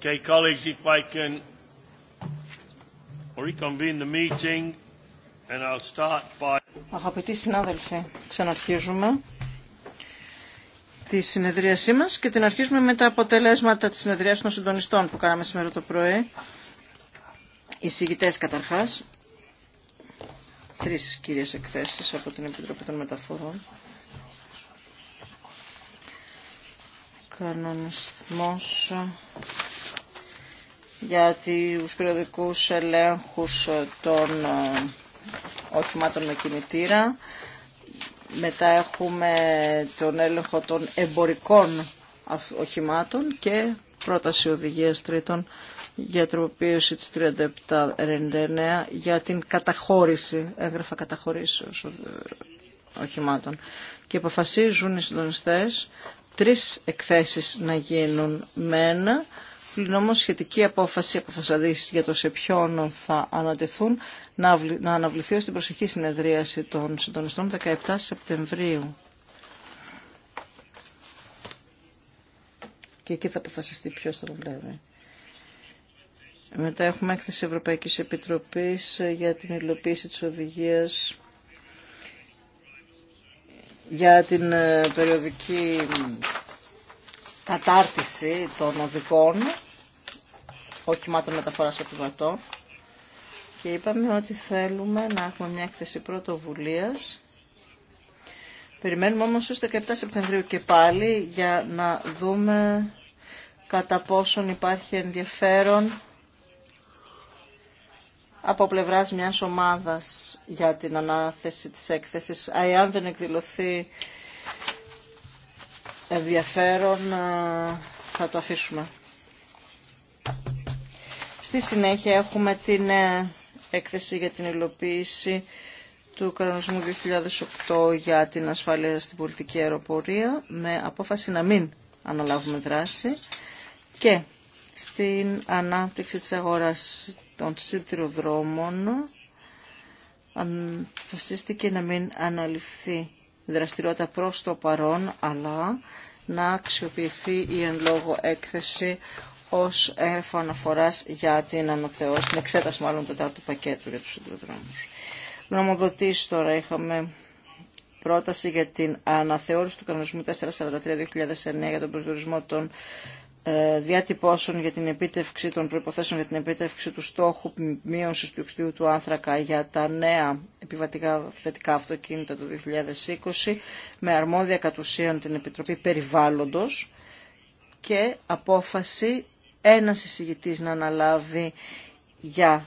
Okay, colleagues, if I can reconvene the meeting and I'll start by... Αγαπητοί συνάδελφοι, ξαναρχίζουμε τη συνεδρίασή μας και την αρχίζουμε με τα αποτελέσματα της συνεδρίασης των συντονιστών που κάναμε σήμερα το πρωί. Οι συγητές καταρχάς, τρεις κυρίες εκθέσεις από την Επιτροπή των Μεταφορών. Κανονισμός για τους περιοδικούς ελέγχους των ε, οχημάτων με κινητήρα. Μετά έχουμε τον έλεγχο των εμπορικών οχημάτων και πρόταση οδηγίας τρίτων για τροποποίηση της 3799 για την καταχώρηση, έγραφα καταχωρήσεως ε, οχημάτων. Και αποφασίζουν οι συντονιστές τρεις εκθέσεις να γίνουν με ένα στην όμως σχετική απόφαση αποφασαδής για το σε ποιον θα ανατεθούν να, να αναβληθεί την προσεχή συνεδρίαση των συντονιστών 17 Σεπτεμβρίου. Και εκεί θα αποφασιστεί ποιο θα βλέπει. Μετά έχουμε έκθεση Ευρωπαϊκής Επιτροπής για την υλοποίηση της οδηγίας για την ε, περιοδική κατάρτιση των οδικών οχημάτων μεταφορά επιβατών και είπαμε ότι θέλουμε να έχουμε μια έκθεση πρωτοβουλία. Περιμένουμε όμως το 17 Σεπτεμβρίου και πάλι για να δούμε κατά πόσον υπάρχει ενδιαφέρον από πλευράς μιας ομάδας για την ανάθεση της έκθεσης. Αν δεν εκδηλωθεί ενδιαφέρον θα το αφήσουμε. Στη συνέχεια έχουμε την ε, έκθεση για την υλοποίηση του κανονισμού 2008 για την ασφάλεια στην πολιτική αεροπορία με απόφαση να μην αναλάβουμε δράση και στην ανάπτυξη της αγοράς των σιδηροδρόμων αποφασίστηκε να μην αναλυφθεί δραστηριότητα προς το παρόν αλλά να αξιοποιηθεί η εν λόγω έκθεση ως έγγραφο αναφορά για την αναθεώρηση, την εξέταση μάλλον του τετάρτου πακέτου για τους συντροδρόμους. Γνωμοδοτήσεις τώρα είχαμε πρόταση για την αναθεώρηση του κανονισμού 443-2009 για τον προσδιορισμό των ε, διατυπώσεων για την επίτευξη των προποθέσεων για την επίτευξη του στόχου μείωση του εξτίου του άνθρακα για τα νέα επιβατικά θετικά αυτοκίνητα το 2020 με αρμόδια κατ' ουσίαν την Επιτροπή Περιβάλλοντος και απόφαση ένας εισηγητής να αναλάβει για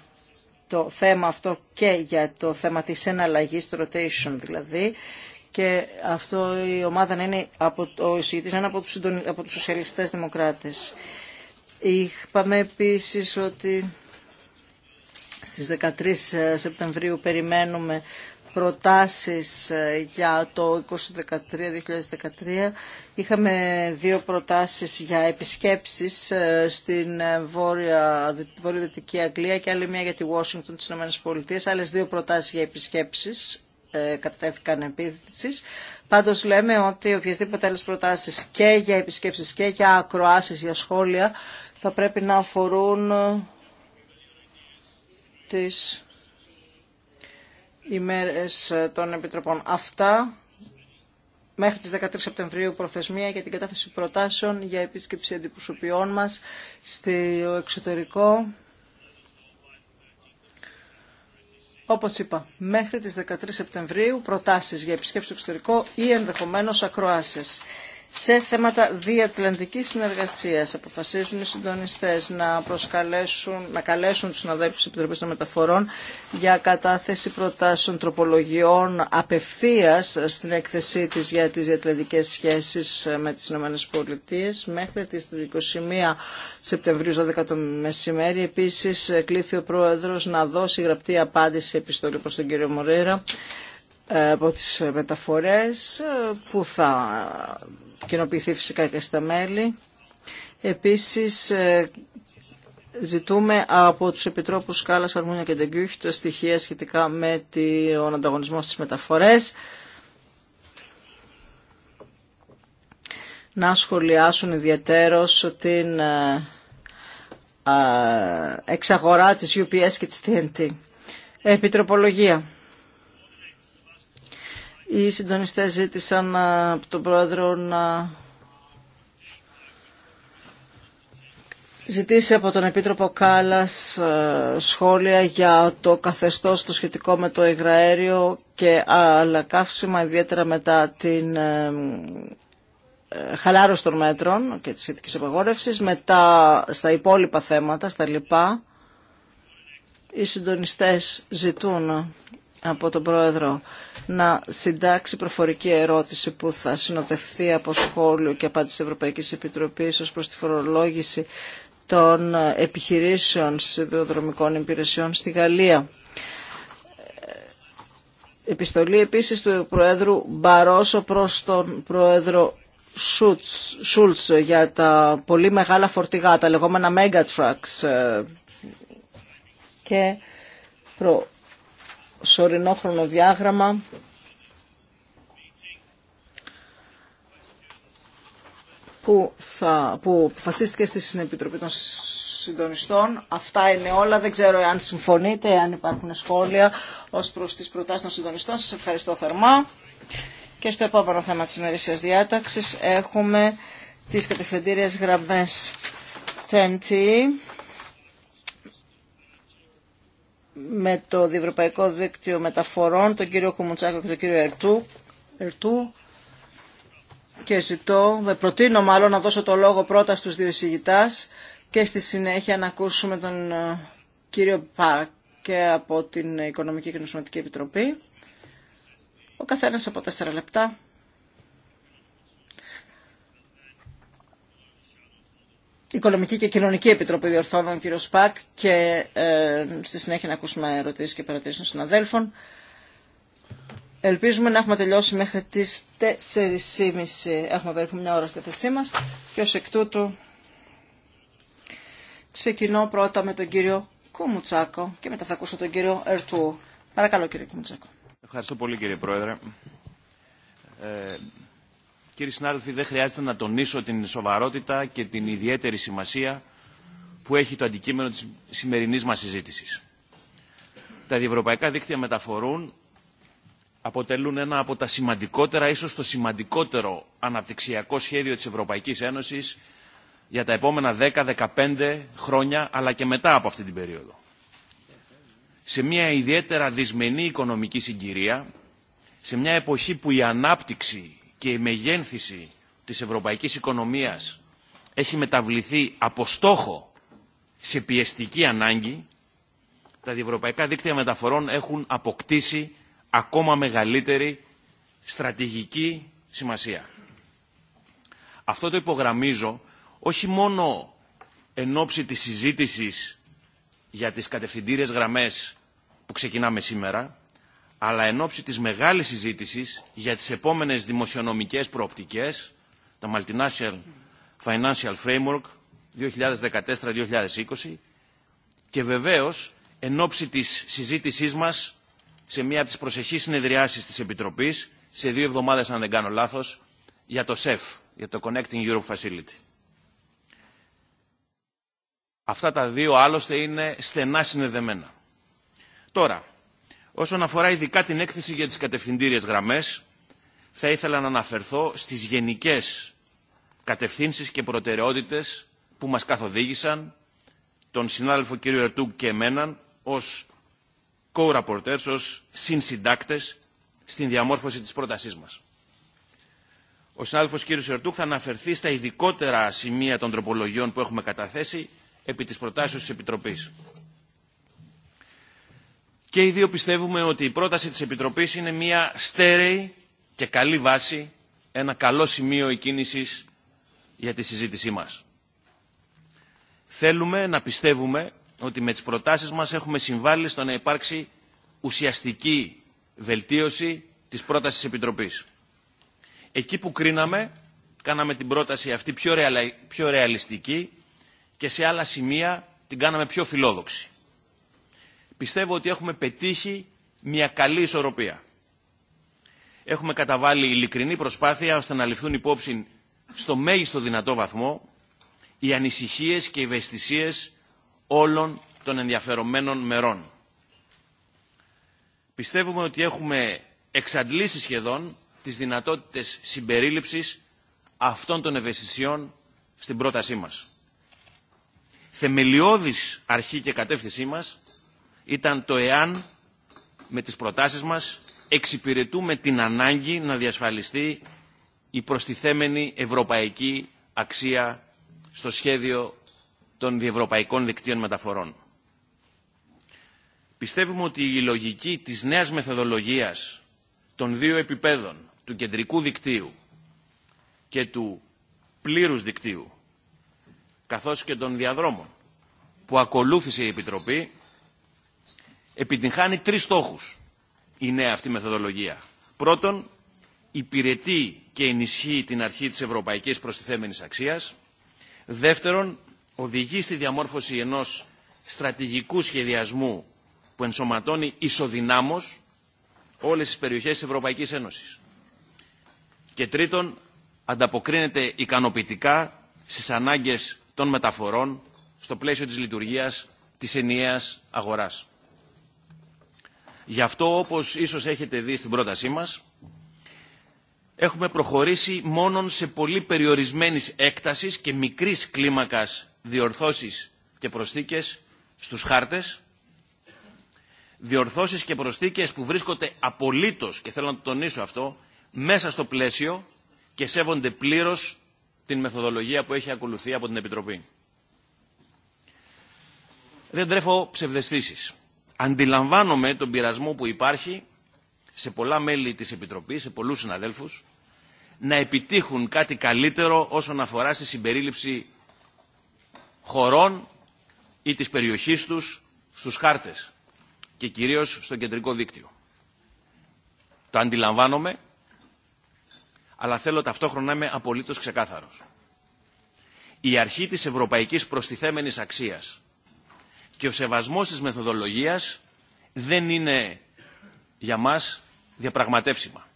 το θέμα αυτό και για το θέμα της εναλλαγής, rotation δηλαδή, και αυτό η ομάδα να είναι από, ο εισηγητής να είναι από τους, από τους σοσιαλιστές δημοκράτες. Είπαμε επίσης ότι στις 13 ε, Σεπτεμβρίου περιμένουμε προτάσεις ε, για το 2013-2013. Είχαμε δύο προτάσεις για επισκέψεις ε, στην ε, βόρεια, Δυτική Αγγλία και άλλη μία για τη Washington της ΗΠΑ. Άλλες δύο προτάσεις για επισκέψεις κατατέθηκαν επίθεση. Πάντως λέμε ότι οποιασδήποτε άλλες προτάσεις και για επισκέψεις και για ακροάσεις, για σχόλια θα πρέπει να αφορούν τις ημέρες των Επιτροπών. Αυτά μέχρι τις 13 Σεπτεμβρίου προθεσμία για την κατάθεση προτάσεων για επίσκεψη αντιπροσωπιών μας στο εξωτερικό. Όπως είπα, μέχρι τις 13 Σεπτεμβρίου προτάσεις για επισκέψη στο εξωτερικό ή ενδεχομένως ακροάσεις σε θέματα διατλαντικής συνεργασίας. Αποφασίζουν οι συντονιστές να, προσκαλέσουν, να καλέσουν τους συναδέλφους της Επιτροπής των Μεταφορών για κατάθεση προτάσεων τροπολογιών απευθείας στην έκθεσή της για τις διατλαντικές σχέσεις με τις ΗΠΑ μέχρι τις 21 Σεπτεμβρίου 12 το μεσημέρι. Επίσης, κλήθη ο Πρόεδρος να δώσει γραπτή απάντηση επιστολή προς τον κύριο Μωρέρα ε, από τις μεταφορές ε, που θα κοινοποιηθεί φυσικά και στα μέλη. Επίσης, ε, ζητούμε από τους Επιτρόπους Κάλλας, Αρμούνια και Ντεγκούχη τα στοιχεία σχετικά με τον ανταγωνισμό στις μεταφορές. Να σχολιάσουν ιδιαίτερως την ε, ε, εξαγορά της UPS και της TNT. Επιτροπολογία. Οι συντονιστές ζήτησαν ε, από τον Πρόεδρο να ζητήσει από τον Επίτροπο Κάλλας ε, σχόλια για το καθεστώς το σχετικό με το υγραέριο και άλλα καύσιμα, ιδιαίτερα μετά την ε, χαλάρωση των μέτρων και της σχετικής απαγόρευσης, μετά στα υπόλοιπα θέματα, στα λοιπά, οι συντονιστές ζητούν από τον Πρόεδρο να συντάξει προφορική ερώτηση που θα συνοδευτεί από σχόλιο και απάντηση της Ευρωπαϊκής Επιτροπής ως προς τη φορολόγηση των επιχειρήσεων σιδηροδρομικών υπηρεσιών στη Γαλλία. Επιστολή επίσης του Προέδρου Μπαρόσο προς τον Πρόεδρο Σούλτς, για τα πολύ μεγάλα φορτηγά, τα λεγόμενα Megatrucks ε, και προ σωρινό χρονοδιάγραμμα. Που, θα, που αποφασίστηκε στη Συνεπιτροπή των Συντονιστών. Αυτά είναι όλα. Δεν ξέρω αν συμφωνείτε, αν υπάρχουν σχόλια ως προς τις προτάσεις των συντονιστών. Σας ευχαριστώ θερμά. Και στο επόμενο θέμα της ημερήσιας διάταξης έχουμε τις κατευθυντήριες γραμμές TNT. με το Διευρωπαϊκό Δίκτυο Μεταφορών, τον κύριο Κουμουτσάκο και τον κύριο Ερτού. Ερτού. Και ζητώ, με προτείνω μάλλον να δώσω το λόγο πρώτα στους δύο εισηγητάς και στη συνέχεια να ακούσουμε τον ε, κύριο Πάκε από την Οικονομική και Νοσηματική Επιτροπή. Ο καθένας από τέσσερα λεπτά Οικονομική και Κοινωνική Επιτροπή Διορθώνων, κύριο Σπακ, και ε, στη συνέχεια να ακούσουμε ερωτήσεις και παρατηρήσεις των συναδέλφων. Ελπίζουμε να έχουμε τελειώσει μέχρι τις 4.30. Έχουμε περίπου μια ώρα στη θέσή μας και ως εκ τούτου ξεκινώ πρώτα με τον κύριο Κουμουτσάκο και μετά θα ακούσω τον κύριο Ερτού. Παρακαλώ κύριε Κουμουτσάκο. Ευχαριστώ πολύ κύριε Πρόεδρε. Ε, Κύριοι συνάδελφοι, δεν χρειάζεται να τονίσω την σοβαρότητα και την ιδιαίτερη σημασία που έχει το αντικείμενο της σημερινής μας συζήτησης. Τα διευρωπαϊκά δίκτυα μεταφορούν αποτελούν ένα από τα σημαντικότερα, ίσως το σημαντικότερο αναπτυξιακό σχέδιο της Ευρωπαϊκής Ένωσης για τα επόμενα 10-15 χρόνια, αλλά και μετά από αυτή την περίοδο. Σε μια ιδιαίτερα δυσμενή οικονομική συγκυρία, σε μια εποχή που η ανάπτυξη και η μεγένθηση της ευρωπαϊκής οικονομίας έχει μεταβληθεί από στόχο σε πιεστική ανάγκη, τα διευρωπαϊκά δίκτυα μεταφορών έχουν αποκτήσει ακόμα μεγαλύτερη στρατηγική σημασία. Αυτό το υπογραμμίζω όχι μόνο εν ώψη της συζήτησης για τις κατευθυντήριες γραμμές που ξεκινάμε σήμερα, αλλά εν ώψη της μεγάλης συζήτησης για τις επόμενες δημοσιονομικές προοπτικές, τα Multinational Financial Framework 2014-2020 και βεβαίως εν ώψη της συζήτησής μας σε μία από τις προσεχείς συνεδριάσεις της Επιτροπής, σε δύο εβδομάδες αν δεν κάνω λάθος, για το ΣΕΦ, για το Connecting Europe Facility. Αυτά τα δύο άλλωστε είναι στενά συνεδεμένα. Τώρα, Όσον αφορά ειδικά την έκθεση για τις κατευθυντήριες γραμμές, θα ήθελα να αναφερθώ στις γενικές κατευθύνσεις και προτεραιότητες που μας καθοδήγησαν τον συνάδελφο κ. Ερτούγκ και εμένα ως co-rapporteurs, ως συνσυντάκτες στην διαμόρφωση της πρότασής μας. Ο συνάδελφος κ. Ερτούκ θα αναφερθεί στα ειδικότερα σημεία των τροπολογιών που έχουμε καταθέσει επί της προτάσεως της Επιτροπής. Και οι δύο πιστεύουμε ότι η πρόταση της Επιτροπής είναι μια στέρεη και καλή βάση, ένα καλό σημείο εκκίνησης για τη συζήτησή μας. Θέλουμε να πιστεύουμε ότι με τις προτάσεις μας έχουμε συμβάλει στο να υπάρξει ουσιαστική βελτίωση της πρότασης Επιτροπής. Εκεί που κρίναμε, κάναμε την πρόταση αυτή πιο, ρεαλιστική και σε άλλα σημεία την κάναμε πιο φιλόδοξη πιστεύω ότι έχουμε πετύχει μια καλή ισορροπία. Έχουμε καταβάλει ειλικρινή προσπάθεια ώστε να ληφθούν υπόψη στο μέγιστο δυνατό βαθμό οι ανησυχίες και οι ευαισθησίες όλων των ενδιαφερομένων μερών. Πιστεύουμε ότι έχουμε εξαντλήσει σχεδόν τις δυνατότητες συμπερίληψης αυτών των ευαισθησιών στην πρότασή μας. Θεμελιώδης αρχή και κατεύθυνσή μας ήταν το εάν με τις προτάσεις μας εξυπηρετούμε την ανάγκη να διασφαλιστεί η προστιθέμενη ευρωπαϊκή αξία στο σχέδιο των διευρωπαϊκών δικτύων μεταφορών. Πιστεύουμε ότι η λογική της νέας μεθοδολογίας των δύο επιπέδων, του κεντρικού δικτύου και του πλήρους δικτύου, καθώς και των διαδρόμων που ακολούθησε η Επιτροπή, επιτυγχάνει τρεις στόχους η νέα αυτή μεθοδολογία. Πρώτον, υπηρετεί και ενισχύει την αρχή της ευρωπαϊκής προστιθέμενης αξίας. Δεύτερον, οδηγεί στη διαμόρφωση ενός στρατηγικού σχεδιασμού που ενσωματώνει ισοδυνάμως όλες τις περιοχές της Ευρωπαϊκής Ένωσης. Και τρίτον, ανταποκρίνεται ικανοποιητικά στις ανάγκες των μεταφορών στο πλαίσιο της λειτουργίας της ενιαίας αγοράς. Γι' αυτό, όπως ίσως έχετε δει στην πρότασή μας, έχουμε προχωρήσει μόνον σε πολύ περιορισμένης έκτασης και μικρής κλίμακας διορθώσεις και προσθήκες στους χάρτες, διορθώσεις και προσθήκες που βρίσκονται απολύτως, και θέλω να το τονίσω αυτό, μέσα στο πλαίσιο και σέβονται πλήρως την μεθοδολογία που έχει ακολουθεί από την Επιτροπή. Δεν τρέφω ψευδεστήσεις. Αντιλαμβάνομαι τον πειρασμό που υπάρχει σε πολλά μέλη της Επιτροπής, σε πολλούς συναδέλφους, να επιτύχουν κάτι καλύτερο όσον αφορά στη συμπερίληψη χωρών ή της περιοχής τους στους χάρτες και κυρίως στο κεντρικό δίκτυο. Το αντιλαμβάνομαι, αλλά θέλω ταυτόχρονα να είμαι απολύτως ξεκάθαρος. Η αρχή της ευρωπαϊκής προστιθέμενης αξίας και ο σεβασμός της μεθοδολογίας δεν είναι για μας διαπραγματεύσιμα.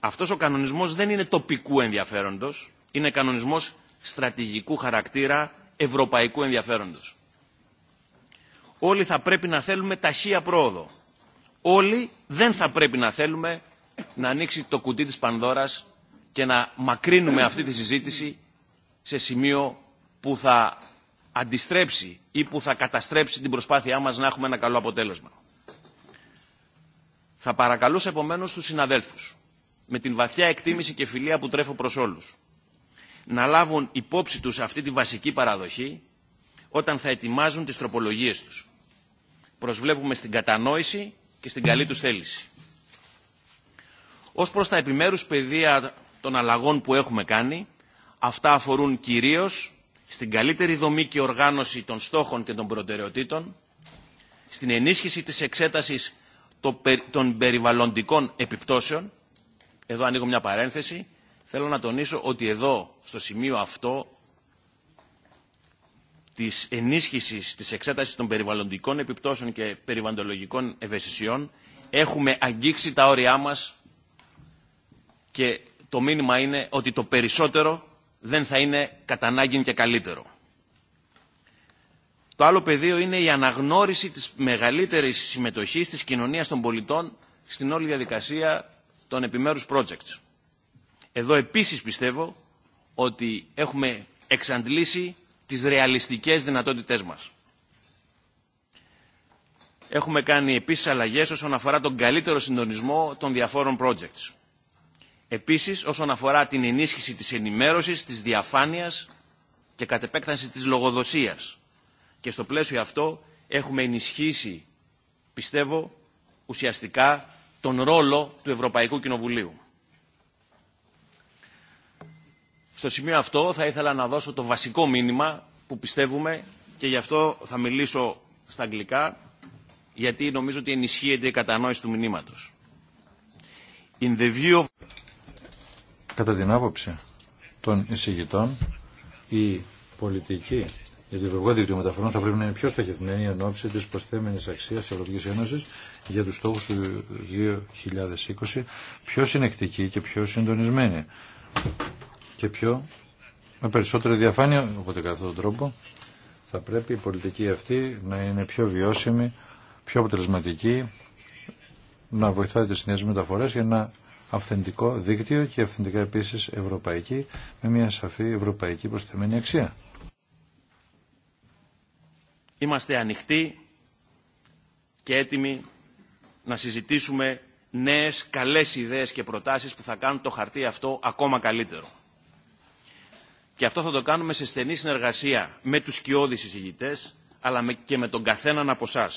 Αυτός ο κανονισμός δεν είναι τοπικού ενδιαφέροντος, είναι κανονισμός στρατηγικού χαρακτήρα ευρωπαϊκού ενδιαφέροντος. Όλοι θα πρέπει να θέλουμε ταχεία πρόοδο. Όλοι δεν θα πρέπει να θέλουμε να ανοίξει το κουτί της Πανδώρας και να μακρύνουμε αυτή τη συζήτηση σε σημείο που θα αντιστρέψει ή που θα καταστρέψει την προσπάθειά μας να έχουμε ένα καλό αποτέλεσμα. Θα παρακαλούσα επομένως τους συναδέλφους, με την βαθιά εκτίμηση και φιλία που τρέφω προς όλους, να λάβουν υπόψη τους αυτή τη βασική παραδοχή όταν θα ετοιμάζουν τις τροπολογίες τους. Προσβλέπουμε στην κατανόηση και στην καλή τους θέληση. Ως προς τα επιμέρους πεδία των αλλαγών που έχουμε κάνει, αυτά αφορούν κυρίως στην καλύτερη δομή και οργάνωση των στόχων και των προτεραιοτήτων, στην ενίσχυση της εξέτασης των περιβαλλοντικών επιπτώσεων. Εδώ ανοίγω μια παρένθεση. Θέλω να τονίσω ότι εδώ, στο σημείο αυτό, της ενίσχυσης της εξέτασης των περιβαλλοντικών επιπτώσεων και περιβαλλοντολογικών ευαισθησιών, έχουμε αγγίξει τα όρια μας και το μήνυμα είναι ότι το περισσότερο δεν θα είναι κατά και καλύτερο. Το άλλο πεδίο είναι η αναγνώριση της μεγαλύτερης συμμετοχής της κοινωνίας των πολιτών στην όλη διαδικασία των επιμέρους projects. Εδώ επίσης πιστεύω ότι έχουμε εξαντλήσει τις ρεαλιστικές δυνατότητές μας. Έχουμε κάνει επίσης αλλαγές όσον αφορά τον καλύτερο συντονισμό των διαφόρων projects. Επίσης, όσον αφορά την ενίσχυση της ενημέρωσης, της διαφάνειας και κατ' επέκταση της λογοδοσίας. Και στο πλαίσιο αυτό έχουμε ενισχύσει, πιστεύω, ουσιαστικά τον ρόλο του Ευρωπαϊκού Κοινοβουλίου. Στο σημείο αυτό θα ήθελα να δώσω το βασικό μήνυμα που πιστεύουμε και γι' αυτό θα μιλήσω στα αγγλικά, γιατί νομίζω ότι ενισχύεται η κατανόηση του μηνύματος. In the view of... Κατά την άποψη των εισηγητών, η πολιτική για την ευρωπαϊκή δίκτυο μεταφορών θα πρέπει να είναι πιο στοχευμένη εν ώψη τη προσθέμενη αξία τη Ευρωπαϊκή Ένωση για του στόχου του 2020, πιο συνεκτική και πιο συντονισμένη και πιο με περισσότερη διαφάνεια. Οπότε κατά αυτόν τον τρόπο θα πρέπει η πολιτική αυτή να είναι πιο βιώσιμη, πιο αποτελεσματική, να βοηθάει τι νέε μεταφορέ για να αυθεντικό δίκτυο και αυθεντικά επίσης ευρωπαϊκή με μια σαφή ευρωπαϊκή προσθεμένη αξία. Είμαστε ανοιχτοί και έτοιμοι να συζητήσουμε νέες καλές ιδέες και προτάσεις που θα κάνουν το χαρτί αυτό ακόμα καλύτερο. Και αυτό θα το κάνουμε σε στενή συνεργασία με τους σκιώδεις εισηγητές, αλλά και με τον καθέναν από εσά.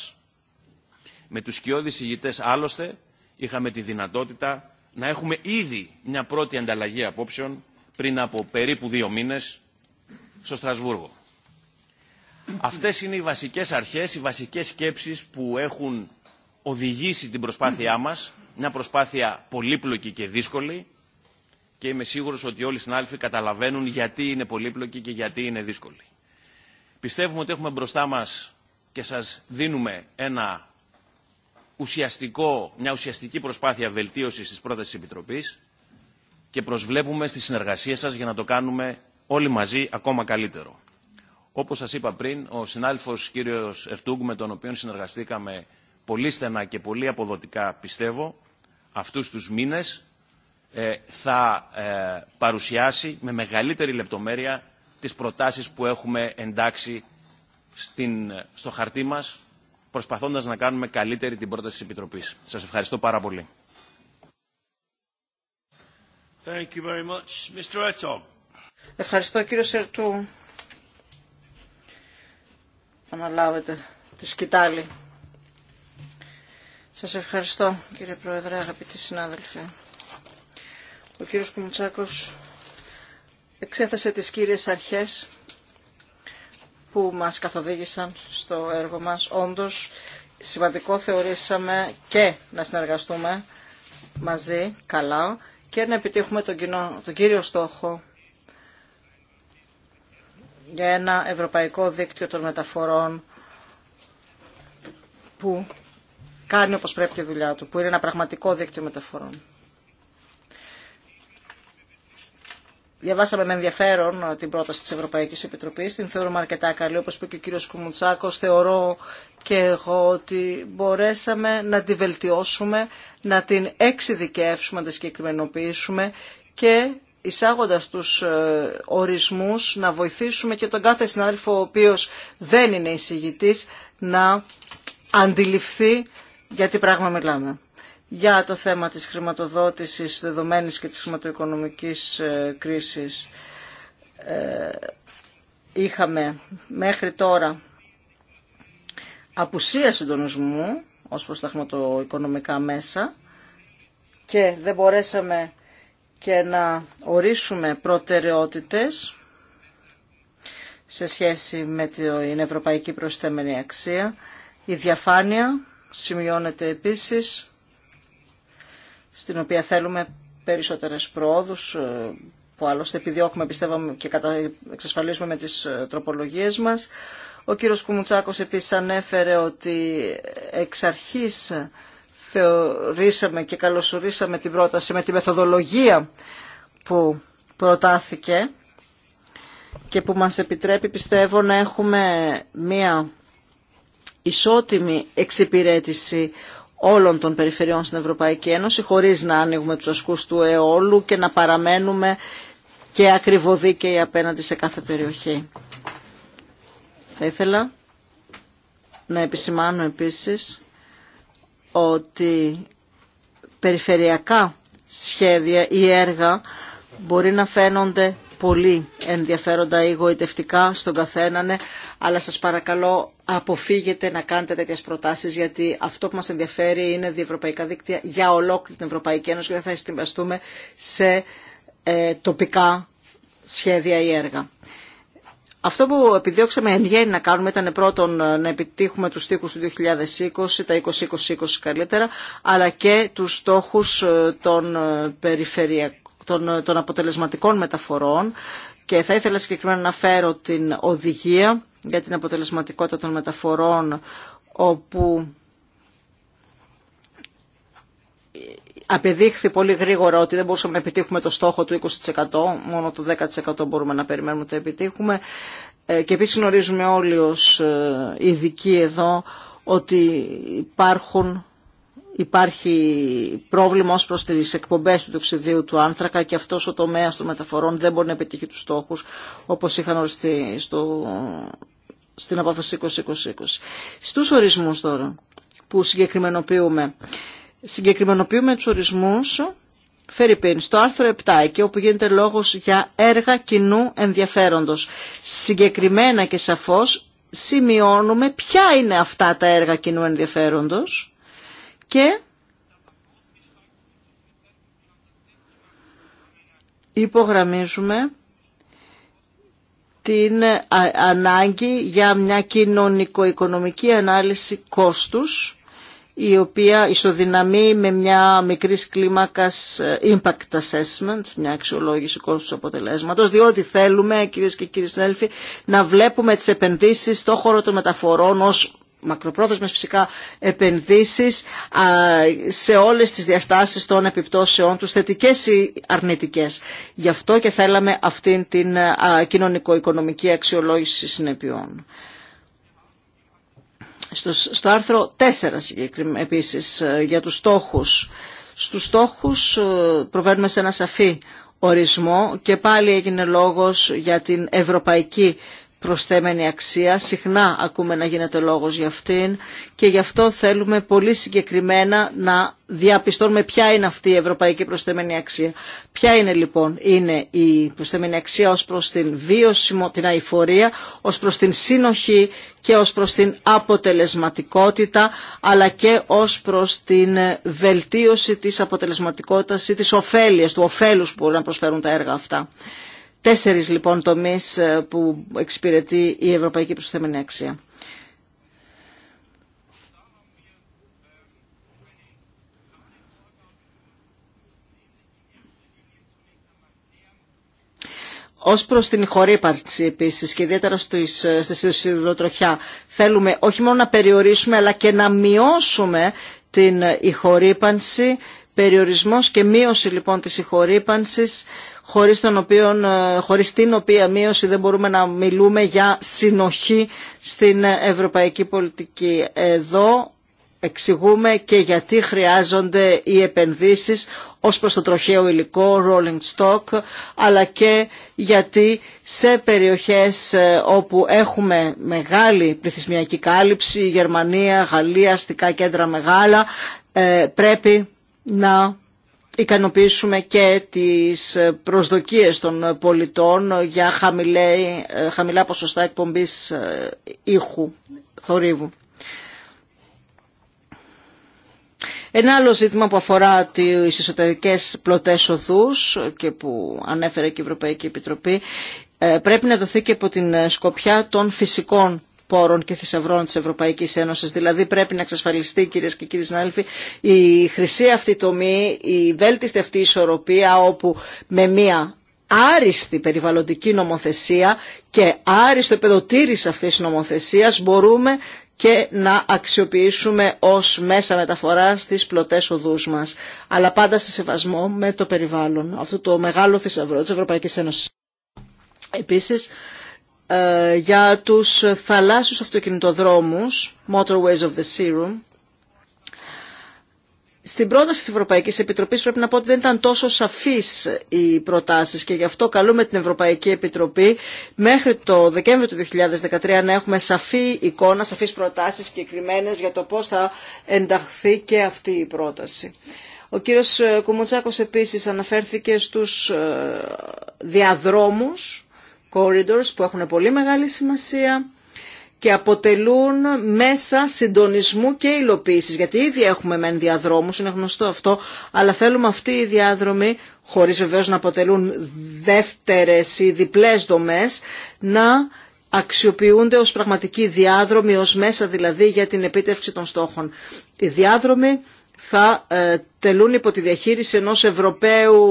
Με τους σκιώδεις εισηγητές άλλωστε είχαμε τη δυνατότητα να έχουμε ήδη μια πρώτη ανταλλαγή απόψεων πριν από περίπου δύο μήνες στο Στρασβούργο. Αυτές είναι οι βασικές αρχές, οι βασικές σκέψεις που έχουν οδηγήσει την προσπάθειά μας, μια προσπάθεια πολύπλοκη και δύσκολη και είμαι σίγουρος ότι όλοι οι συνάδελφοι καταλαβαίνουν γιατί είναι πολύπλοκη και γιατί είναι δύσκολη. Πιστεύουμε ότι έχουμε μπροστά μας και σας δίνουμε ένα ουσιαστικό, μια ουσιαστική προσπάθεια βελτίωσης της πρότασης Επιτροπής και προσβλέπουμε στη συνεργασία σας για να το κάνουμε όλοι μαζί ακόμα καλύτερο. Όπως σας είπα πριν, ο συνάλφος κύριος Ερτούγκ με τον οποίο συνεργαστήκαμε πολύ στενά και πολύ αποδοτικά πιστεύω αυτούς τους μήνες ε, θα ε, παρουσιάσει με μεγαλύτερη λεπτομέρεια τις προτάσεις που έχουμε εντάξει ε, στο χαρτί μας προσπαθώντας να κάνουμε καλύτερη την πρόταση της Επιτροπής. Σας ευχαριστώ πάρα πολύ. Ευχαριστώ κύριο Σερτού. Αναλάβετε τη σκητάλη. Σας ευχαριστώ κύριε Πρόεδρε, αγαπητοί συνάδελφοι. Ο κύριος Κουμουτσάκος εξέθεσε τις κύριες αρχές που μας καθοδήγησαν στο έργο μας. Όντως, σημαντικό θεωρήσαμε και να συνεργαστούμε μαζί καλά και να επιτύχουμε τον, τον κύριο στόχο για ένα ευρωπαϊκό δίκτυο των μεταφορών που κάνει όπως πρέπει τη δουλειά του, που είναι ένα πραγματικό δίκτυο μεταφορών. Διαβάσαμε με ενδιαφέρον ε, την πρόταση της Ευρωπαϊκής Επιτροπής, την θεωρούμε αρκετά καλή, όπως είπε και ο κύριος Κουμουτσάκος, θεωρώ και εγώ ότι μπορέσαμε να τη βελτιώσουμε, να την εξειδικεύσουμε, να τη συγκεκριμενοποιήσουμε και εισάγοντας τους ε, ορισμούς να βοηθήσουμε και τον κάθε συνάδελφο ο οποίος δεν είναι εισηγητή, να αντιληφθεί γιατί πράγμα μιλάμε για το θέμα της χρηματοδότησης δεδομένης και της χρηματοοικονομικής ε, κρίσης ε, είχαμε μέχρι τώρα απουσία συντονισμού ως προς τα χρηματοοικονομικά μέσα και δεν μπορέσαμε και να ορίσουμε προτεραιότητες σε σχέση με την ευρωπαϊκή προσθέμενη αξία. Η διαφάνεια σημειώνεται επίσης στην οποία θέλουμε περισσότερες πρόοδους ε, που άλλωστε επιδιώκουμε πιστεύω και εξασφαλίζουμε με τις ε, τροπολογίες μας. Ο κύριος Κουμουτσάκος επίσης ανέφερε ότι εξ αρχής θεωρήσαμε και καλωσορίσαμε την πρόταση με τη μεθοδολογία που προτάθηκε και που μας επιτρέπει πιστεύω να έχουμε μία ισότιμη εξυπηρέτηση όλων των περιφερειών στην Ευρωπαϊκή Ένωση χωρίς να άνοιγουμε τους ασκούς του αιώλου και να παραμένουμε και ακριβοδίκαιοι απέναντι σε κάθε περιοχή. Θα ήθελα να επισημάνω επίσης ότι περιφερειακά σχέδια ή έργα μπορεί να φαίνονται πολύ ενδιαφέροντα ή γοητευτικά στον καθέναν, ναι, αλλά σας παρακαλώ αποφύγετε να κάνετε τέτοιε προτάσεις, γιατί αυτό που μας ενδιαφέρει είναι διευρωπαϊκά δίκτυα για ολόκληρη την Ευρωπαϊκή Ένωση και δεν θα συμβαστούμε σε ε, τοπικά σχέδια ή έργα. Αυτό που επιδιώξαμε εν γέννη να κάνουμε ήταν πρώτον ε, να επιτύχουμε τους στίχους του 2020, τα 2020 20 καλυτερα αλλά και τους στόχους ε, των περιφερειακών των, των αποτελεσματικών μεταφορών και θα ήθελα συγκεκριμένα να φέρω την οδηγία για την αποτελεσματικότητα των μεταφορών όπου απεδείχθη πολύ γρήγορα ότι δεν μπορούσαμε να επιτύχουμε το στόχο του 20%, μόνο το 10% μπορούμε να περιμένουμε ότι επιτύχουμε. Ε, και επίσης γνωρίζουμε όλοι ως ε, ειδικοί εδώ ότι υπάρχουν υπάρχει πρόβλημα ως προς τις εκπομπές του τοξιδίου του άνθρακα και αυτό ο τομέα των μεταφορών δεν μπορεί να επιτύχει τους στόχους όπως είχαν οριστεί στο, στην απόφαση 2020. Στους ορισμούς τώρα που συγκεκριμενοποιούμε. Συγκεκριμενοποιούμε τους ορισμούς Φερρυπίν, στο άρθρο 7, εκεί όπου γίνεται λόγος για έργα κοινού ενδιαφέροντος. Συγκεκριμένα και σαφώς σημειώνουμε ποια είναι αυτά τα έργα κοινού ενδιαφέροντος και υπογραμμίζουμε την ανάγκη για μια κοινωνικο-οικονομική ανάλυση κόστους η οποία ισοδυναμεί με μια μικρή κλίμακα ε, impact assessment, μια αξιολόγηση κόστου αποτελέσματο, διότι θέλουμε, κυρίε και κύριοι συνέλφοι, να βλέπουμε τι επενδύσει στον χώρο των μεταφορών ω μακροπρόθεσμες φυσικά επενδύσεις σε όλες τις διαστάσεις των επιπτώσεών τους, θετικές ή αρνητικές. Γι' αυτό και θέλαμε αυτήν την κοινωνικο-οικονομική αξιολόγηση συνεπειών. Στο, στο άρθρο 4 επίσης ε, για τους στόχους. Στους στόχους ε, προβαίνουμε σε ένα σαφή ορισμό και πάλι έγινε λόγος για την ευρωπαϊκή προστέμενη αξία. Συχνά ακούμε να γίνεται λόγος για αυτήν και γι' αυτό θέλουμε πολύ συγκεκριμένα να διαπιστώνουμε ποια είναι αυτή η ευρωπαϊκή προσθέμενη αξία. Ποια είναι λοιπόν είναι η προσθέμενη αξία ως προς την βίωσιμο, την αηφορία, ως προς την σύνοχη και ως προς την αποτελεσματικότητα αλλά και ως προς την βελτίωση της αποτελεσματικότητας ή της ωφέλειας, του ωφέλους που μπορούν να προσφέρουν τα έργα αυτά. Τέσσερις λοιπόν τομείς ε, που εξυπηρετεί η Ευρωπαϊκή Προσθέμενη Αξία. Ω προς την χορύπαρξη επίση και ιδιαίτερα ε, στη σιδηροτροχιά, θέλουμε όχι μόνο να περιορίσουμε αλλά και να μειώσουμε την ε, ηχορύπανση Περιορισμός και μείωση λοιπόν της συγχωρήπανσης, ε, χωρίς, την οποία μείωση δεν μπορούμε να μιλούμε για συνοχή στην ευρωπαϊκή πολιτική. Εδώ εξηγούμε και γιατί χρειάζονται οι επενδύσεις ως προς το τροχαίο υλικό, rolling stock, αλλά και γιατί σε περιοχές ε, όπου έχουμε μεγάλη πληθυσμιακή κάλυψη, Γερμανία, Γαλλία, αστικά κέντρα μεγάλα, ε, πρέπει να ικανοποιήσουμε και τις προσδοκίες των πολιτών για χαμηλά ποσοστά εκπομπής ε, ήχου, θορύβου. Ένα άλλο ζήτημα που αφορά τις εσωτερικές πλωτές οδούς και που ανέφερε και η Ευρωπαϊκή Επιτροπή ε, πρέπει να δοθεί και από την σκοπιά των φυσικών πόρων και θησαυρών της Ευρωπαϊκής Ένωσης. Δηλαδή πρέπει να εξασφαλιστεί κυρίε και κύριοι συνάδελφοι η χρυσή αυτή τομή, η βέλτιστη αυτή ισορροπία όπου με μία άριστη περιβαλλοντική νομοθεσία και άριστο επεδοτήρηση αυτή τη νομοθεσία μπορούμε και να αξιοποιήσουμε ως μέσα μεταφορά τι πλωτές οδούς μας. Αλλά πάντα σε σεβασμό με το περιβάλλον, αυτό το μεγάλο θησαυρό της Ευρωπαϊκής Ένωσης. Επίσης, ε, για τους θαλάσσιους αυτοκινητοδρόμους, Motorways of the Serum, στην πρόταση της Ευρωπαϊκής Επιτροπής πρέπει να πω ότι δεν ήταν τόσο σαφείς οι προτάσεις και γι' αυτό καλούμε την Ευρωπαϊκή Επιτροπή μέχρι το Δεκέμβριο του 2013 να έχουμε σαφή εικόνα, σαφείς προτάσεις συγκεκριμένε για το πώς θα ενταχθεί και αυτή η πρόταση. Ο κύριος Κουμουτσάκος επίσης αναφέρθηκε στους ε, διαδρόμους corridors που έχουν πολύ μεγάλη σημασία και αποτελούν μέσα συντονισμού και υλοποίησης. Γιατί ήδη έχουμε μεν διαδρόμους, είναι γνωστό αυτό, αλλά θέλουμε αυτοί οι διάδρομοι, χωρίς βεβαίως να αποτελούν δεύτερες ή διπλές δομές, να αξιοποιούνται ως πραγματικοί διάδρομοι, ως μέσα δηλαδή για την επίτευξη των στόχων. Οι διάδρομοι θα ε, τελούν υπό τη διαχείριση ενός Ευρωπαίου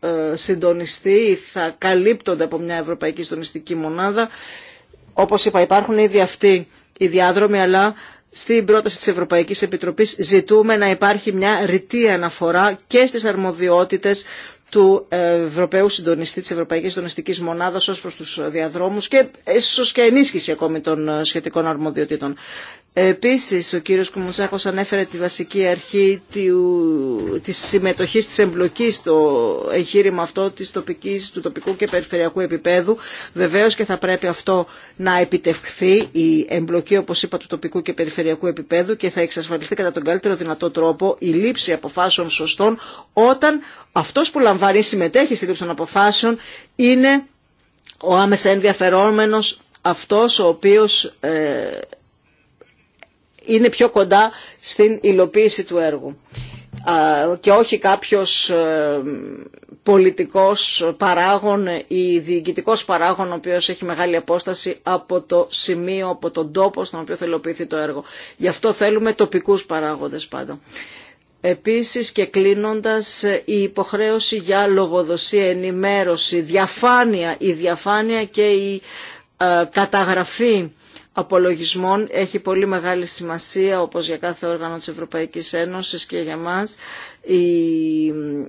ε, συντονιστή, θα καλύπτονται από μια Ευρωπαϊκή Συντονιστική Μονάδα. Όπως είπα υπάρχουν ήδη αυτοί οι διάδρομοι, αλλά στην πρόταση της Ευρωπαϊκής Επιτροπής ζητούμε να υπάρχει μια ρητή αναφορά και στις αρμοδιότητες του Ευρωπαίου Συντονιστή της Ευρωπαϊκής Συντονιστικής Μονάδας ως προς τους διαδρόμους και ίσως και ενίσχυση ακόμη των σχετικών αρμοδιοτήτων. Επίσης, ο κύριος Κουμουτσάκος ανέφερε τη βασική αρχή της συμμετοχή της εμπλοκής στο εγχείρημα αυτό της τοπικής, του τοπικού και περιφερειακού επίπεδου. Βεβαίως και θα πρέπει αυτό να επιτευχθεί η εμπλοκή, όπως είπα, του τοπικού και περιφερειακού επίπεδου και θα εξασφαλιστεί κατά τον καλύτερο δυνατό τρόπο η λήψη αποφάσεων σωστών όταν αυτός που λαμβάνει βαρύ συμμετέχει στη λήψη των αποφάσεων είναι ο άμεσα ενδιαφερόμενος αυτός ο οποίος ε, είναι πιο κοντά στην υλοποίηση του έργου και όχι κάποιος ε, πολιτικός παράγων ή διοικητικός παράγων ο οποίος έχει μεγάλη απόσταση από το σημείο, από τον τόπο στον οποίο θα υλοποιηθεί το έργο. Γι' αυτό θέλουμε τοπικούς παράγοντες πάντα. Επίσης και κλείνοντας η υποχρέωση για λογοδοσία, ενημέρωση, διαφάνεια, η διαφάνεια και η ε, καταγραφή απολογισμών έχει πολύ μεγάλη σημασία όπως για κάθε όργανο της Ευρωπαϊκής Ένωσης και για μας. Η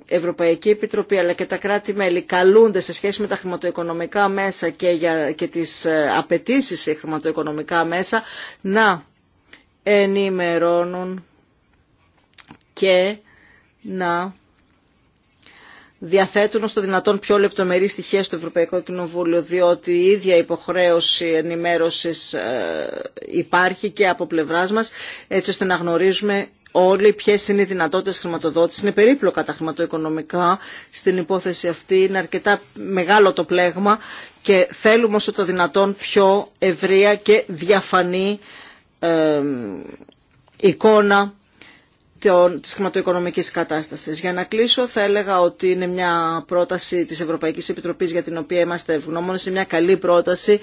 Ευρωπαϊκή Επιτροπή αλλά και τα κράτη-μέλη καλούνται σε σχέση με τα χρηματοοικονομικά μέσα και, για, και τις ε, απαιτήσει σε χρηματοοικονομικά μέσα να ενημερώνουν και να διαθέτουν στο το δυνατόν πιο λεπτομερή στοιχεία στο Ευρωπαϊκό Κοινοβούλιο, διότι η ίδια υποχρέωση ενημέρωσης ε, υπάρχει και από πλευράς μας, έτσι ώστε να γνωρίζουμε όλοι ποιε είναι οι δυνατότητε χρηματοδότηση. Είναι περίπλοκα τα χρηματοοικονομικά στην υπόθεση αυτή. Είναι αρκετά μεγάλο το πλέγμα και θέλουμε όσο το δυνατόν πιο ευρεία και διαφανή ε, εικόνα τη χρηματοοικονομική κατάστασης. Για να κλείσω θα έλεγα ότι είναι μια πρόταση τη Ευρωπαϊκή Επιτροπή για την οποία είμαστε ευγνώμονε. είναι μια καλή πρόταση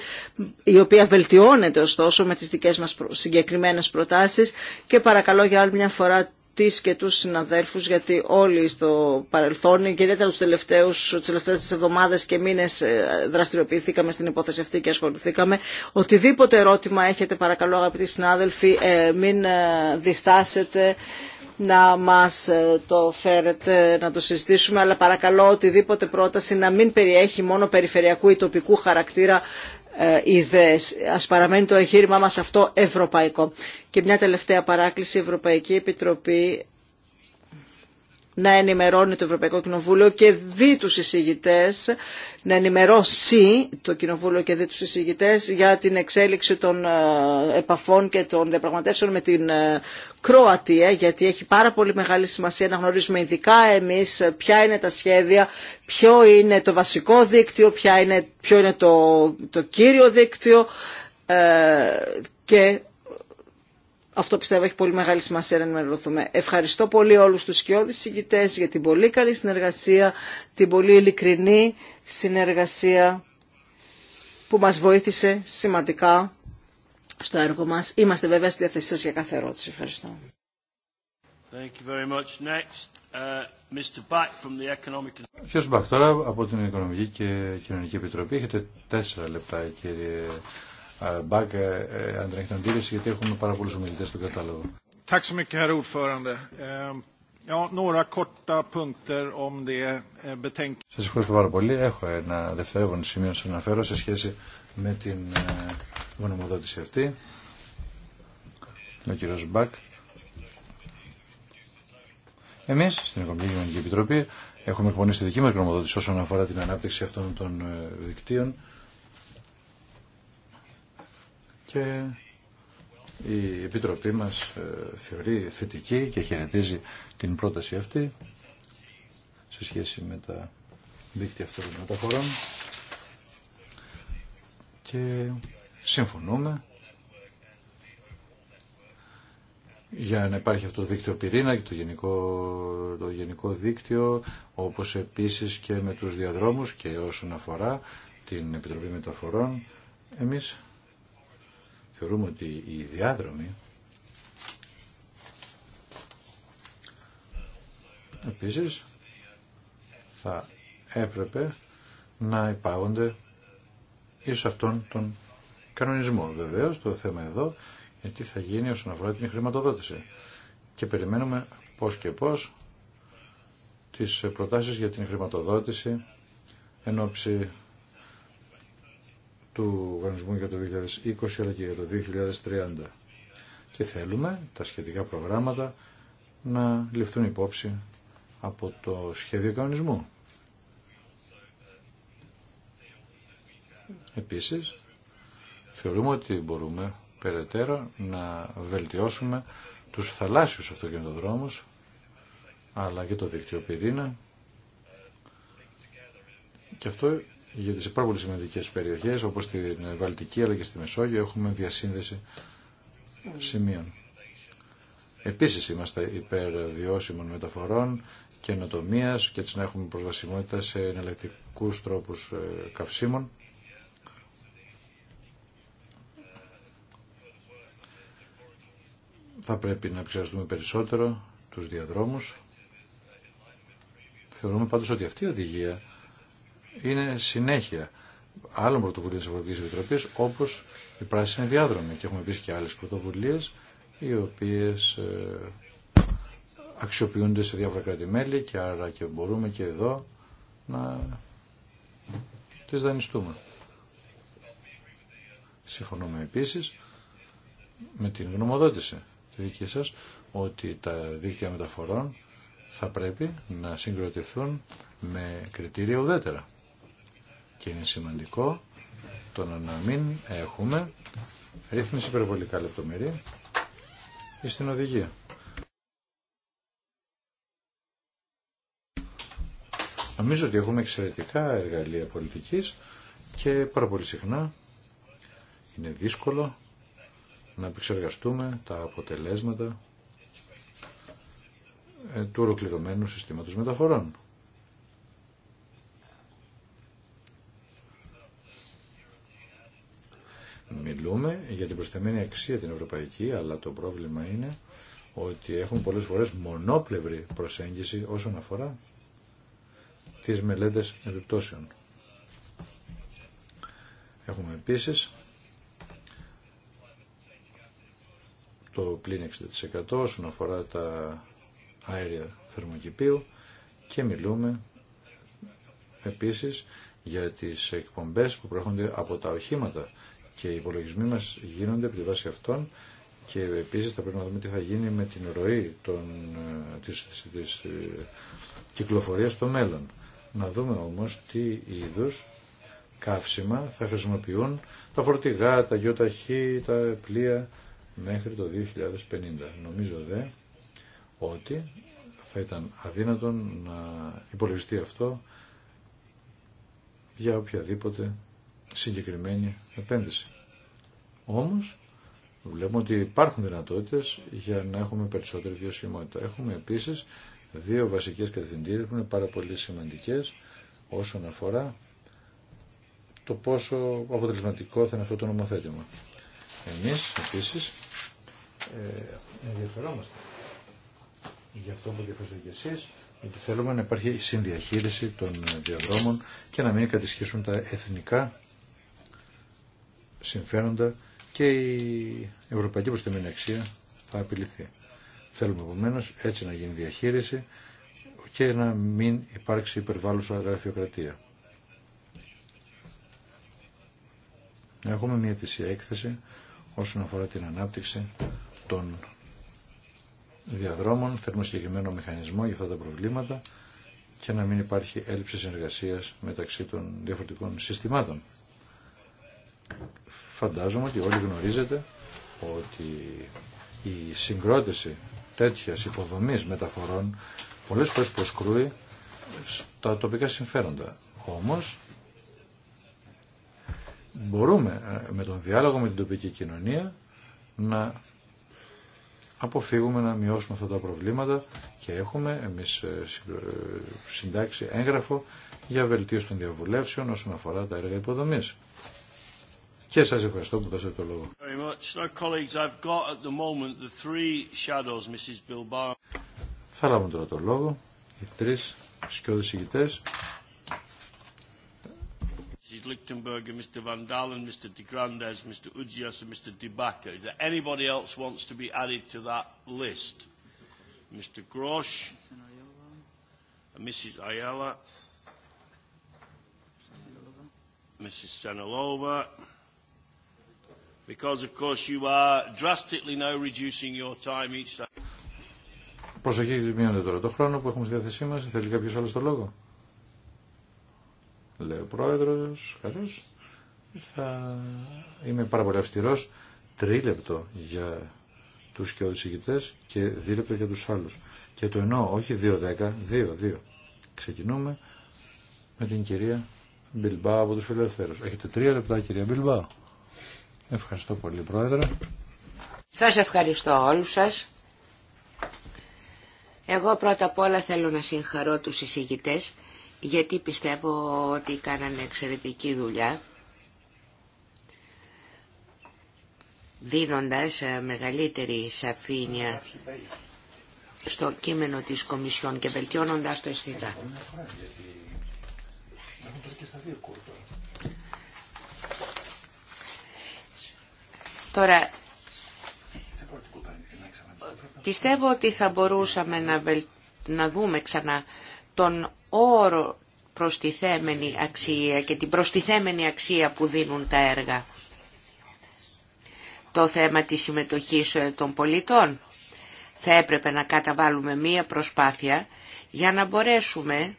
η οποία βελτιώνεται ωστόσο με τι δικές μας συγκεκριμένε προτάσει και παρακαλώ για άλλη μια φορά τις και του συναδέλφου, γιατί όλοι στο παρελθόν και ιδιαίτερα του τελευταίου τις τελευταίες εβδομάδες και μήνε ε, δραστηριοποιηθήκαμε στην υπόθεση αυτή και ασχοληθήκαμε. Οτιδήποτε ερώτημα έχετε παρακαλώ αγαπητοί συνάδελφοι ε, μην ε, διστάσετε να μας ε, το φέρετε να το συζητήσουμε, αλλά παρακαλώ οτιδήποτε πρόταση να μην περιέχει μόνο περιφερειακού ή τοπικού χαρακτήρα ε, ιδέες. Ας παραμένει το εγχείρημά μας αυτό ευρωπαϊκό. Και μια τελευταία παράκληση, η Ευρωπαϊκή Επιτροπή να ενημερώνει το Ευρωπαϊκό Κοινοβούλιο και δει τους εισηγητές, να ενημερώσει το Κοινοβούλιο και δει τους εισηγητές για την εξέλιξη των ε, επαφών και των διαπραγματεύσεων με την ε, Κροατία, γιατί έχει πάρα πολύ μεγάλη σημασία να γνωρίζουμε ειδικά εμείς ποια είναι τα σχέδια, ποιο είναι το βασικό δίκτυο, ποιο είναι το, το κύριο δίκτυο ε, και αυτό πιστεύω έχει πολύ μεγάλη σημασία να ενημερωθούμε. Ευχαριστώ πολύ όλους τους σκιώδεις συγκητές για την πολύ καλή συνεργασία, την πολύ ειλικρινή συνεργασία που μας βοήθησε σημαντικά στο έργο μας. Είμαστε βέβαια στη διάθεσή σας για κάθε ερώτηση. Ευχαριστώ. Thank you very much. Next, uh, Mr. Back from the Economic... τώρα από την Οικονομική και Κοινωνική Επιτροπή. Έχετε τέσσερα λεπτά κύριε Μπακ, αν δεν έχετε αντίρρηση, γιατί έχουμε πάρα πολλούς ομιλητές στον κατάλογο. Tack så mycket, herr ordförande. Ehm, ja, några korta punkter om det eh, betänkandet. Σας ευχαριστώ πάρα πολύ. Έχω ένα δευτερεύον σημείο να σας αναφέρω σε σχέση με την ε, γνωμοδότηση αυτή. Ο κύριος Μπακ. Εμείς στην Οικονομική Κοινωνική Επιτροπή έχουμε εκπονήσει τη δική μας γνωμοδότηση όσον αφορά την ανάπτυξη αυτών των ε, δικτύων και η Επιτροπή μας ε, θεωρεί θετική και χαιρετίζει την πρόταση αυτή σε σχέση με τα δίκτυα αυτών των μεταφορών και συμφωνούμε για να υπάρχει αυτό το δίκτυο πυρήνα και το γενικό, το γενικό δίκτυο όπως επίσης και με τους διαδρόμους και όσον αφορά την Επιτροπή Μεταφορών εμείς θεωρούμε ότι οι διάδρομοι επίσης θα έπρεπε να υπάγονται ίσως αυτόν τον κανονισμό. Βεβαίως το θέμα εδώ είναι τι θα γίνει όσον αφορά την χρηματοδότηση. Και περιμένουμε πώς και πώς τις προτάσεις για την χρηματοδότηση εν του οργανισμού για το 2020 αλλά και για το 2030. Και θέλουμε τα σχετικά προγράμματα να ληφθούν υπόψη από το σχέδιο κανονισμού. Επίσης, θεωρούμε ότι μπορούμε περαιτέρω να βελτιώσουμε τους θαλάσσιους αυτοκινητοδρόμους αλλά και το δίκτυο πυρήνα και αυτό γιατί σε πάρα πολύ σημαντικές περιοχές όπως στην Βαλτική αλλά και στη Μεσόγειο έχουμε διασύνδεση σημείων. Επίσης είμαστε υπέρ βιώσιμων μεταφορών, καινοτομία και έτσι να έχουμε προσβασιμότητα σε εναλλακτικού τρόπους ε, καυσίμων. Θα πρέπει να επεξεργαστούμε περισσότερο τους διαδρόμους. Θεωρούμε πάντως ότι αυτή η οδηγία είναι συνέχεια άλλων πρωτοβουλίων τη Ευρωπαϊκή Επιτροπή όπω η πράσινη διάδρομη. Και έχουμε επίση και άλλε πρωτοβουλίε οι οποίε ε, αξιοποιούνται σε διάφορα κράτη-μέλη και άρα και μπορούμε και εδώ να τις δανειστούμε. Συμφωνούμε επίση με την γνωμοδότηση τη δική σα ότι τα δίκτυα μεταφορών θα πρέπει να συγκροτηθούν με κριτήρια ουδέτερα. Και είναι σημαντικό το να μην έχουμε ρύθμιση υπερβολικά λεπτομερή στην οδηγία. Νομίζω ότι έχουμε εξαιρετικά εργαλεία πολιτικής και πάρα πολύ συχνά είναι δύσκολο να επεξεργαστούμε τα αποτελέσματα ε, του ολοκληρωμένου συστήματος μεταφορών. Μιλούμε για την προσθεμένη αξία την ευρωπαϊκή, αλλά το πρόβλημα είναι ότι έχουν πολλές φορές μονόπλευρη προσέγγιση όσον αφορά τις μελέτες επιπτώσεων. Έχουμε επίσης το πλήν 60% όσον αφορά τα αέρια θερμοκηπίου και μιλούμε επίσης για τις εκπομπές που προέρχονται από τα οχήματα και οι υπολογισμοί μας γίνονται από τη βάση αυτών και επίσης θα πρέπει να δούμε τι θα γίνει με την ροή των, ε, της, της ε, κυκλοφορίας στο μέλλον. Να δούμε όμως τι είδους καύσιμα θα χρησιμοποιούν τα φορτηγά, τα γιοταχή, τα πλοία μέχρι το 2050. Νομίζω δε ότι θα ήταν αδύνατον να υπολογιστεί αυτό για οποιαδήποτε συγκεκριμένη επένδυση. Όμως βλέπουμε ότι υπάρχουν δυνατότητες για να έχουμε περισσότερη βιωσιμότητα. Έχουμε επίσης δύο βασικές κατευθυντήρες που είναι πάρα πολύ σημαντικές όσον αφορά το πόσο αποτελεσματικό θα είναι αυτό το νομοθέτημα. Εμείς επίσης ε, ενδιαφερόμαστε για αυτό που διαφέρετε και εσείς γιατί θέλουμε να υπάρχει συνδιαχείριση των διαδρόμων και να μην κατησχίσουν τα εθνικά συμφέροντα και η ευρωπαϊκή προστιμένη αξία θα απειληθεί. Θέλουμε επομένω έτσι να γίνει διαχείριση και να μην υπάρξει υπερβάλλουσα γραφειοκρατία. Έχουμε μια αιτησία έκθεση όσον αφορά την ανάπτυξη των διαδρόμων, θέλουμε συγκεκριμένο μηχανισμό για αυτά τα προβλήματα και να μην υπάρχει έλλειψη συνεργασίας μεταξύ των διαφορετικών συστημάτων. Φαντάζομαι ότι όλοι γνωρίζετε ότι η συγκρότηση τέτοια υποδομής μεταφορών πολλές φορές προσκρούει στα τοπικά συμφέροντα. Όμως μπορούμε ε, με τον διάλογο με την τοπική κοινωνία να αποφύγουμε να μειώσουμε αυτά τα προβλήματα και έχουμε εμείς ε, ε, συντάξει έγγραφο για βελτίωση των διαβουλεύσεων όσον αφορά τα έργα υποδομής. Και σας ευχαριστώ που δώσατε το λόγο. Θα λάβουν τώρα το λόγο οι τρεις σκιώδες ηγητές. Mrs. Lichtenberger, Mr. Van Dalen, Mr. De Grandes, Mr. Ugias, and Mr. DeBacker. Is there anybody else wants to be added to that list? Mr. Grosch, and Mrs. Ayala, Mrs. Senalova because of course you are drastically now reducing your time each time. Προσοχή, μειώνεται τώρα το χρόνο που έχουμε στη διάθεσή μας. Θέλει κάποιος άλλος το λόγο. Λέω ο πρόεδρος, καλώς. Θα είμαι πάρα πολύ αυστηρός. Τρίλεπτο για τους και οδησηγητές και δίλεπτο για τους άλλους. Και το εννοώ, όχι δύο δέκα, δύο, δύο. Ξεκινούμε με την κυρία Μπιλμπά από τους φιλελευθέρους. Έχετε τρία λεπτά κυρία Μπιλμπά. Ευχαριστώ πολύ Πρόεδρε. Σας ευχαριστώ όλους σας. Εγώ πρώτα απ' όλα θέλω να συγχαρώ τους εισηγητές γιατί πιστεύω ότι κάνανε εξαιρετική δουλειά δίνοντας ε, μεγαλύτερη σαφήνεια στο κείμενο της Κομισιόν και βελτιώνοντας το αισθητά. Τώρα, πιστεύω ότι θα μπορούσαμε να, να δούμε ξανά τον όρο προστιθέμενη αξία και την προστιθέμενη αξία που δίνουν τα έργα. Το θέμα της συμμετοχής ε, των πολιτών. Θα έπρεπε να καταβάλουμε μία προσπάθεια για να μπορέσουμε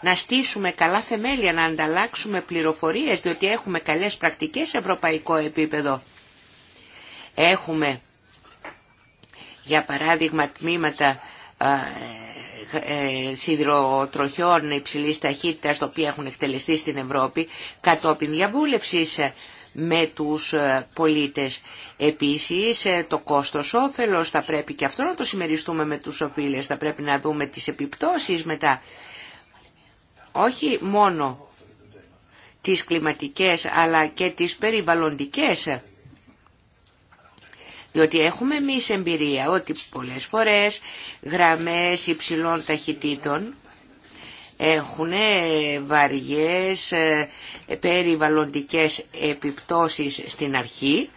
να στήσουμε καλά θεμέλια, να ανταλλάξουμε πληροφορίες, διότι έχουμε καλές πρακτικές σε ευρωπαϊκό επίπεδο. Έχουμε, για παράδειγμα, τμήματα ε, ε, σιδηροτροχιών υψηλής ταχύτητας, τα οποία έχουν εκτελεστεί στην Ευρώπη, κατόπιν διαβούλευσης με τους ε, πολίτες. Επίσης το κόστος όφελος θα πρέπει και αυτό να το συμμεριστούμε με τους οφείλες, θα πρέπει να δούμε τις επιπτώσεις μετά όχι μόνο τις κλιματικές αλλά και τις περιβαλλοντικές διότι έχουμε εμεί εμπειρία ότι πολλές φορές γραμμές υψηλών ταχυτήτων έχουν βαριές ε, περιβαλλοντικές επιπτώσεις στην αρχή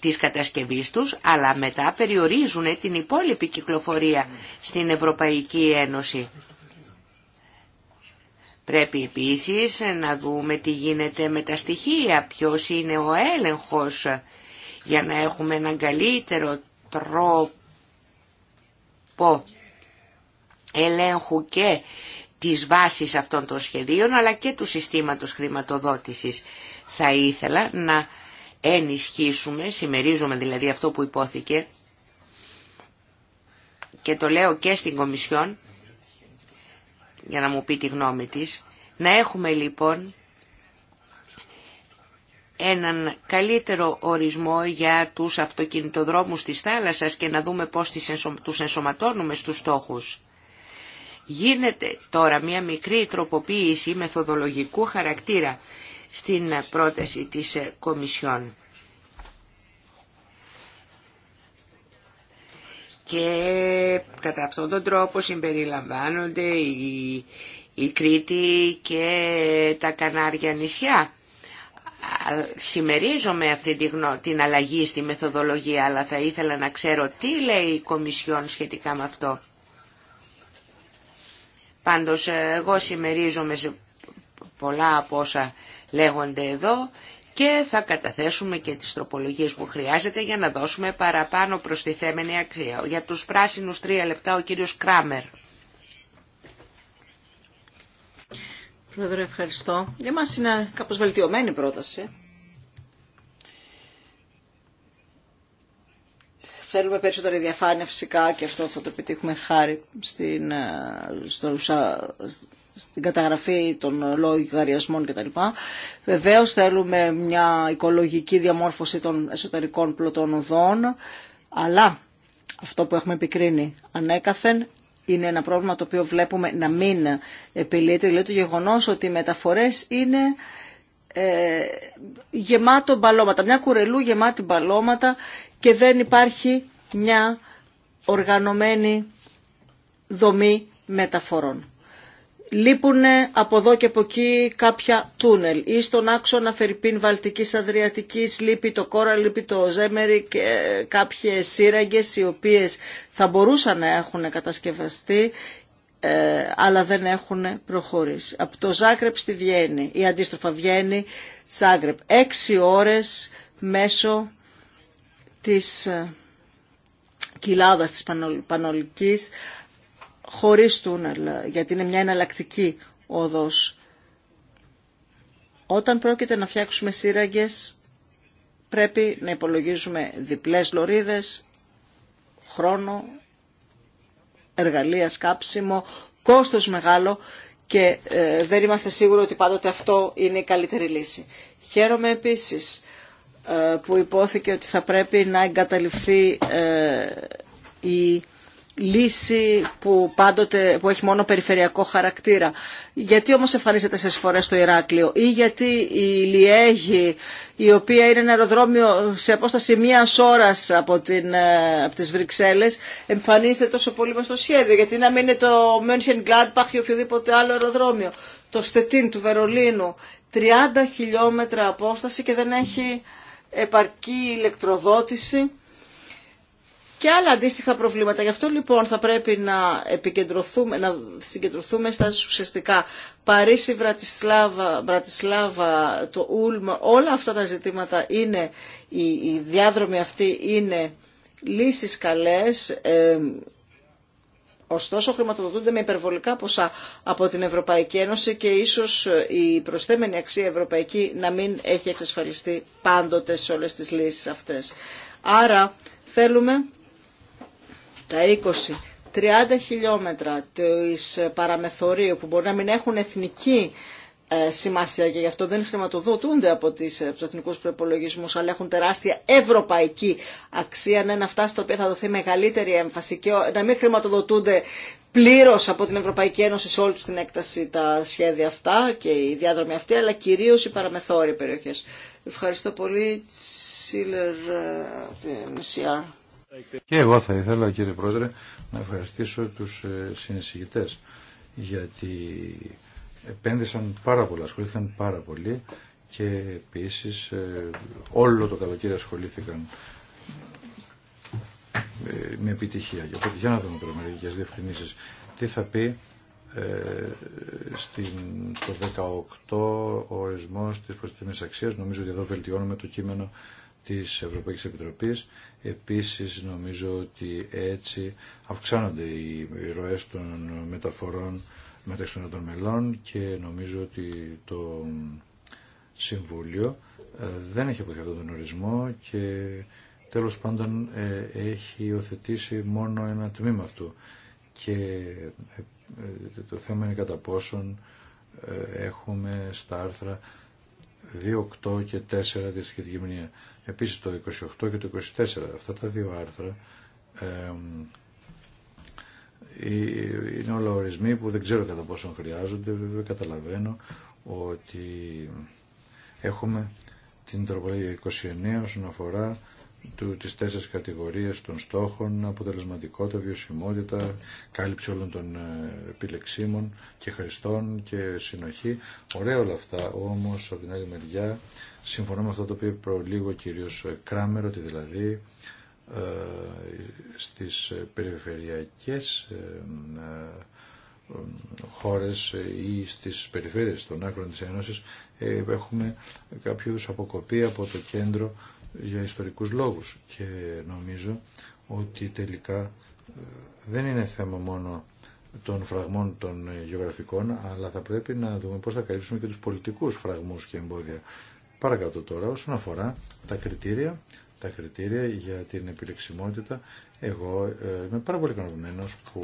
της κατασκευής τους, αλλά μετά περιορίζουν την υπόλοιπη κυκλοφορία στην Ευρωπαϊκή Ένωση. Πρέπει επίσης να δούμε τι γίνεται με τα στοιχεία, ποιος είναι ο έλεγχος για να έχουμε έναν καλύτερο τρόπο ελέγχου και της βάσης αυτών των σχεδίων αλλά και του συστήματος χρηματοδότησης. Θα ήθελα να ενισχύσουμε, συμμερίζομαι δηλαδή αυτό που υπόθηκε και το λέω και στην Κομισιόν, για να μου πει τη γνώμη της. Να έχουμε λοιπόν έναν καλύτερο ορισμό για τους αυτοκινητοδρόμους της θάλασσας και να δούμε πώς τους ενσωματώνουμε στους στόχους. Γίνεται τώρα μια μικρή τροποποίηση μεθοδολογικού χαρακτήρα στην πρόταση της Κομισιόν. και κατά αυτόν τον τρόπο συμπεριλαμβάνονται η, η Κρήτη και τα Κανάρια νησιά. Σημερίζομαι αυτή τη γνω... την αλλαγή στη μεθοδολογία, αλλά θα ήθελα να ξέρω τι λέει η Κομισιόν σχετικά με αυτό. Πάντως, ε, εγώ συμμερίζομαι σε πολλά από όσα λέγονται εδώ και θα καταθέσουμε και τις τροπολογίες που χρειάζεται για να δώσουμε παραπάνω προστιθέμενη αξία. Για τους πράσινους τρία λεπτά ο κύριος Κράμερ. Πρόεδρε, ευχαριστώ. Για μας είναι κάπως βελτιωμένη πρόταση. Θέλουμε περισσότερη διαφάνεια φυσικά και αυτό θα το επιτύχουμε χάρη στην, ε, στο, στην καταγραφή των λογαριασμών κτλ. Βεβαίω θέλουμε μια οικολογική διαμόρφωση των εσωτερικών πλωτών οδών, αλλά αυτό που έχουμε επικρίνει ανέκαθεν είναι ένα πρόβλημα το οποίο βλέπουμε να μην επιλύεται, δηλαδή το γεγονός ότι οι μεταφορές είναι ε, γεμάτο μπαλώματα, μια κουρελού γεμάτη μπαλώματα και δεν υπάρχει μια οργανωμένη δομή μεταφορών. Λείπουν από εδώ και από εκεί κάποια τούνελ ή στον άξονα Φερρυπίν Βαλτικής Αδριατικής λείπει το κόρα, λείπει το ζέμερι και κάποιες σύραγγες οι οποίες θα μπορούσαν να έχουν κατασκευαστεί ε, αλλά δεν έχουν προχωρήσει. Από το Ζάγκρεπ στη Βιέννη ή αντίστροφα Βιέννη, Ζάγκρεπ, έξι ώρες μέσω της ε, κοιλάδας της Πανολικής χωρίς τούνελ, γιατί είναι μια εναλλακτική οδός. Όταν πρόκειται να φτιάξουμε σύραγγες, πρέπει να υπολογίζουμε διπλές λωρίδες, χρόνο, εργαλεία, σκάψιμο, κόστος μεγάλο και ε, δεν είμαστε σίγουροι ότι πάντοτε αυτό είναι η καλύτερη λύση. Χαίρομαι επίσης ε, που υπόθηκε ότι θα πρέπει να εγκαταληφθεί ε, η λύση που, πάντοτε, που έχει μόνο περιφερειακό χαρακτήρα. Γιατί όμως εμφανίζεται σε φορές το Ηράκλειο ή γιατί η Λιέγη, η οποία είναι ένα αεροδρόμιο σε απόσταση μια ώρας από, την, ε, από τις Βρυξέλλες, εμφανίζεται τόσο πολύ μες στο σχέδιο. Γιατί να μην είναι το München Gladbach ή οποιοδήποτε άλλο αεροδρόμιο. Το Στετίν του Βερολίνου, 30 χιλιόμετρα απόσταση και δεν έχει επαρκή ηλεκτροδότηση και άλλα αντίστοιχα προβλήματα. Γι' αυτό λοιπόν θα πρέπει να, επικεντρωθούμε, να συγκεντρωθούμε στα ουσιαστικά. Παρίσι, Βρατισλάβα, το Ούλμα, όλα αυτά τα ζητήματα είναι, οι, οι διάδρομοι αυτοί είναι λύσεις καλές, ε, Ωστόσο, χρηματοδοτούνται με υπερβολικά ποσά από την Ευρωπαϊκή Ένωση και ίσω η προσθέμενη αξία ευρωπαϊκή να μην έχει εξασφαλιστεί πάντοτε σε όλε τι λύσει αυτέ. Άρα, θέλουμε τα 20. 30 χιλιόμετρα της παραμεθορίου που μπορεί να μην έχουν εθνική ε, σημασία και γι' αυτό δεν χρηματοδοτούνται από, τις, εθνικού τους αλλά έχουν τεράστια ευρωπαϊκή αξία να είναι αυτά στα οποία θα δοθεί μεγαλύτερη έμφαση και να μην χρηματοδοτούνται Πλήρω από την Ευρωπαϊκή Ένωση σε όλη την έκταση τα σχέδια αυτά και οι διάδρομοι αυτή αλλά κυρίω οι παραμεθόροι περιοχέ. Ευχαριστώ πολύ, Τσίλερ Μισιάρ. Ε, και εγώ θα ήθελα, κύριε Πρόεδρε, να ευχαριστήσω του ε, συνεισηγητέ γιατί επένδυσαν πάρα πολλά, ασχολήθηκαν πάρα πολύ και επίσης ε, όλο το καλοκαίρι ασχολήθηκαν ε, με επιτυχία. για να δούμε τώρα μερικές διευκρινήσεις. Τι θα πει ε, στην, το 18 ο ορισμός της προστιμής αξίας. Νομίζω ότι εδώ βελτιώνουμε το κείμενο της Ευρωπαϊκής Επιτροπής. Επίσης νομίζω ότι έτσι αυξάνονται οι ροές των μεταφορών μεταξύ των των μελών και νομίζω ότι το Συμβούλιο ε, δεν έχει αυτόν τον ορισμό και τέλος πάντων ε, έχει υιοθετήσει μόνο ένα τμήμα αυτού και ε, το θέμα είναι κατά πόσον έχουμε στα άρθρα 2, 8 και 4 τη σχετική μνήμα. Επίσης το 28 και το 24, αυτά τα δύο άρθρα ε, είναι όλα ορισμοί που δεν ξέρω κατά πόσο χρειάζονται. Βέβαια καταλαβαίνω ότι έχουμε την τροπολογία 29 όσον αφορά του, τις τέσσερις κατηγορίες των στόχων, αποτελεσματικότητα, βιωσιμότητα, κάλυψη όλων των ε, επιλεξίμων και χρηστών και συνοχή. Ωραία όλα αυτά, όμως από την άλλη μεριά συμφωνώ με αυτό το οποίο προλίγο ο κύριος Κράμερ, ότι δηλαδή ε, στις περιφερειακές ε, ε, χώρες ή στις περιφέρειες των άκρων της Ένωσης έχουμε κάποιο είδους αποκοπή από το κέντρο για ιστορικούς λόγους και νομίζω ότι τελικά δεν είναι θέμα μόνο των φραγμών των γεωγραφικών αλλά θα πρέπει να δούμε πώς θα καλύψουμε και τους πολιτικούς φραγμούς και εμπόδια. Παρακάτω τώρα όσον αφορά τα κριτήρια τα κριτήρια για την επιλεξιμότητα. Εγώ ε, είμαι πάρα πολύ ικανοποιημένος που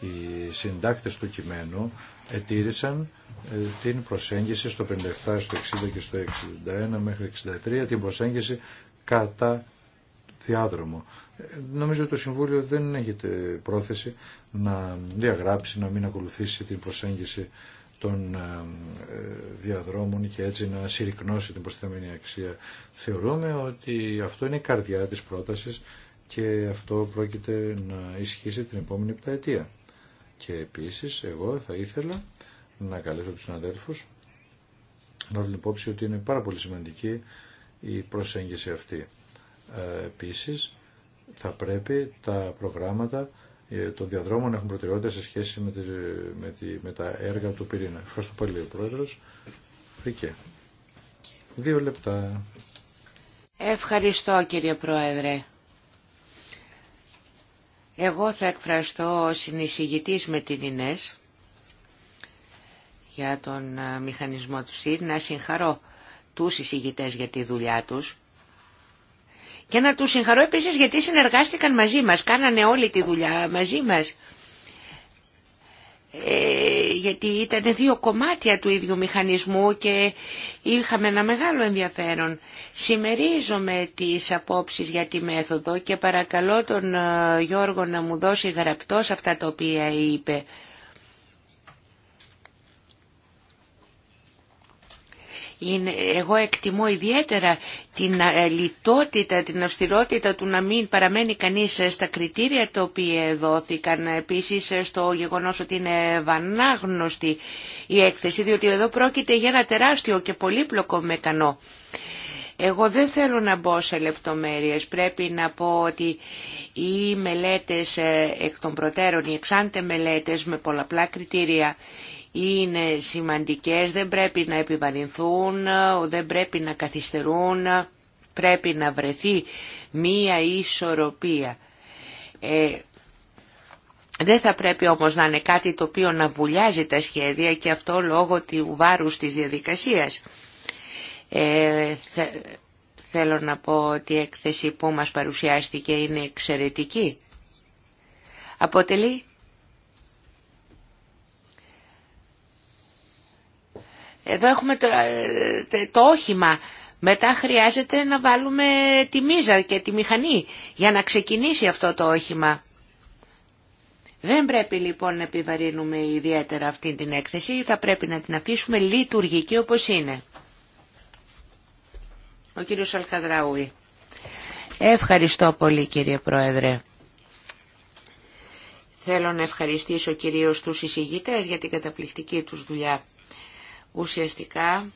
οι συντάκτες του κειμένου ετήρησαν ε, την προσέγγιση στο 57, στο 60 και στο 61 μέχρι 63, την προσέγγιση κατά διάδρομο. Ε, νομίζω ότι το Συμβούλιο δεν έχει πρόθεση να διαγράψει, να μην ακολουθήσει την προσέγγιση των ε, ε, διαδρόμων και έτσι να συρρυκνώσει την προσθέμενη αξία. Θεωρούμε ότι αυτό είναι η καρδιά της πρότασης και αυτό πρόκειται να ισχύσει την επόμενη πταετία. Και επίσης εγώ θα ήθελα να καλέσω τους συναδέλφους να την υπόψη ότι είναι πάρα πολύ σημαντική η προσέγγιση αυτή. Ε, επίσης θα πρέπει τα προγράμματα ε, των διαδρόμων έχουν προτεραιότητα σε σχέση με, τη, με, τα έργα του πυρήνα. Ευχαριστώ πολύ, ο Πρόεδρος. Φρικέ. Δύο λεπτά. Ευχαριστώ, κύριε Πρόεδρε. Εγώ θα εκφραστώ ως συνεισηγητής με την Ινές για τον ε, μηχανισμό του ΣΥΡ να συγχαρώ τους εισηγητές για τη δουλειά τους και να του συγχαρώ επίσης γιατί συνεργάστηκαν μαζί μας, κάνανε όλη τη δουλειά μαζί μας. Ε, γιατί ήταν δύο κομμάτια του ίδιου μηχανισμού και είχαμε ένα μεγάλο ενδιαφέρον. Σημερίζομαι τις απόψεις για τη μέθοδο και παρακαλώ τον ε, Γιώργο να μου δώσει γραπτός αυτά τα οποία είπε. εγώ εκτιμώ ιδιαίτερα την ε, λιτότητα, την αυστηρότητα του να μην παραμένει κανείς ε, στα κριτήρια τα οποία δόθηκαν επίσης ε, στο γεγονός ότι είναι βανάγνωστη η έκθεση διότι εδώ πρόκειται για ένα τεράστιο και πολύπλοκο μετανο. Εγώ δεν θέλω να μπω σε λεπτομέρειες. Πρέπει να πω ότι οι μελέτες εκ των προτέρων, οι εξάντε μελέτες με πολλαπλά κριτήρια είναι σημαντικές, δεν πρέπει να επιβαρυνθούν, δεν πρέπει να καθυστερούν, πρέπει να βρεθεί μία ισορροπία. Ε, δεν θα πρέπει όμως να είναι κάτι το οποίο να βουλιάζει τα σχέδια και αυτό λόγω του βάρους της διαδικασίας. Ε, θέλω να πω ότι η έκθεση που μας παρουσιάστηκε είναι εξαιρετική. Αποτελεί Εδώ έχουμε ε, το, όχημα. Μετά χρειάζεται να βάλουμε τη μίζα και τη μηχανή για να ξεκινήσει αυτό το όχημα. Δεν πρέπει λοιπόν να επιβαρύνουμε ιδιαίτερα αυτή την έκθεση, θα πρέπει να την αφήσουμε λειτουργική όπως είναι. Ο κύριος Αλχαδράουη. Ευχαριστώ πολύ κύριε Πρόεδρε. Θέλω να ευχαριστήσω κυρίως τους εισηγητές για την καταπληκτική τους δουλειά ουσιαστικά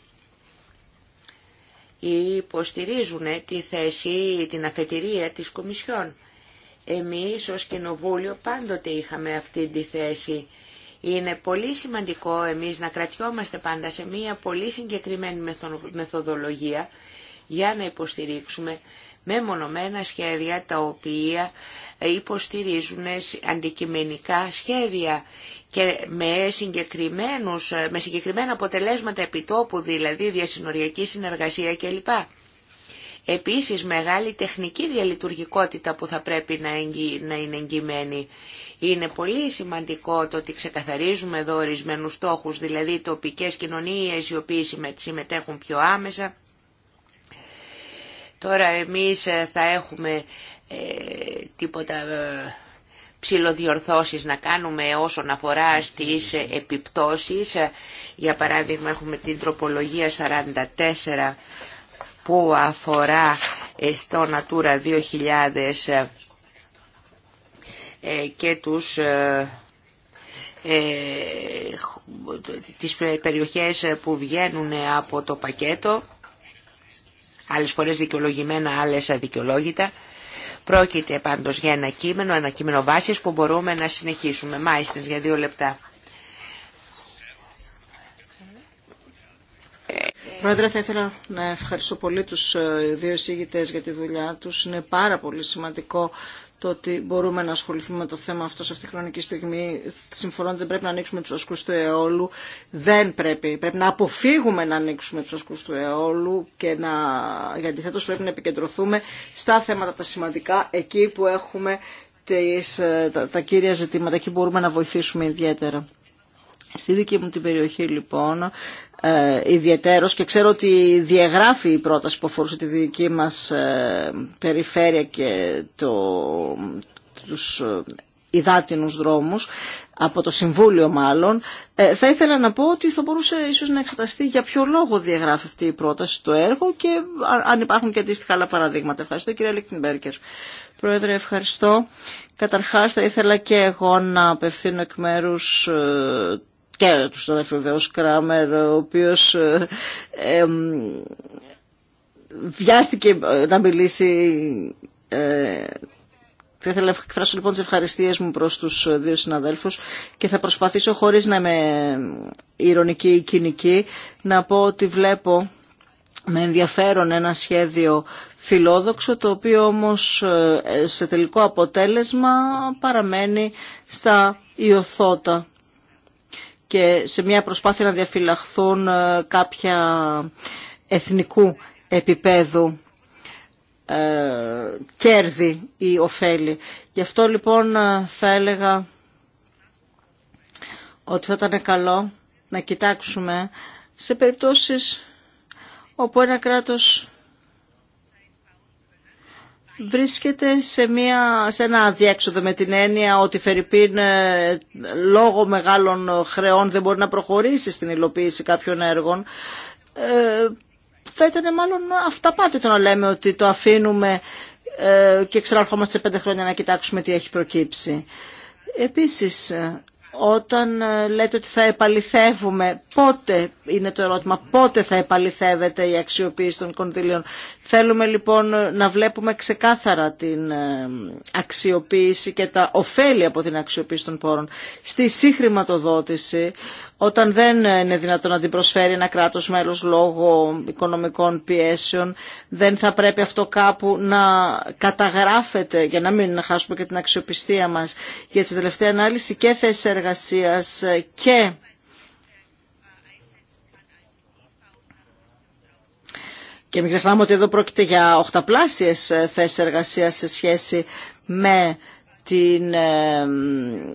υποστηρίζουν τη θέση την αφετηρία της Κομισιόν. Εμείς ως Κοινοβούλιο πάντοτε είχαμε αυτή τη θέση. Είναι πολύ σημαντικό εμείς να κρατιόμαστε πάντα σε μια πολύ συγκεκριμένη μεθοδολογία για να υποστηρίξουμε με μονομένα σχέδια τα οποία υποστηρίζουν αντικειμενικά σχέδια και με, συγκεκριμένους, με συγκεκριμένα αποτελέσματα επιτόπου, δηλαδή διασυνοριακή συνεργασία κλπ. Επίσης μεγάλη τεχνική διαλειτουργικότητα που θα πρέπει να, να είναι εγγυημένη. Είναι πολύ σημαντικό το ότι ξεκαθαρίζουμε εδώ ορισμένου στόχους, δηλαδή τοπικές κοινωνίες οι οποίες συμμετέχουν πιο άμεσα, Τώρα εμείς ε, θα έχουμε ε, τίποτα ε, ψηλοδιορθώσεις να κάνουμε όσον αφορά στις ε, επιπτώσεις. Ε, για παράδειγμα έχουμε την τροπολογία 44 που αφορά στο Natura 2000 και τους, ε, τις περιοχές που βγαίνουν από το πακέτο άλλες φορές δικαιολογημένα, άλλες αδικαιολόγητα. Πρόκειται πάντως για ένα κείμενο, ένα κείμενο βάσης που μπορούμε να συνεχίσουμε. Μάλιστα για δύο λεπτά. Πρόεδρε, θα ήθελα να ευχαριστώ πολύ τους ε, δύο εισηγητές για τη δουλειά τους. Είναι πάρα πολύ σημαντικό το ότι μπορούμε να ασχοληθούμε με το θέμα αυτό σε αυτή τη χρονική στιγμή. Συμφωνώ ότι δεν πρέπει να ανοίξουμε του ασκού του αιώλου. Δεν πρέπει. Πρέπει να αποφύγουμε να ανοίξουμε του ασκού του αιώλου και να, για αντιθέτω πρέπει να επικεντρωθούμε στα θέματα τα σημαντικά, εκεί που έχουμε τις, ε, τα, τα κύρια ζητήματα, εκεί μπορούμε να βοηθήσουμε ιδιαίτερα. Στη δική μου την περιοχή λοιπόν ε, και ξέρω ότι διαγράφει η πρόταση που αφορούσε τη δική μας ε, περιφέρεια και το, τους ε, υδάτινους δρόμους, από το Συμβούλιο μάλλον, ε, θα ήθελα να πω ότι θα μπορούσε ίσως να εξεταστεί για ποιο λόγο διαγράφει αυτή η πρόταση το έργο και αν υπάρχουν και αντίστοιχα άλλα παραδείγματα. Ευχαριστώ κύριε Λίκτινμπέργκερ. Πρόεδρε, ευχαριστώ. Καταρχάς θα ήθελα και εγώ να απευθύνω εκ μέρους και του συναδέλφου βεβαίω Κράμερ, ο οποίο ε, βιάστηκε ε, να μιλήσει. Ε, θα ήθελα να εκφράσω λοιπόν τι ευχαριστίε μου προ του δύο συναδέλφου και θα προσπαθήσω χωρί να είμαι ηρωνική ή κοινική να πω ότι βλέπω με ενδιαφέρον ένα σχέδιο φιλόδοξο το οποίο όμως ε, σε τελικό αποτέλεσμα παραμένει στα ιωθώτα και σε μια προσπάθεια να διαφυλαχθούν ε, κάποια εθνικού επίπεδου ε, κέρδη ή ωφέλη. Γι' αυτό λοιπόν ε, θα έλεγα ότι θα ήταν καλό να κοιτάξουμε σε περιπτώσεις όπου ένα κράτος βρίσκεται σε, μια, σε ένα αδιέξοδο με την έννοια ότι Φερρυπίν ε, λόγω μεγάλων χρεών δεν μπορεί να προχωρήσει στην υλοποίηση κάποιων έργων. Ε, θα ήταν μάλλον αυταπάτητο να λέμε ότι το αφήνουμε ε, και ξαναρχόμαστε σε πέντε χρόνια να κοιτάξουμε τι έχει προκύψει. Επίσης, όταν ε, λέτε ότι θα επαληθεύουμε, πότε είναι το ερώτημα, πότε θα επαληθεύεται η αξιοποίηση των κονδυλίων. Θέλουμε λοιπόν να βλέπουμε ξεκάθαρα την ε, αξιοποίηση και τα ωφέλη από την αξιοποίηση των πόρων. Στη συγχρηματοδότηση όταν δεν είναι δυνατόν να την προσφέρει ένα κράτος μέλος λόγω οικονομικών πιέσεων, δεν θα πρέπει αυτό κάπου να καταγράφεται για να μην χάσουμε και την αξιοπιστία μας. Για τη τελευταία ανάλυση και θέση εργασίας και Και μην ξεχνάμε ότι εδώ πρόκειται για οχταπλάσιες θέσεις εργασίας σε σχέση με την,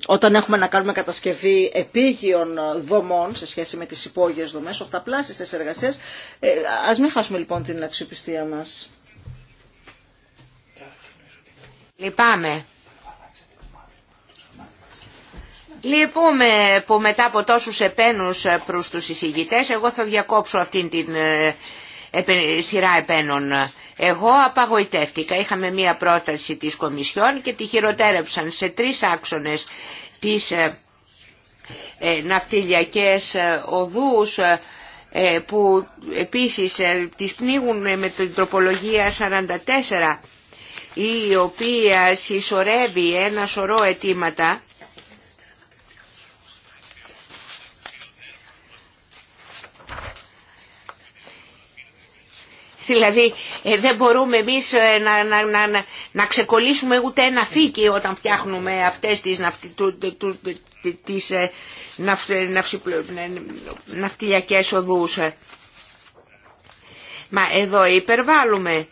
όταν έχουμε να κάνουμε κατασκευή επίγειων δομών σε σχέση με τις υπόγειες δομές, οχταπλάσεις τις εργασίες ε, ας μην χάσουμε λοιπόν την αξιοπιστία μας. Λυπάμαι. Λυπούμε που μετά από τόσους επένους προς τους εισηγητές, εγώ θα διακόψω αυτήν την ε, σειρά επένων. Εγώ απαγοητεύτηκα. Είχαμε μία πρόταση της Κομισιόν και τη χειροτέρεψαν σε τρεις άξονες τις ε, ε, ναυτιλιακές ε, οδούς που επίσης τις πνίγουν με την τροπολογία 44 η οποία συσσωρεύει ένα σωρό αιτήματα Δηλαδή ε, δεν μπορούμε εμείς ε, να, να, να, να ξεκολλήσουμε ούτε ένα φύκι όταν φτιάχνουμε αυτές τις ναυτιλιακές οδούς. Μα εδώ υπερβάλλουμε.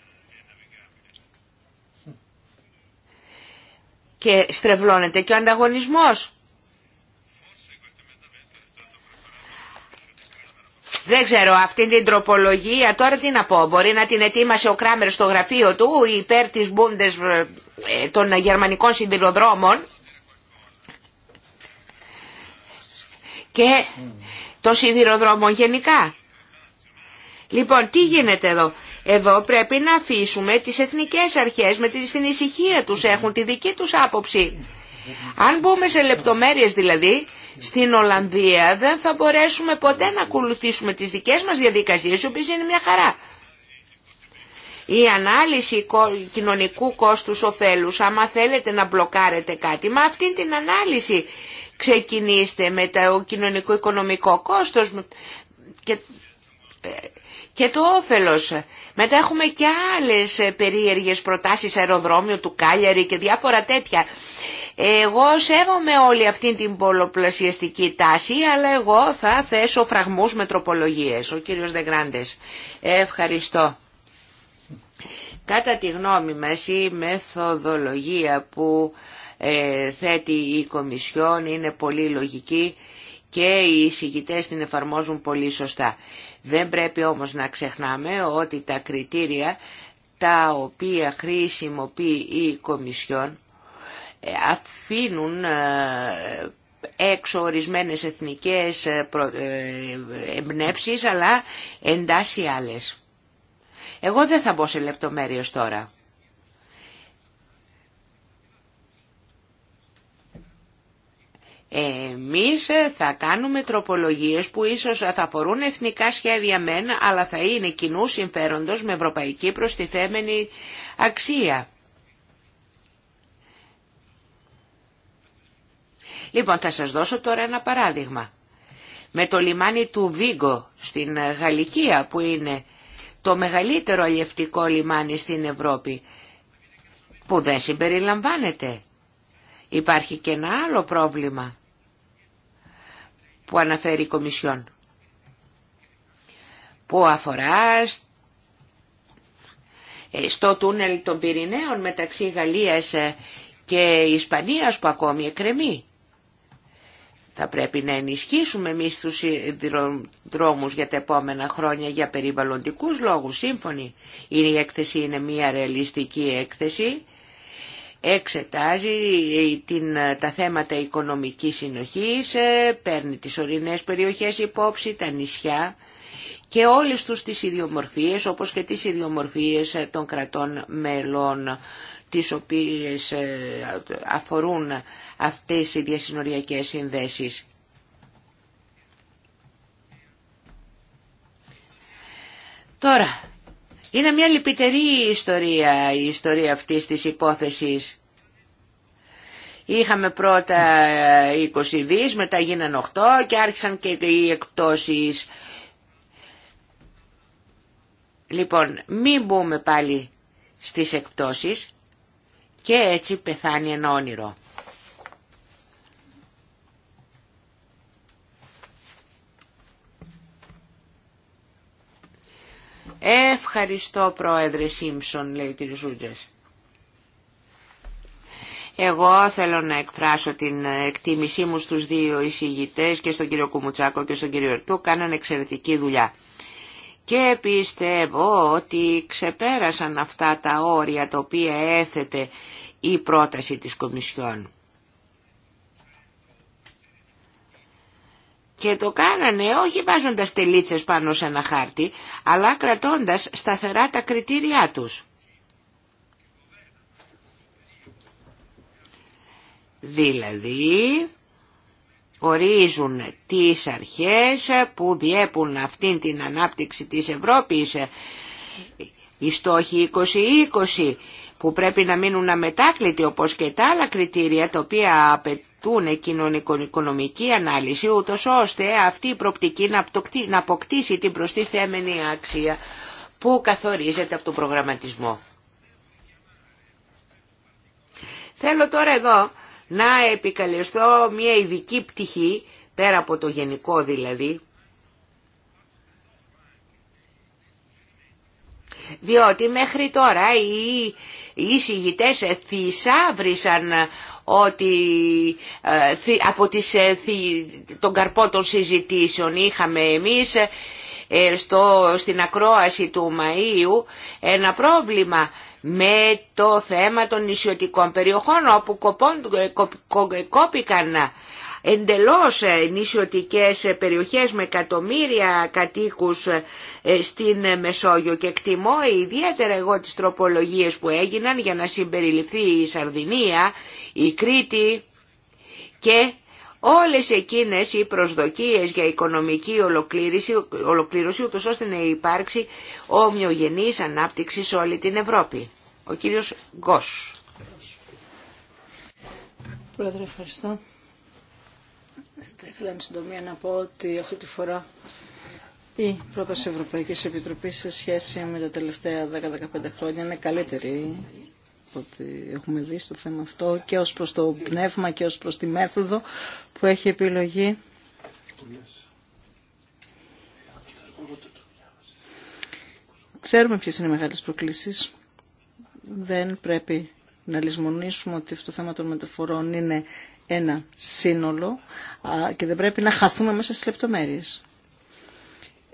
Και στρεβλώνεται και ο ανταγωνισμός. Δεν ξέρω, αυτή την τροπολογία τώρα τι να πω. Μπορεί να την ετοίμασε ο Κράμερ στο γραφείο του υπέρ της μπουντες των γερμανικών σιδηροδρόμων... και των σιδηροδρόμων γενικά. Λοιπόν, τι γίνεται εδώ. Εδώ πρέπει να αφήσουμε τις εθνικές αρχές με την ησυχία τους έχουν τη δική τους άποψη. Αν μπούμε σε λεπτομέρειες δηλαδή, στην Ολλανδία δεν θα μπορέσουμε ποτέ να ακολουθήσουμε τις δικές μας διαδικασίες, οι οποίες είναι μια χαρά. Η ανάλυση κοινωνικού κόστους ωφέλους, άμα θέλετε να μπλοκάρετε κάτι, μα αυτή την ανάλυση ξεκινήστε με το κοινωνικό-οικονομικό κόστος και, και το όφελος. Μετά έχουμε και άλλες ε, περίεργες προτάσεις αεροδρόμιο του Κάλιαρη και διάφορα τέτοια. Εγώ σέβομαι όλη αυτή την πολλοπλασιαστική τάση, αλλά εγώ θα θέσω φραγμούς με τροπολογίες. Ο κύριος Δεγκράντες. Ευχαριστώ. Κατά τη γνώμη μας η μεθοδολογία που ε, θέτει η Κομισιόν είναι πολύ λογική και οι εισηγητές την εφαρμόζουν πολύ σωστά. Δεν πρέπει όμως να ξεχνάμε ότι τα κριτήρια τα οποία χρησιμοποιεί η Κομισιόν ε, αφήνουν ε, έξω ορισμένε εθνικές ε, εμπνεύσεις αλλά εντάσσει άλλες. Εγώ δεν θα μπω σε λεπτομέρειες τώρα. Εμείς θα κάνουμε τροπολογίες που ίσως θα αφορούν εθνικά σχέδια μεν, αλλά θα είναι κοινού συμφέροντος με ευρωπαϊκή προστιθέμενη αξία. Λοιπόν, θα σας δώσω τώρα ένα παράδειγμα. Με το λιμάνι του Βίγκο στην Γαλλικία που είναι το μεγαλύτερο αλλιευτικό λιμάνι στην Ευρώπη που δεν συμπεριλαμβάνεται. Υπάρχει και ένα άλλο πρόβλημα που αναφέρει η Κομισιόν που αφορά ε, στο τούνελ των Πυρηναίων μεταξύ Γαλλίας ε, και Ισπανίας που ακόμη εκκρεμεί. Θα πρέπει να ενισχύσουμε εμεί τους δρόμους για τα επόμενα χρόνια για περιβαλλοντικούς λόγους. Σύμφωνοι η έκθεση, είναι μια ρεαλιστική έκθεση. Εξετάζει την, τα θέματα οικονομικής συνοχής, ε, παίρνει τις ορεινές περιοχές υπόψη, τα νησιά και όλες τους τις ιδιομορφίες όπως και τις ιδιομορφίες των κρατών μελών τις οποίες ε, αφορούν αυτές οι διασυνοριακές συνδέσεις. Τώρα, είναι μια λυπητερή ιστορία η ιστορία αυτής της υπόθεσης. Είχαμε πρώτα 20 δις, μετά γίνανε 8 και άρχισαν και οι εκπτώσεις. Λοιπόν, μην μπούμε πάλι στις εκπτώσεις και έτσι πεθάνει ένα όνειρο. Ευχαριστώ πρόεδρε Σίμψον, λέει ο κ. Ζούτζες. Εγώ θέλω να εκφράσω την εκτίμησή μου στους δύο εισηγητές και στον κύριο Κουμουτσάκο και στον κύριο Ερτού. Κάνανε εξαιρετική δουλειά. Και πιστεύω ότι ξεπέρασαν αυτά τα όρια τα οποία έθετε η πρόταση της Κομισιόν. Και το κάνανε όχι βάζοντας τελίτσες πάνω σε ένα χάρτη, αλλά κρατώντας σταθερά τα κριτήριά τους. Δηλαδή, ορίζουν τις αρχές που διέπουν αυτήν την ανάπτυξη της Ευρώπης. Οι στόχοι 2020 που πρέπει να μείνουν αμετάκλητοι όπως και τα άλλα κριτήρια τα οποία απαιτούν κοινωνικο-οικονομική ανάλυση ούτως ώστε αυτή η προπτική να αποκτήσει την προστιθέμενη αξία που καθορίζεται από τον προγραμματισμό. Θέλω τώρα εδώ να επικαλεστώ μια ειδική πτυχή, πέρα από το γενικό δηλαδή, διότι μέχρι τώρα οι, οι εισηγητές θησάβρισαν ότι ε, από τις, ε, τον καρπό των συζητήσεων είχαμε εμείς ε, στο, στην ακρόαση του Μαΐου ένα πρόβλημα με το θέμα των νησιωτικών περιοχών όπου κόπηκαν εντελώς ε, νησιωτικές περιοχές με εκατομμύρια κατοίκους ε, στην Μεσόγειο και εκτιμώ ιδιαίτερα εγώ τις τροπολογίες που έγιναν για να συμπεριληφθεί η Σαρδινία, η Κρήτη και όλες εκείνες οι προσδοκίες για οικονομική ολοκλήρωση, ολοκλήρωση ούτως ώστε να υπάρξει ομοιογενής ανάπτυξη σε όλη την Ευρώπη. Ο κύριος Γκος. Πρόεδρε, ευχαριστώ. Θα ήθελα εν συντομία να πω ότι αυτή τη φορά η πρόταση Ευρωπαϊκής Επιτροπής σε σχέση με τα τελευταία 10-15 χρόνια είναι καλύτερη ότι έχουμε δει στο θέμα αυτό και ως προς το πνεύμα και ως προς τη μέθοδο που έχει επιλογή. Ξέρουμε ποιες είναι οι μεγάλες προκλήσεις. Δεν πρέπει να λησμονήσουμε ότι αυτό το θέμα των μεταφορών είναι ένα σύνολο και δεν πρέπει να χαθούμε μέσα στις λεπτομέρειες.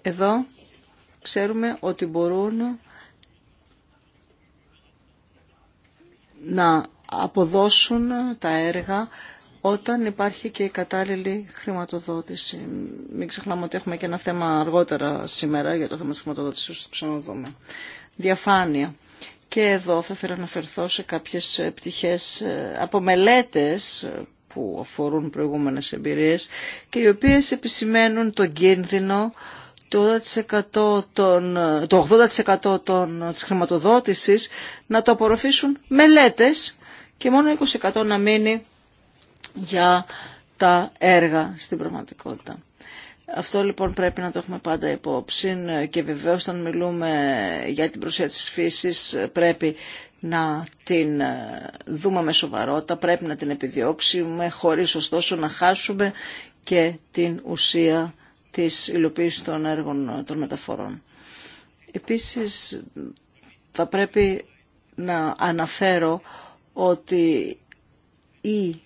Εδώ ξέρουμε ότι μπορούν να αποδώσουν τα έργα όταν υπάρχει και η κατάλληλη χρηματοδότηση. Μην ξεχνάμε ότι έχουμε και ένα θέμα αργότερα σήμερα για το θέμα της χρηματοδότησης, το ξαναδούμε. Διαφάνεια. Και εδώ θα ήθελα να φερθώ σε κάποιες πτυχές ε, από μελέτες ε, που αφορούν προηγούμενες εμπειρίες και οι οποίες επισημαίνουν τον κίνδυνο το 80% των, της χρηματοδότησης να το απορροφήσουν μελέτες και μόνο 20% να μείνει για τα έργα στην πραγματικότητα. Αυτό λοιπόν πρέπει να το έχουμε πάντα υπόψη και βεβαίως όταν μιλούμε για την προσέγγιση της φύσης πρέπει να την ε, δούμε με σοβαρότητα, πρέπει να την επιδιώξουμε χωρίς ωστόσο να χάσουμε και την ουσία της υλοποίηση των έργων των μεταφορών. Επίσης, θα πρέπει να αναφέρω ότι η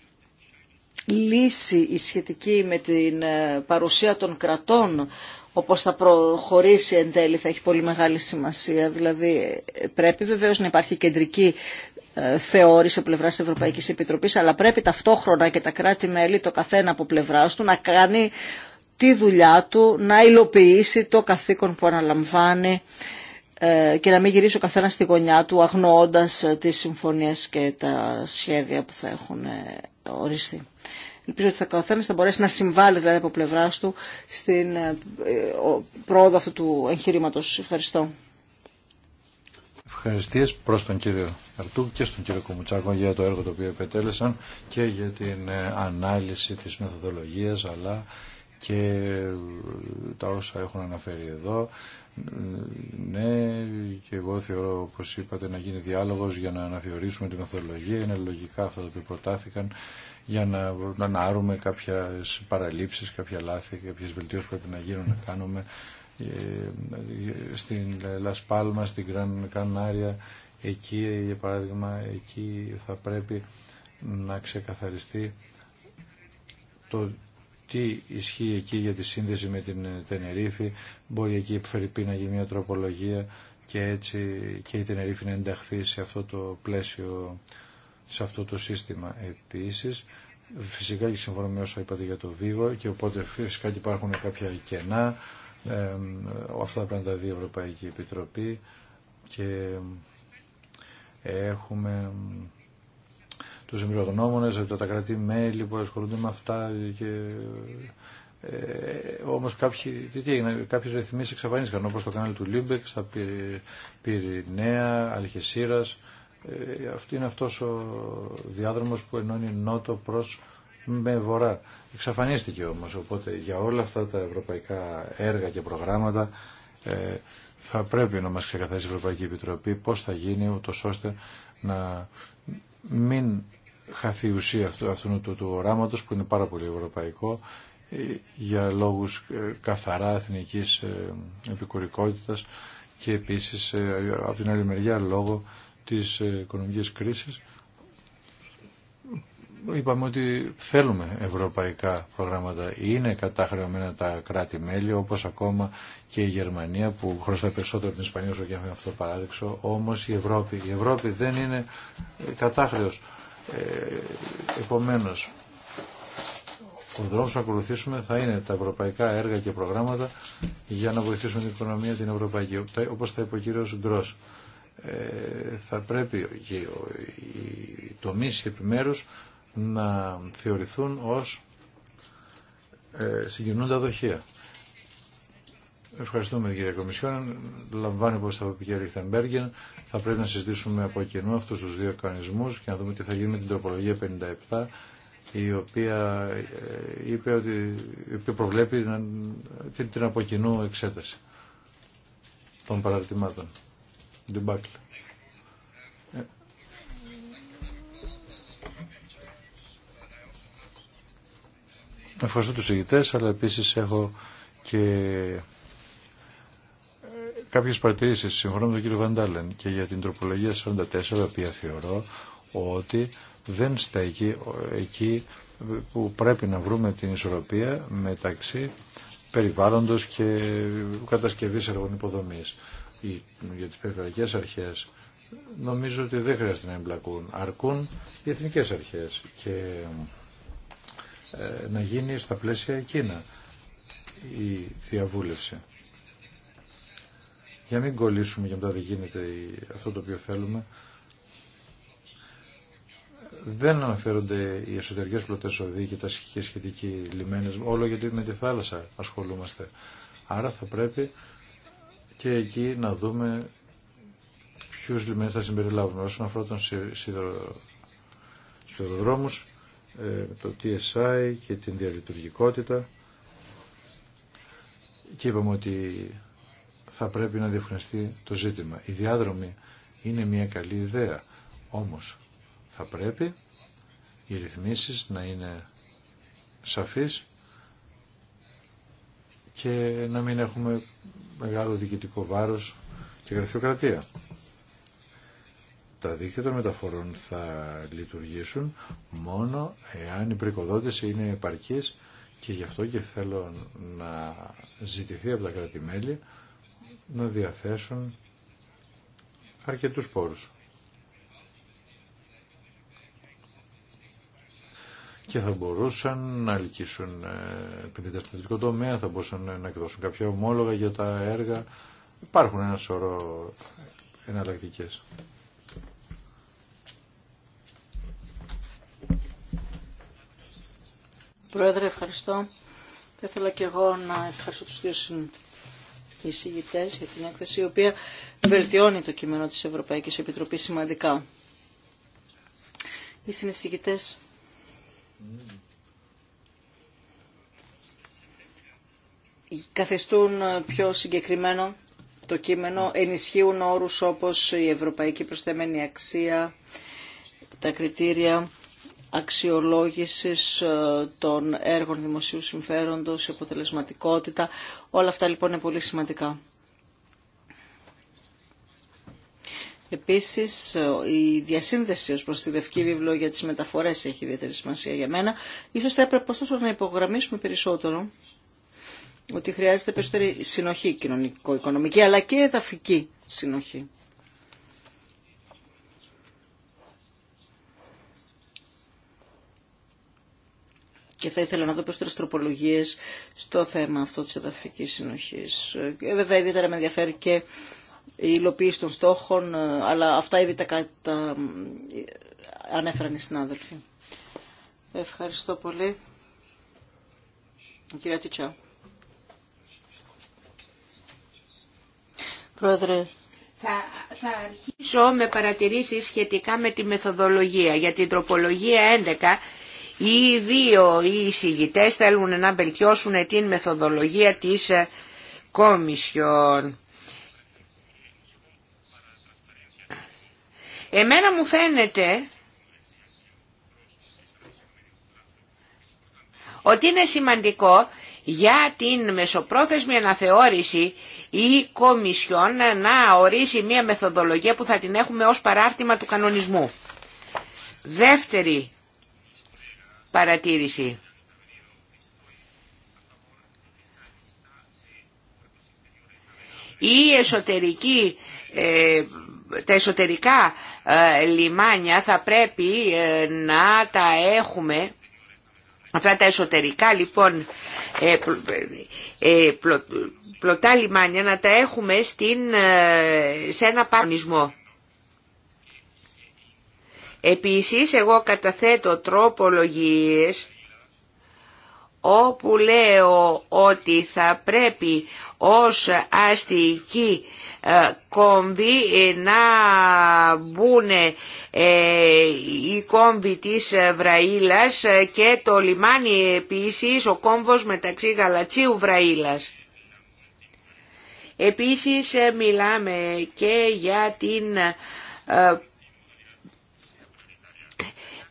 λύση η σχετική με την ε, παρουσία των κρατών όπως θα προχωρήσει εν τέλει θα έχει πολύ μεγάλη σημασία. Δηλαδή πρέπει βεβαίως να υπάρχει κεντρική ε, θεώρηση πλευρά τη Ευρωπαϊκή Επιτροπή, αλλά πρέπει ταυτόχρονα και τα κράτη-μέλη, το καθένα από πλευρά του, να κάνει τη δουλειά του, να υλοποιήσει το καθήκον που αναλαμβάνει ε, και να μην γυρίσει ο καθένας στη γωνιά του αγνοώντας ε, τις συμφωνίες και τα σχέδια που θα έχουν ε, οριστεί. Ελπίζω ότι θα καθένα θα μπορέσει να συμβάλλει δηλαδή από πλευρά του στην πρόοδο αυτού του εγχειρήματο. Ευχαριστώ. Ευχαριστίες προ τον κύριο Αρτού και στον κύριο Κουμουτσάκο για το έργο το οποίο επετέλεσαν και για την ανάλυση τη μεθοδολογία αλλά και ε, τα όσα έχουν αναφέρει εδώ. Ε, ναι, και εγώ θεωρώ, όπως είπατε, να γίνει διάλογος για να αναθεωρήσουμε την μεθοδολογία. Είναι λογικά αυτά που προτάθηκαν για να, να άρουμε κάποιες παραλήψεις, κάποια λάθη, κάποιες βελτιώσεις που πρέπει να γίνουν να κάνουμε ε, στην Λασπάλμα, στην Κραν Κανάρια, εκεί για παράδειγμα, εκεί θα πρέπει να ξεκαθαριστεί το τι ισχύει εκεί για τη σύνδεση με την ε, Τενερίφη, μπορεί εκεί επιφέρει να γίνει μια τροπολογία και έτσι και η Τενερίφη να ενταχθεί σε αυτό το πλαίσιο, σε αυτό το σύστημα επίσης. Φυσικά και συμφωνώ με όσα είπατε για το Βίγο και οπότε φυσικά και υπάρχουν κάποια κενά. Ε, αυτά πρέπει να τα δει η Ευρωπαϊκή Επιτροπή και έχουμε τους εμπειρογνώμονες, από τα κρατή-μέλη που ασχολούνται με αυτά και... Ε, όμως κάποιοι, τι, τι έγινε, κάποιες ρυθμίσεις εξαφανίστηκαν όπως το κανάλι του Λίμπεκ, στα Πυρηναία, Αλχεσίρας. Ε, αυτή είναι αυτός ο διάδρομος που ενώνει νότο προς με βορρά. Εξαφανίστηκε όμως, οπότε για όλα αυτά τα ευρωπαϊκά έργα και προγράμματα ε, θα πρέπει να μας ξεκαθαρίσει η Ευρωπαϊκή Επιτροπή πώς θα γίνει ούτως ώστε να μην χαθεί η ουσία αυτού, του, του οράματος που είναι πάρα πολύ ευρωπαϊκό ε, για λόγους ε, καθαρά εθνικής ε, επικουρικότητας και επίσης από την άλλη μεριά λόγω της οικονομικής κρίσης είπαμε ότι θέλουμε ευρωπαϊκά προγράμματα. Είναι κατάχρεωμένα τα κράτη-μέλη, όπως ακόμα και η Γερμανία που χρωστά περισσότερο από την Ισπανία όσο και αυτό το παράδειξο. Όμως η Ευρώπη, η Ευρώπη δεν είναι κατάχρεως ε, επομένως, ο δρόμος που ακολουθήσουμε θα είναι τα ευρωπαϊκά έργα και προγράμματα για να βοηθήσουν την οικονομία την ευρωπαϊκή. Όπως θα είπε ο κύριος Γκρός, ε, θα πρέπει και οι τομείς και επιμέρους να θεωρηθούν ως ε, συγκινούντα δοχεία. Ευχαριστούμε κύριε Κομισιόν. Λαμβάνει πως θα πει και Θα πρέπει να συζητήσουμε από κοινού αυτούς τους δύο κανονισμούς και να δούμε τι θα γίνει με την τροπολογία 57 η οποία ε, είπε ότι η προβλέπει να, την, την από κοινού εξέταση των παραρτημάτων. Την ε. Ευχαριστώ τους ηγητές, αλλά επίσης έχω και Κάποιε παρατηρήσει Συμφωνώ με τον κύριο Βαντάλεν και για την τροπολογία 44, η οποία θεωρώ ότι δεν στέκει εκεί που πρέπει να βρούμε την ισορροπία μεταξύ περιβάλλοντος και κατασκευής έργων υποδομής. Για τις περιφερειακές αρχές νομίζω ότι δεν χρειάζεται να εμπλακούν. Αρκούν οι εθνικές αρχές και ε, να γίνει στα πλαίσια εκείνα η διαβούλευση για να μην κολλήσουμε και μετά δεν γίνεται αυτό το οποίο θέλουμε. Δεν αναφέρονται οι εσωτερικές πλωτές οδοί και τα σχετικοί λιμένες, όλο γιατί με τη θάλασσα ασχολούμαστε. Άρα θα πρέπει και εκεί να δούμε ποιους λιμένες θα συμπεριλάβουμε. Όσον αφορά τον σιδηροδρόμους, ε, το TSI και την διαλειτουργικότητα και είπαμε ότι θα πρέπει να διευκρινιστεί το ζήτημα. Η διάδρομη είναι μια καλή ιδέα, όμως θα πρέπει οι ρυθμίσεις να είναι σαφείς και να μην έχουμε μεγάλο διοικητικό βάρος και γραφειοκρατία. Τα δίκτυα των μεταφορών θα λειτουργήσουν μόνο εάν η πρικοδότηση είναι επαρκής και γι' αυτό και θέλω να ζητηθεί από τα κρατη να διαθέσουν αρκετούς πόρους. Και θα μπορούσαν να ελκύσουν ε, επειδή τομέα, θα μπορούσαν ε, να εκδώσουν κάποια ομόλογα για τα έργα. Υπάρχουν ένα σωρό εναλλακτικέ. Πρόεδρε, ευχαριστώ. Θα ήθελα και εγώ να ευχαριστώ τους δύο και εισηγητέ για την έκθεση, η οποία βελτιώνει το κείμενο της Ευρωπαϊκής Επιτροπής σημαντικά. Οι συνεισηγητές καθιστούν πιο συγκεκριμένο το κείμενο, ενισχύουν όρους όπως η ευρωπαϊκή προσθεμένη αξία, τα κριτήρια αξιολόγησης ε, των έργων δημοσίου συμφέροντος, η αποτελεσματικότητα. Όλα αυτά λοιπόν είναι πολύ σημαντικά. Επίσης, ε, η διασύνδεση ως προς τη Λευκή Βιβλό για τις μεταφορές έχει ιδιαίτερη σημασία για μένα. Ίσως θα έπρεπε ωστόσο να υπογραμμίσουμε περισσότερο ότι χρειάζεται περισσότερη συνοχή κοινωνικο-οικονομική, αλλά και εδαφική συνοχή. και θα ήθελα να δω περισσότερε τροπολογίε στο θέμα αυτό τη εδαφική συνοχή. Ε, βέβαια, ιδιαίτερα με ενδιαφέρει και η υλοποίηση των στόχων, ε, αλλά αυτά ήδη τα, τα ανέφεραν οι συνάδελφοι. Ευχαριστώ πολύ. Κυρία Τιτσά. Πρόεδρε, θα, θα αρχίσω με παρατηρήσεις σχετικά με τη μεθοδολογία. Για την τροπολογία 11 οι δύο οι εισηγητές θέλουν να βελτιώσουν την μεθοδολογία της ε, Κόμισιον. Εμένα μου φαίνεται ότι είναι σημαντικό για την μεσοπρόθεσμη αναθεώρηση η Κομισιόν να ορίσει μια μεθοδολογία που θα την έχουμε ως παράρτημα του κανονισμού. Δεύτερη παρατήρηση. Η εσωτερική, ε, τα εσωτερικά ε, λιμάνια θα πρέπει ε, να τα έχουμε Αυτά τα εσωτερικά λοιπόν πλωτά λιμάνια να τα έχουμε στην, σε ένα παρονισμό. Επίσης εγώ καταθέτω τροπολογίες όπου λέω ότι θα πρέπει ως αστική ε, ε, κόμβη να μπουν οι κόμβοι της Βραήλας και το λιμάνι επίσης ο κόμβος μεταξύ Γαλατσίου Βραήλας. Επίσης ε, μιλάμε και για την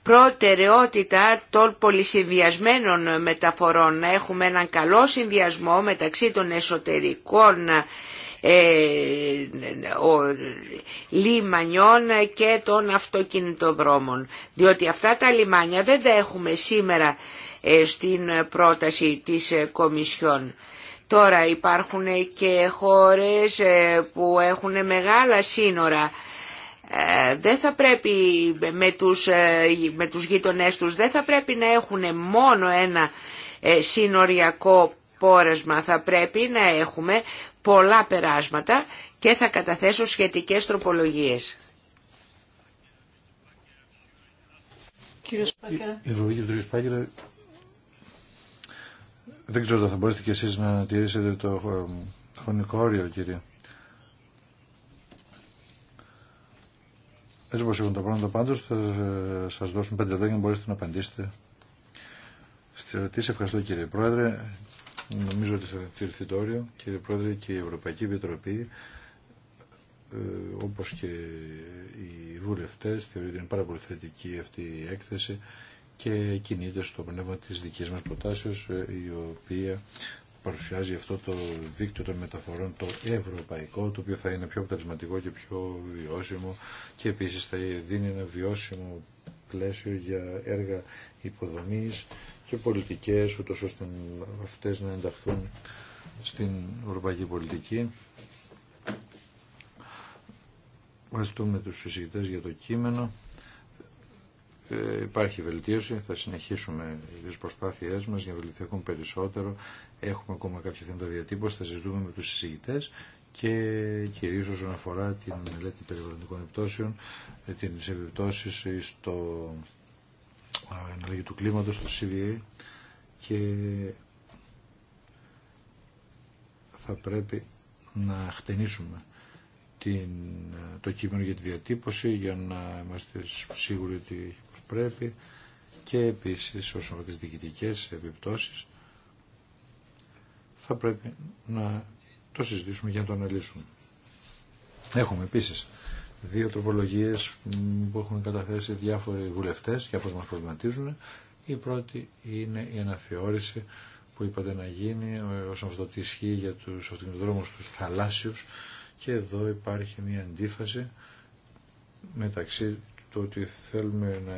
προτεραιότητα των πολυσυνδυασμένων μεταφορών. Να έχουμε έναν καλό συνδυασμό μεταξύ των εσωτερικών ε, ο, λιμανιών και των αυτοκινητοδρόμων. Διότι αυτά τα λιμάνια δεν τα έχουμε σήμερα ε, στην πρόταση της ε, Κομισιόν. Τώρα υπάρχουν και χώρες που έχουν μεγάλα σύνορα ε, δεν θα πρέπει με τους, ε, με τους γείτονές τους, δεν θα πρέπει να έχουν μόνο ένα ε, συνοριακό πόρεσμα, θα πρέπει να έχουμε πολλά περάσματα και θα καταθέσω σχετικές τροπολογίες. Κύριος Δεν ξέρω αν θα μπορέσετε κι εσείς να τηρήσετε το χρονικό όριο, κύριε. Έτσι όπως έχουν τα πράγματα πάντως θα σας δώσουν πέντε λόγια για να μπορέσετε να απαντήσετε στις ερωτήσει. Ευχαριστώ κύριε Πρόεδρε. Νομίζω ότι θα τηρηθεί το όριο. Κύριε Πρόεδρε και η Ευρωπαϊκή Επιτροπή ε, όπως και οι βουλευτές θεωρείται ότι είναι πάρα πολύ θετική αυτή η έκθεση και κινείται στο πνεύμα της δικής μας προτάσεως ε, η οποία παρουσιάζει αυτό το δίκτυο των μεταφορών το ευρωπαϊκό, το οποίο θα είναι πιο αποτελεσματικό και πιο βιώσιμο και επίσης θα δίνει ένα βιώσιμο πλαίσιο για έργα υποδομής και πολιτικές, ούτως ώστε αυτές να ενταχθούν στην ευρωπαϊκή πολιτική. βαστούμε τους συζητητές για το κείμενο. Ε, υπάρχει βελτίωση, θα συνεχίσουμε τις προσπάθειές μας για να βελτιωθούν περισσότερο Έχουμε ακόμα κάποια θέματα διατύπωση, θα συζητούμε με του συζητητέ και κυρίω όσον αφορά την μελέτη περιβαλλοντικών επιπτώσεων, ε, τι επιπτώσει στο εναλλαγή του κλίματο, στο CDA και θα πρέπει να χτενίσουμε την, ε, το κείμενο για τη διατύπωση για να είμαστε σίγουροι ότι πρέπει και επίσης όσον αφορά τις διοικητικές επιπτώσεις θα πρέπει να το συζητήσουμε για να το αναλύσουμε. Έχουμε επίση δύο τροπολογίε που έχουν καταθέσει διάφοροι βουλευτέ για πώ μα προβληματίζουν. Η πρώτη είναι η αναθεώρηση που είπατε να γίνει όσον αυτό τι ισχύει για τους αυτοκινητοδρόμου του θαλάσσιους και εδώ υπάρχει μια αντίφαση μεταξύ του ότι θέλουμε να,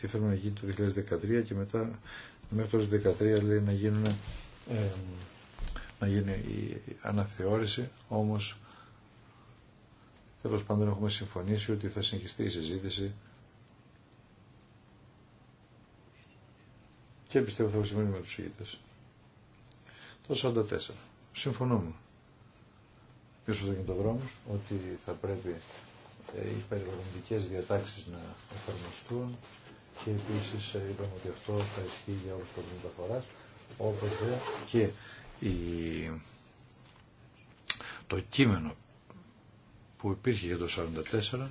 τι θέλουμε να γίνει το 2013 και μετά μέχρι το 2013 λέει να γίνουν ε, να γίνει η αναθεώρηση, όμως τέλος πάντων έχουμε συμφωνήσει ότι θα συνεχιστεί η συζήτηση και πιστεύω θα συμβαίνει με τους ηγητές. Το 44. Συμφωνούμε. Ποιος θα γίνει το δρόμο, ότι θα πρέπει ε, οι περιβαλλοντικές διατάξεις να εφαρμοστούν και επίσης ε, είπαμε ότι αυτό θα ισχύει για όλους τους τομείς όπως και το κείμενο που υπήρχε για το 1944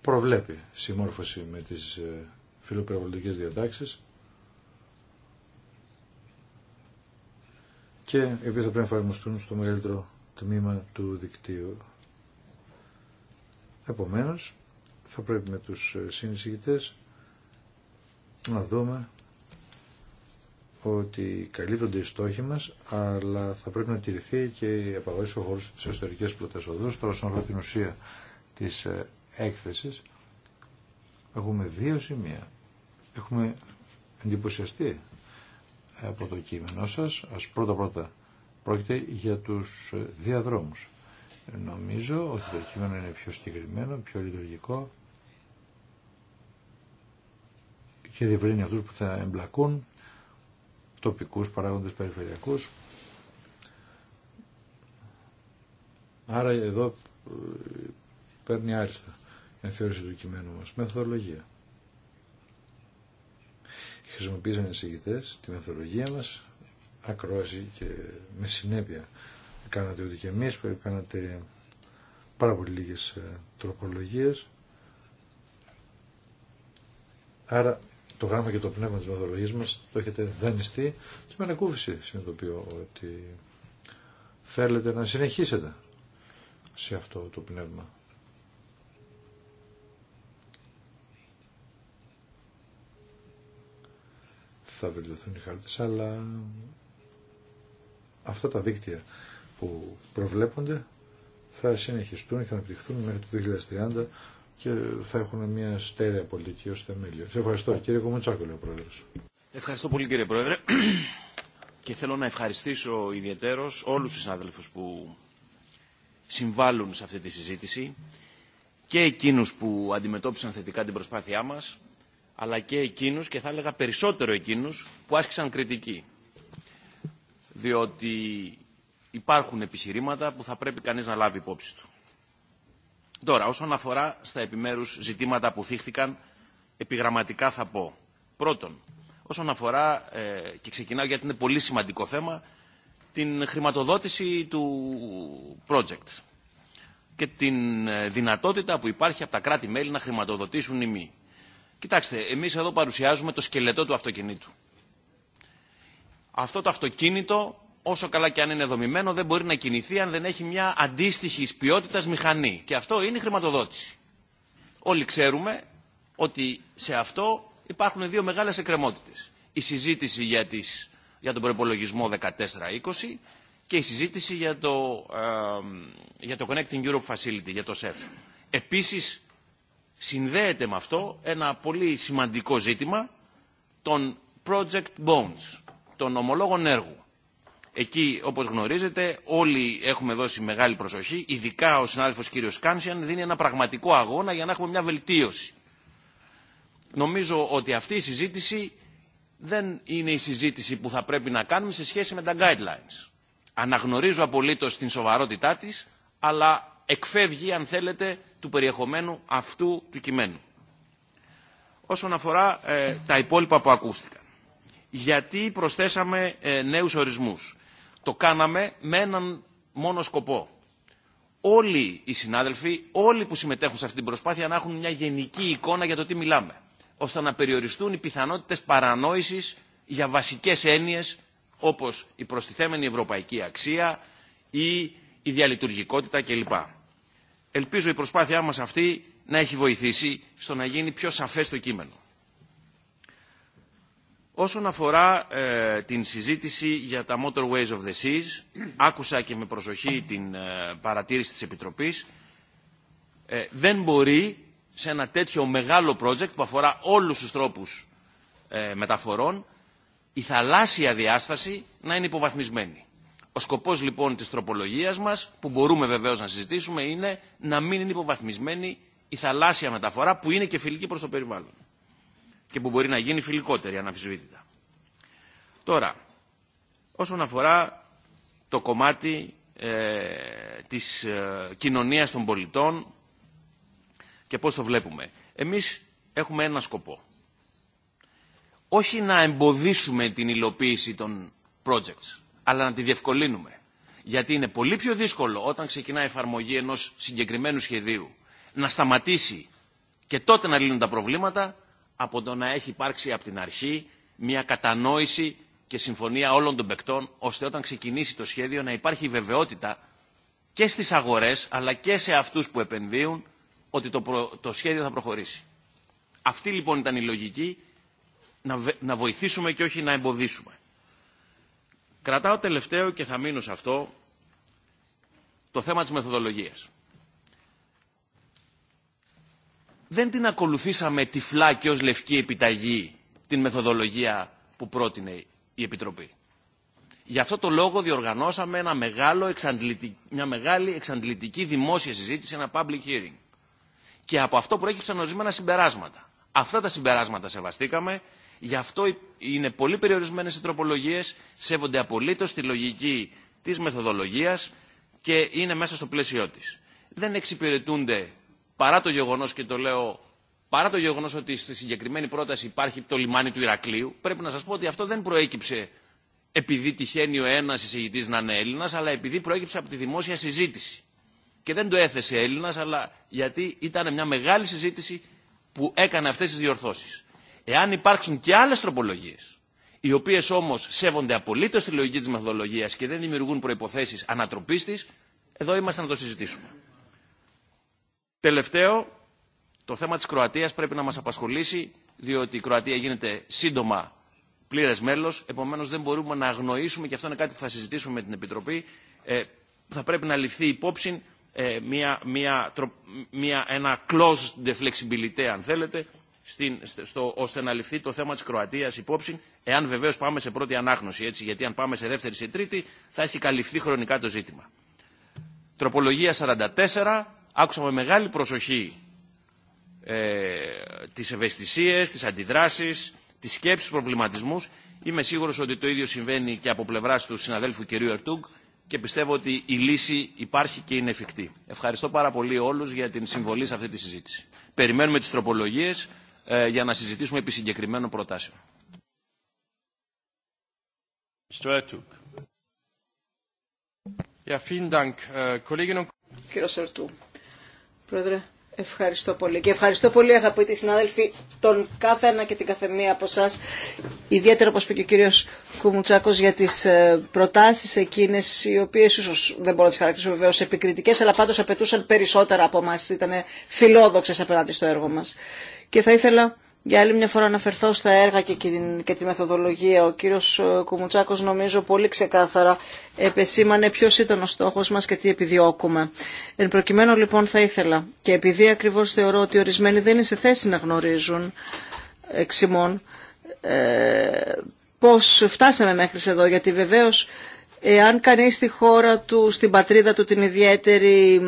προβλέπει συμμόρφωση με τις ε, φιλοπεριβαλλοντικές διατάξεις και επειδή θα πρέπει να εφαρμοστούν στο μεγαλύτερο τμήμα του δικτύου. Επομένως, θα πρέπει με τους ε, συνεισηγητές να δούμε ότι καλύπτονται οι στόχοι μας, αλλά θα πρέπει να τηρηθεί και η απαγόρευση του χώρου στις εσωτερικές πλωτές Τώρα, σαν την ουσία της ε, έκθεσης, έχουμε δύο σημεία. Έχουμε εντυπωσιαστεί ε, από το κείμενό σας. Ας πρώτα-πρώτα πρόκειται για τους ε, διαδρόμους. Νομίζω ότι το κείμενο είναι πιο συγκεκριμένο, πιο λειτουργικό και διευρύνει αυτούς που θα εμπλακούν τοπικούς παράγοντες περιφερειακούς. Άρα εδώ ε, παίρνει άριστα η θεώρηση του κειμένου μας. Μεθοδολογία. Χρησιμοποίησαν οι τη μεθοδολογία μας, ακρόαση και με συνέπεια κάνατε ό,τι και εμείς, κάνατε πάρα πολύ λίγες ε, τροπολογίες. Άρα το γράμμα και το πνεύμα της μεθοδολογίας μας το έχετε δανειστεί και με ανακούφιση συνειδητοποιώ ότι θέλετε να συνεχίσετε σε αυτό το πνεύμα. Θα βελτιωθούν οι χάρτες, αλλά αυτά τα δίκτυα που προβλέπονται θα συνεχιστούν και θα αναπτυχθούν μέχρι το 2030 και θα έχουν μια στέρεα πολιτική ω θεμέλιο. Σε ευχαριστώ κύριε Κομοτσάκο, λέει ο πρόεδρο. Ευχαριστώ πολύ κύριε Πρόεδρε και θέλω να ευχαριστήσω ιδιαίτερω όλου του συνάδελφου που συμβάλλουν σε αυτή τη συζήτηση και εκείνους που αντιμετώπισαν θετικά την προσπάθειά μας αλλά και εκείνους και θα έλεγα περισσότερο εκείνους που άσκησαν κριτική. Διότι υπάρχουν επιχειρήματα που θα πρέπει κανείς να λάβει υπόψη του. Τώρα, όσον αφορά στα επιμέρους ζητήματα που θύχθηκαν, επιγραμματικά θα πω. Πρώτον, όσον αφορά, ε, και ξεκινάω γιατί είναι πολύ σημαντικό θέμα, την χρηματοδότηση του project και την ε, δυνατότητα που υπάρχει από τα κράτη-μέλη να χρηματοδοτήσουν οι μη. Κοιτάξτε, εμείς εδώ παρουσιάζουμε το σκελετό του αυτοκινήτου. Αυτό το αυτοκίνητο όσο καλά και αν είναι δομημένο, δεν μπορεί να κινηθεί αν δεν έχει μια αντίστοιχη ποιότητα μηχανή. Και αυτό είναι η χρηματοδότηση. Όλοι ξέρουμε ότι σε αυτό υπάρχουν δύο μεγάλες εκκρεμότητες. Η συζήτηση για, τις, για τον προπολογισμό 14-20 και η συζήτηση για το, για το Connecting Europe Facility, για το ΣΕΦ. Επίσης, συνδέεται με αυτό ένα πολύ σημαντικό ζήτημα των project Bones, των ομολόγων έργου. Εκεί, όπως γνωρίζετε, όλοι έχουμε δώσει μεγάλη προσοχή, ειδικά ο συνάδελφος κύριος Κάνσιαν δίνει ένα πραγματικό αγώνα για να έχουμε μια βελτίωση. Νομίζω ότι αυτή η συζήτηση δεν είναι η συζήτηση που θα πρέπει να κάνουμε σε σχέση με τα guidelines. Αναγνωρίζω απολύτως την σοβαρότητά της, αλλά εκφεύγει, αν θέλετε, του περιεχομένου αυτού του κειμένου. Όσον αφορά ε, τα υπόλοιπα που ακούστηκαν. Γιατί προσθέσαμε ε, νέους ορισμούς το κάναμε με έναν μόνο σκοπό. Όλοι οι συνάδελφοι, όλοι που συμμετέχουν σε αυτή την προσπάθεια να έχουν μια γενική εικόνα για το τι μιλάμε, ώστε να περιοριστούν οι πιθανότητες παρανόησης για βασικές έννοιες όπως η προστιθέμενη ευρωπαϊκή αξία ή η διαλειτουργικότητα κλπ. Ελπίζω η προσπάθειά μας αυτή να έχει βοηθήσει στο να γίνει πιο σαφές το κείμενο. Όσον αφορά ε, την συζήτηση για τα Motorways of the Seas, άκουσα και με προσοχή την ε, παρατήρηση της Επιτροπής, ε, δεν μπορεί σε ένα τέτοιο μεγάλο project που αφορά όλους τους τρόπους μεταφορών, η θαλάσσια διάσταση να είναι υποβαθμισμένη. Ο σκοπός λοιπόν της τροπολογίας μας, που μπορούμε βεβαίως να συζητήσουμε, είναι να μην είναι υποβαθμισμένη η θαλάσσια μεταφορά που είναι και φιλική προς το περιβάλλον και που μπορεί να γίνει φιλικότερη αναφυσβήτητα. Τώρα, όσον αφορά το κομμάτι ε, της ε, κοινωνίας των πολιτών και πώς το βλέπουμε. Εμείς έχουμε ένα σκοπό. Όχι να εμποδίσουμε την υλοποίηση των projects, αλλά να τη διευκολύνουμε. Γιατί είναι πολύ πιο δύσκολο όταν ξεκινά η εφαρμογή ενός συγκεκριμένου σχεδίου να σταματήσει και τότε να λύνουν τα προβλήματα από το να έχει υπάρξει από την αρχή μια κατανόηση και συμφωνία όλων των παικτών, ώστε όταν ξεκινήσει το σχέδιο να υπάρχει βεβαιότητα και στις αγορές, αλλά και σε αυτούς που επενδύουν, ότι το, σχέδιο θα προχωρήσει. Αυτή λοιπόν ήταν η λογική, να, να βοηθήσουμε και όχι να εμποδίσουμε. Κρατάω τελευταίο και θα μείνω σε αυτό, το θέμα της μεθοδολογίας. δεν την ακολουθήσαμε τυφλά και ως λευκή επιταγή την μεθοδολογία που πρότεινε η Επιτροπή. Γι' αυτό το λόγο διοργανώσαμε μεγάλο, μια μεγάλη εξαντλητική δημόσια συζήτηση, ένα public hearing. Και από αυτό προέκυψαν ορισμένα συμπεράσματα. Αυτά τα συμπεράσματα σεβαστήκαμε, γι' αυτό είναι πολύ περιορισμένες οι τροπολογίες, σέβονται απολύτως τη λογική της μεθοδολογίας και είναι μέσα στο πλαίσιό της. Δεν εξυπηρετούνται παρά το γεγονός και το λέω παρά το γεγονό ότι στη συγκεκριμένη πρόταση υπάρχει το λιμάνι του Ηρακλείου πρέπει να σα πω ότι αυτό δεν προέκυψε επειδή τυχαίνει ο ένα εισηγητή να είναι Έλληνα, αλλά επειδή προέκυψε από τη δημόσια συζήτηση και δεν το έθεσε Έλληνα, αλλά γιατί ήταν μια μεγάλη συζήτηση που έκανε αυτέ τι διορθώσει. Εάν υπάρξουν και άλλε τροπολογίε, οι οποίε όμω σέβονται απολύτω τη λογική τη μεθοδολογία και δεν δημιουργούν προποθέσει ανατροπή τη, εδώ είμαστε να το συζητήσουμε. Τελευταίο, το θέμα της Κροατίας πρέπει να μας απασχολήσει, διότι η Κροατία γίνεται σύντομα πλήρες μέλος, επομένως δεν μπορούμε να αγνοήσουμε, και αυτό είναι κάτι που θα συζητήσουμε με την Επιτροπή, ε, θα πρέπει να ληφθεί υπόψη ε, μια, μια, μια, ένα de flexibility, αν θέλετε, στην, στο, ώστε να ληφθεί το θέμα της Κροατίας υπόψη, εάν βεβαίως πάμε σε πρώτη ανάγνωση, έτσι, γιατί αν πάμε σε δεύτερη, σε τρίτη, θα έχει καλυφθεί χρονικά το ζήτημα. Τροπολογία 44, άκουσα με μεγάλη προσοχή ε, τις ευαισθησίες, τις αντιδράσεις, τις σκέψεις, τους προβληματισμούς. Είμαι σίγουρος ότι το ίδιο συμβαίνει και από πλευράς του συναδέλφου κυρίου Ερτούγκ και πιστεύω ότι η λύση υπάρχει και είναι εφικτή. Ευχαριστώ πάρα πολύ όλους για την συμβολή σε αυτή τη συζήτηση. Περιμένουμε τις τροπολογίες ε, για να συζητήσουμε επί συγκεκριμένων προτάσεων. Πρόεδρε, ευχαριστώ πολύ. Και ευχαριστώ πολύ αγαπητοί συνάδελφοι, τον κάθε ένα και την καθεμία από εσά. Ιδιαίτερα, όπω είπε και ο κύριο Κουμουτσάκο, για τις ε, προτάσεις εκείνε οι οποίες ίσω δεν μπορώ να τι χαρακτηρίσω βεβαίω επικριτικές, αλλά πάντω απαιτούσαν περισσότερα από εμά. Ήταν φιλόδοξε απέναντι στο έργο μα. Και θα ήθελα για άλλη μια φορά αναφερθώ στα έργα και, και τη μεθοδολογία. Ο κύριος ε, Κουμουτσάκος νομίζω πολύ ξεκάθαρα επεσήμανε ποιος ήταν ο στόχος μας και τι επιδιώκουμε. Εν προκειμένου λοιπόν θα ήθελα και επειδή ακριβώς θεωρώ ότι ορισμένοι δεν είναι σε θέση να γνωρίζουν εξημών ε, πώς φτάσαμε μέχρι εδώ γιατί βεβαίως Εάν κανεί στη χώρα του, στην πατρίδα του την ιδιαίτερη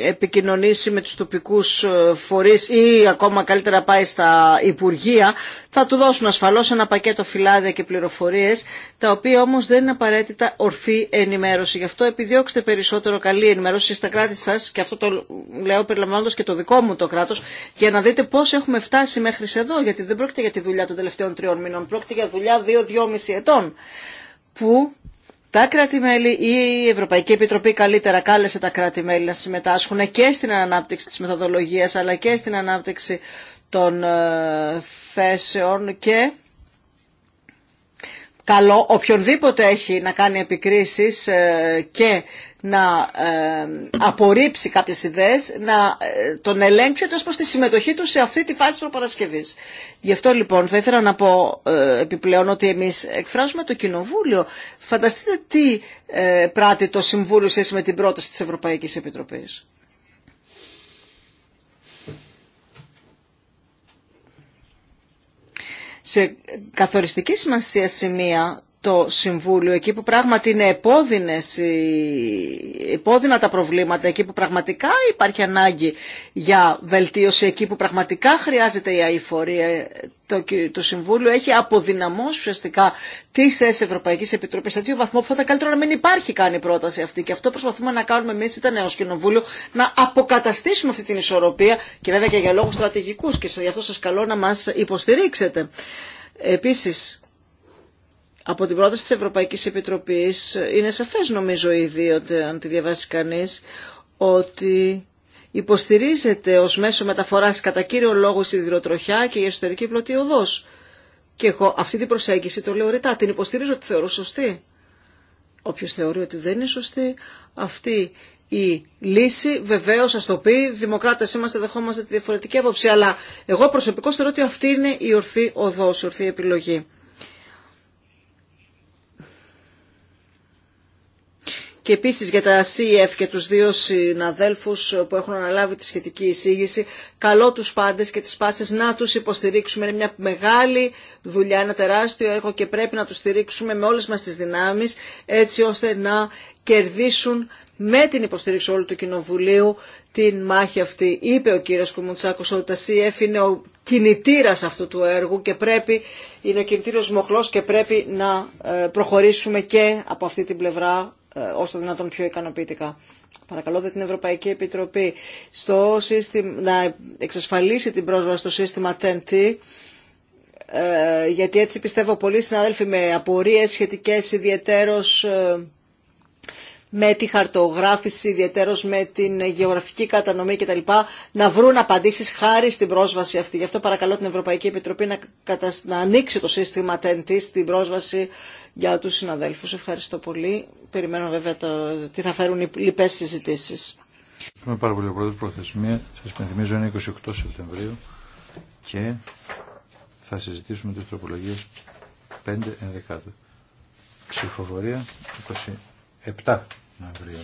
επικοινωνήσει με τους τοπικούς ε, φορείς ή ακόμα καλύτερα πάει στα Υπουργεία, θα του δώσουν ασφαλώς ένα πακέτο φυλάδια και πληροφορίες, τα οποία όμως δεν είναι απαραίτητα ορθή ενημέρωση. Γι' αυτό επιδιώξτε περισσότερο καλή ενημέρωση στα κράτη σας, και αυτό το λέω περιλαμβάνοντας και το δικό μου το κράτος, για να δείτε πώς έχουμε φτάσει μέχρι εδώ, γιατί δεν πρόκειται για τη δουλειά των τελευταίων τριών μήνων, πρόκειται για δουλειά δύο-δυόμιση ετών, που τα κράτη-μέλη ή η Ευρωπαϊκή Επιτροπή καλύτερα κάλεσε τα κράτη-μέλη να συμμετάσχουν και στην ανάπτυξη της μεθοδολογίας αλλά και στην ανάπτυξη των ε, θέσεων και καλό οποιονδήποτε έχει να κάνει επικρίσεις ε, και να ε, απορρίψει κάποιες ιδέες, να ε, τον ελέγξει ως προς τη συμμετοχή του σε αυτή τη φάση της προπαρασκευής. Γι' αυτό λοιπόν θα ήθελα να πω επιπλέον ότι εμείς εκφράζουμε το Κοινοβούλιο. Φανταστείτε τι πράττει το Συμβούλιο σχέση με την πρόταση της Ευρωπαϊκής Επιτροπής. σε καθοριστική σημασία σημεία το Συμβούλιο, εκεί που πράγματι είναι επώδυνες, επώδυνα τα προβλήματα, εκεί που πραγματικά υπάρχει ανάγκη για βελτίωση, εκεί που πραγματικά χρειάζεται η αηφορία, το, το Συμβούλιο έχει αποδυναμώσει ουσιαστικά τι θέσει Ευρωπαϊκή Επιτροπή σε τέτοιο βαθμό που θα ήταν καλύτερο να μην υπάρχει καν η πρόταση αυτή. Και αυτό προσπαθούμε να κάνουμε εμεί, ήταν ω Κοινοβούλιο, να αποκαταστήσουμε αυτή την ισορροπία και βέβαια και για λόγου στρατηγικού. Και γι' αυτό σα καλώ να μα υποστηρίξετε. Επίσης, από την πρόταση της Ευρωπαϊκής Επιτροπής είναι σαφές νομίζω ήδη αν τη διαβάσει κανείς ότι υποστηρίζεται ως μέσο μεταφοράς κατά κύριο λόγο στη διδροτροχιά και η εσωτερική πλωτή οδός. Και εγώ αυτή την προσέγγιση το λέω ρητά, την υποστηρίζω ότι θεωρώ σωστή. Όποιος θεωρεί ότι δεν είναι σωστή, αυτή η λύση βεβαίως ας το πει, δημοκράτες είμαστε, δεχόμαστε τη διαφορετική άποψη, αλλά εγώ προσωπικώς θεωρώ ότι αυτή είναι η ορθή οδός, η ορθή επιλογή. και επίσης για τα CEF και τους δύο συναδέλφους που έχουν αναλάβει τη σχετική εισήγηση. Καλό τους πάντες και τις πάσες να τους υποστηρίξουμε. Είναι μια μεγάλη δουλειά, ένα τεράστιο έργο και πρέπει να τους στηρίξουμε με όλες μας τις δυνάμεις έτσι ώστε να κερδίσουν με την υποστήριξη όλου του Κοινοβουλίου την μάχη αυτή. Είπε ο κύριος Κουμουντσάκος ότι τα ΣΥΕΦ είναι ο κινητήρας αυτού του έργου και πρέπει, είναι ο κινητήριος μοχλός και πρέπει να ε, προχωρήσουμε και από αυτή την πλευρά ε, όσο δυνατόν πιο ικανοποιητικά. Παρακαλώ την Ευρωπαϊκή Επιτροπή στο σύστημα, να εξασφαλίσει την πρόσβαση στο σύστημα TNT ε, γιατί έτσι πιστεύω πολλοί συνάδελφοι με απορίες σχετικές ιδιαιτέρως ε, με τη χαρτογράφηση, ιδιαίτερως με την γεωγραφική κατανομή κτλ. να βρουν απαντήσεις χάρη στην πρόσβαση αυτή. Γι' αυτό παρακαλώ την Ευρωπαϊκή Επιτροπή να, να ανοίξει το σύστημα TNT στην πρόσβαση για τους συναδέλφους. Ευχαριστώ πολύ. Περιμένω βέβαια τι θα φέρουν οι λοιπές συζητήσεις. Ευχαριστούμε πάρα πολύ. Ο πρώτος προθεσμία, σας πενθυμίζω είναι 28 Σεπτεμβρίου και θα συζητήσουμε τις τροπολογίες 5 ενδεκάτου. Ψηφοφορία 27 αύριο.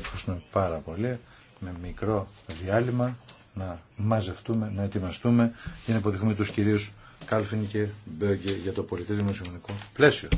Ευχαριστούμε πάρα πολύ. Με μικρό διάλειμμα να μαζευτούμε, να ετοιμαστούμε για να υποδεχούμε τους κυρίους Κάλφιν και Μπέγκε για το πολιτισμό δημοσιογραφικό πλαίσιο.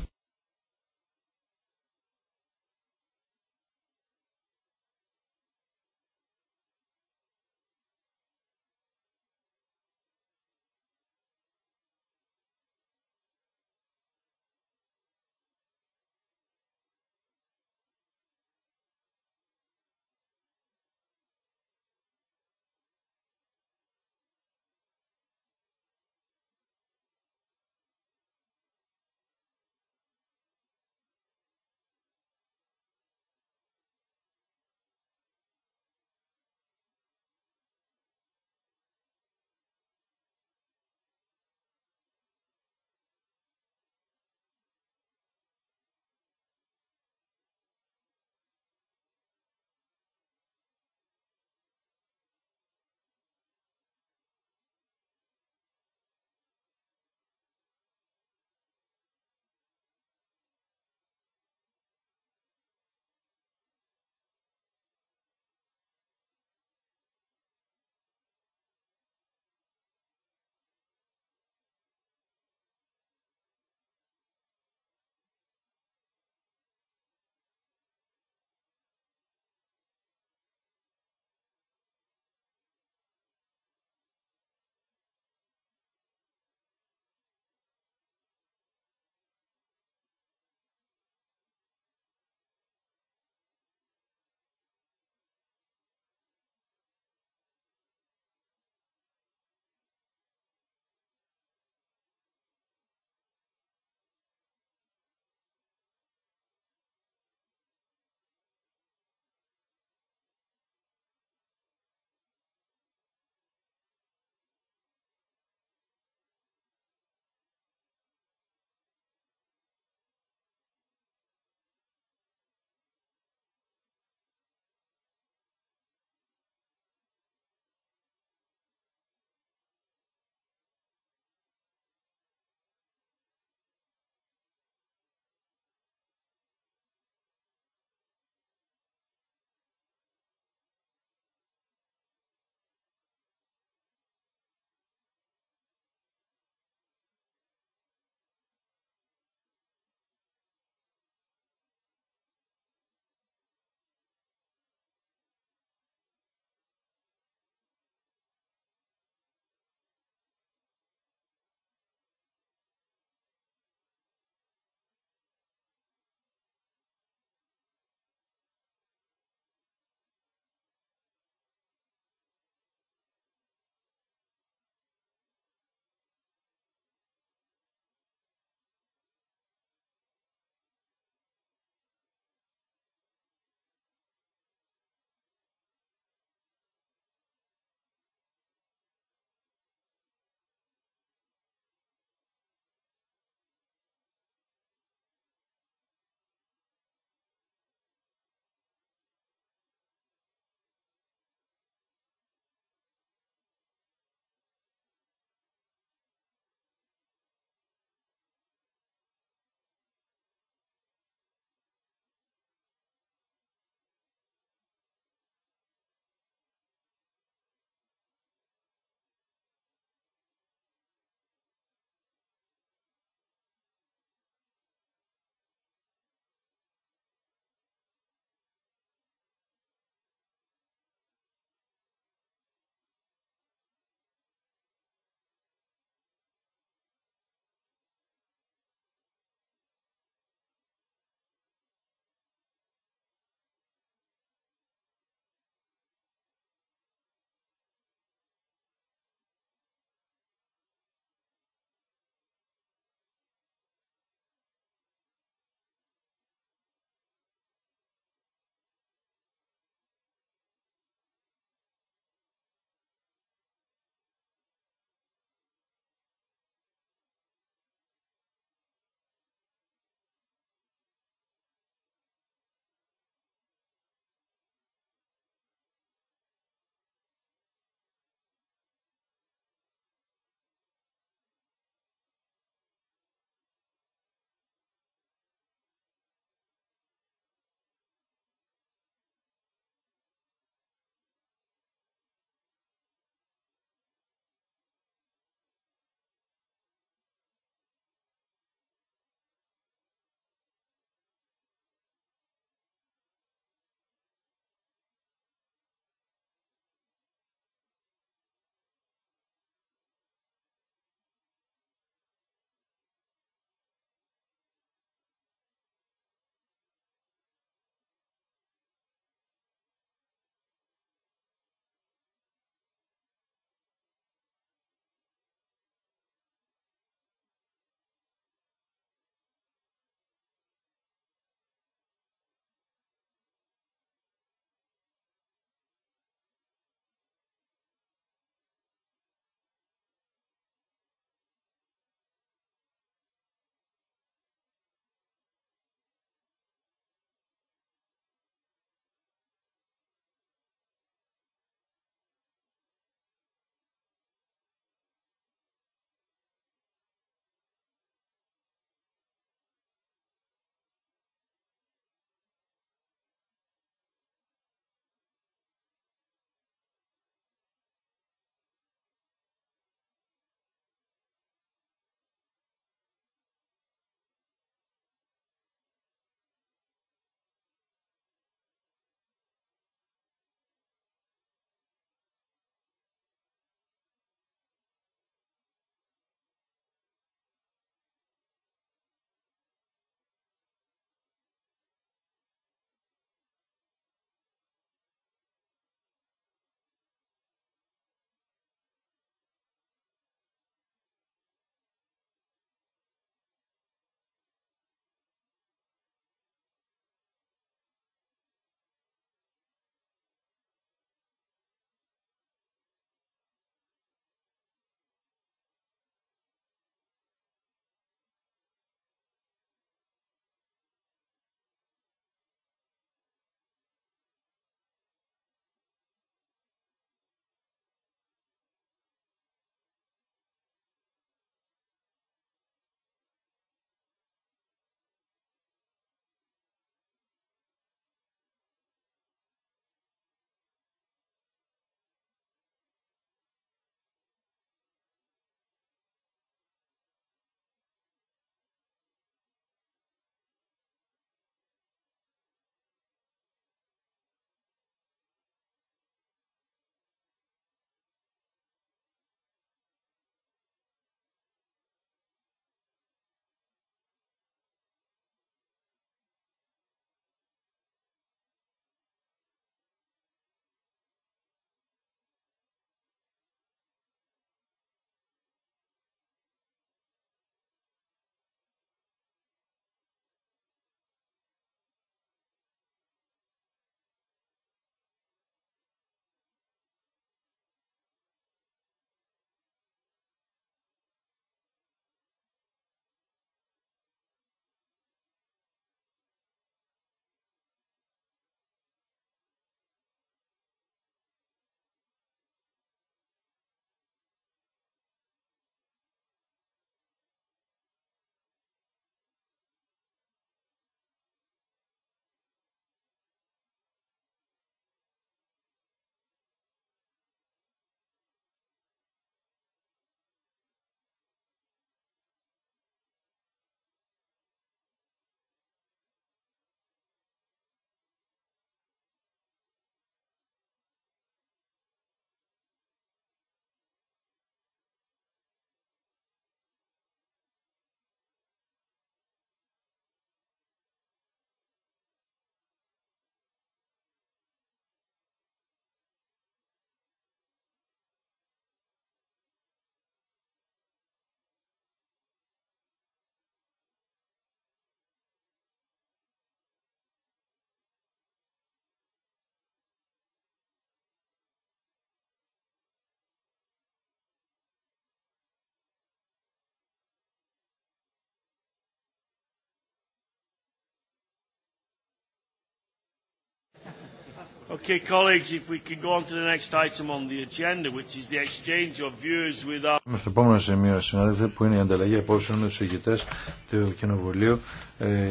Okay, colleagues, if we can go on to the next item on the agenda, which is the exchange of views with our... Με στο επόμενο σημείο, συνάδελφε, που είναι η ανταλλαγή απόψεων με τους ηγητές του Κοινοβουλίου ε,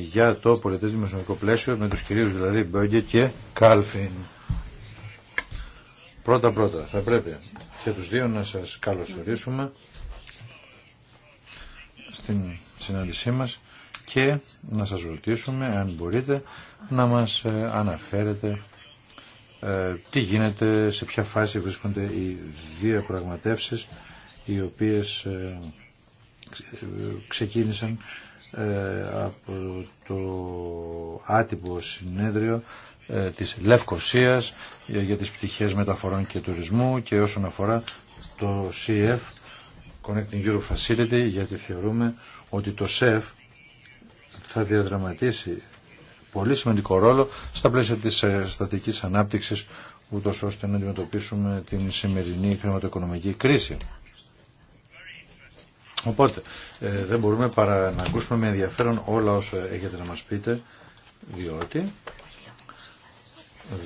για το πολιτές δημοσιονομικό πλαίσιο, με τους κυρίους δηλαδή Μπέγκε και Κάλφιν. Πρώτα-πρώτα, θα πρέπει και τους δύο να σας καλωσορίσουμε στην συνάντησή μας και να σας ρωτήσουμε αν μπορείτε να μας ε, αναφέρετε ε, τι γίνεται, σε ποια φάση βρίσκονται οι δύο πραγματεύσεις οι οποίες ε, ξεκίνησαν από το άτυπο συνέδριο της Λευκοσίας για τις πτυχές μεταφορών και τουρισμού και όσον αφορά το CF Connecting Euro Facility γιατί θεωρούμε ότι το CEF θα διαδραματίσει πολύ σημαντικό ρόλο στα πλαίσια της ε, στατικής ανάπτυξης ούτω ώστε να αντιμετωπίσουμε την σημερινή χρηματοοικονομική κρίση. Οπότε, ε, δεν μπορούμε παρά να ακούσουμε με ενδιαφέρον όλα όσα έχετε να μας πείτε, διότι,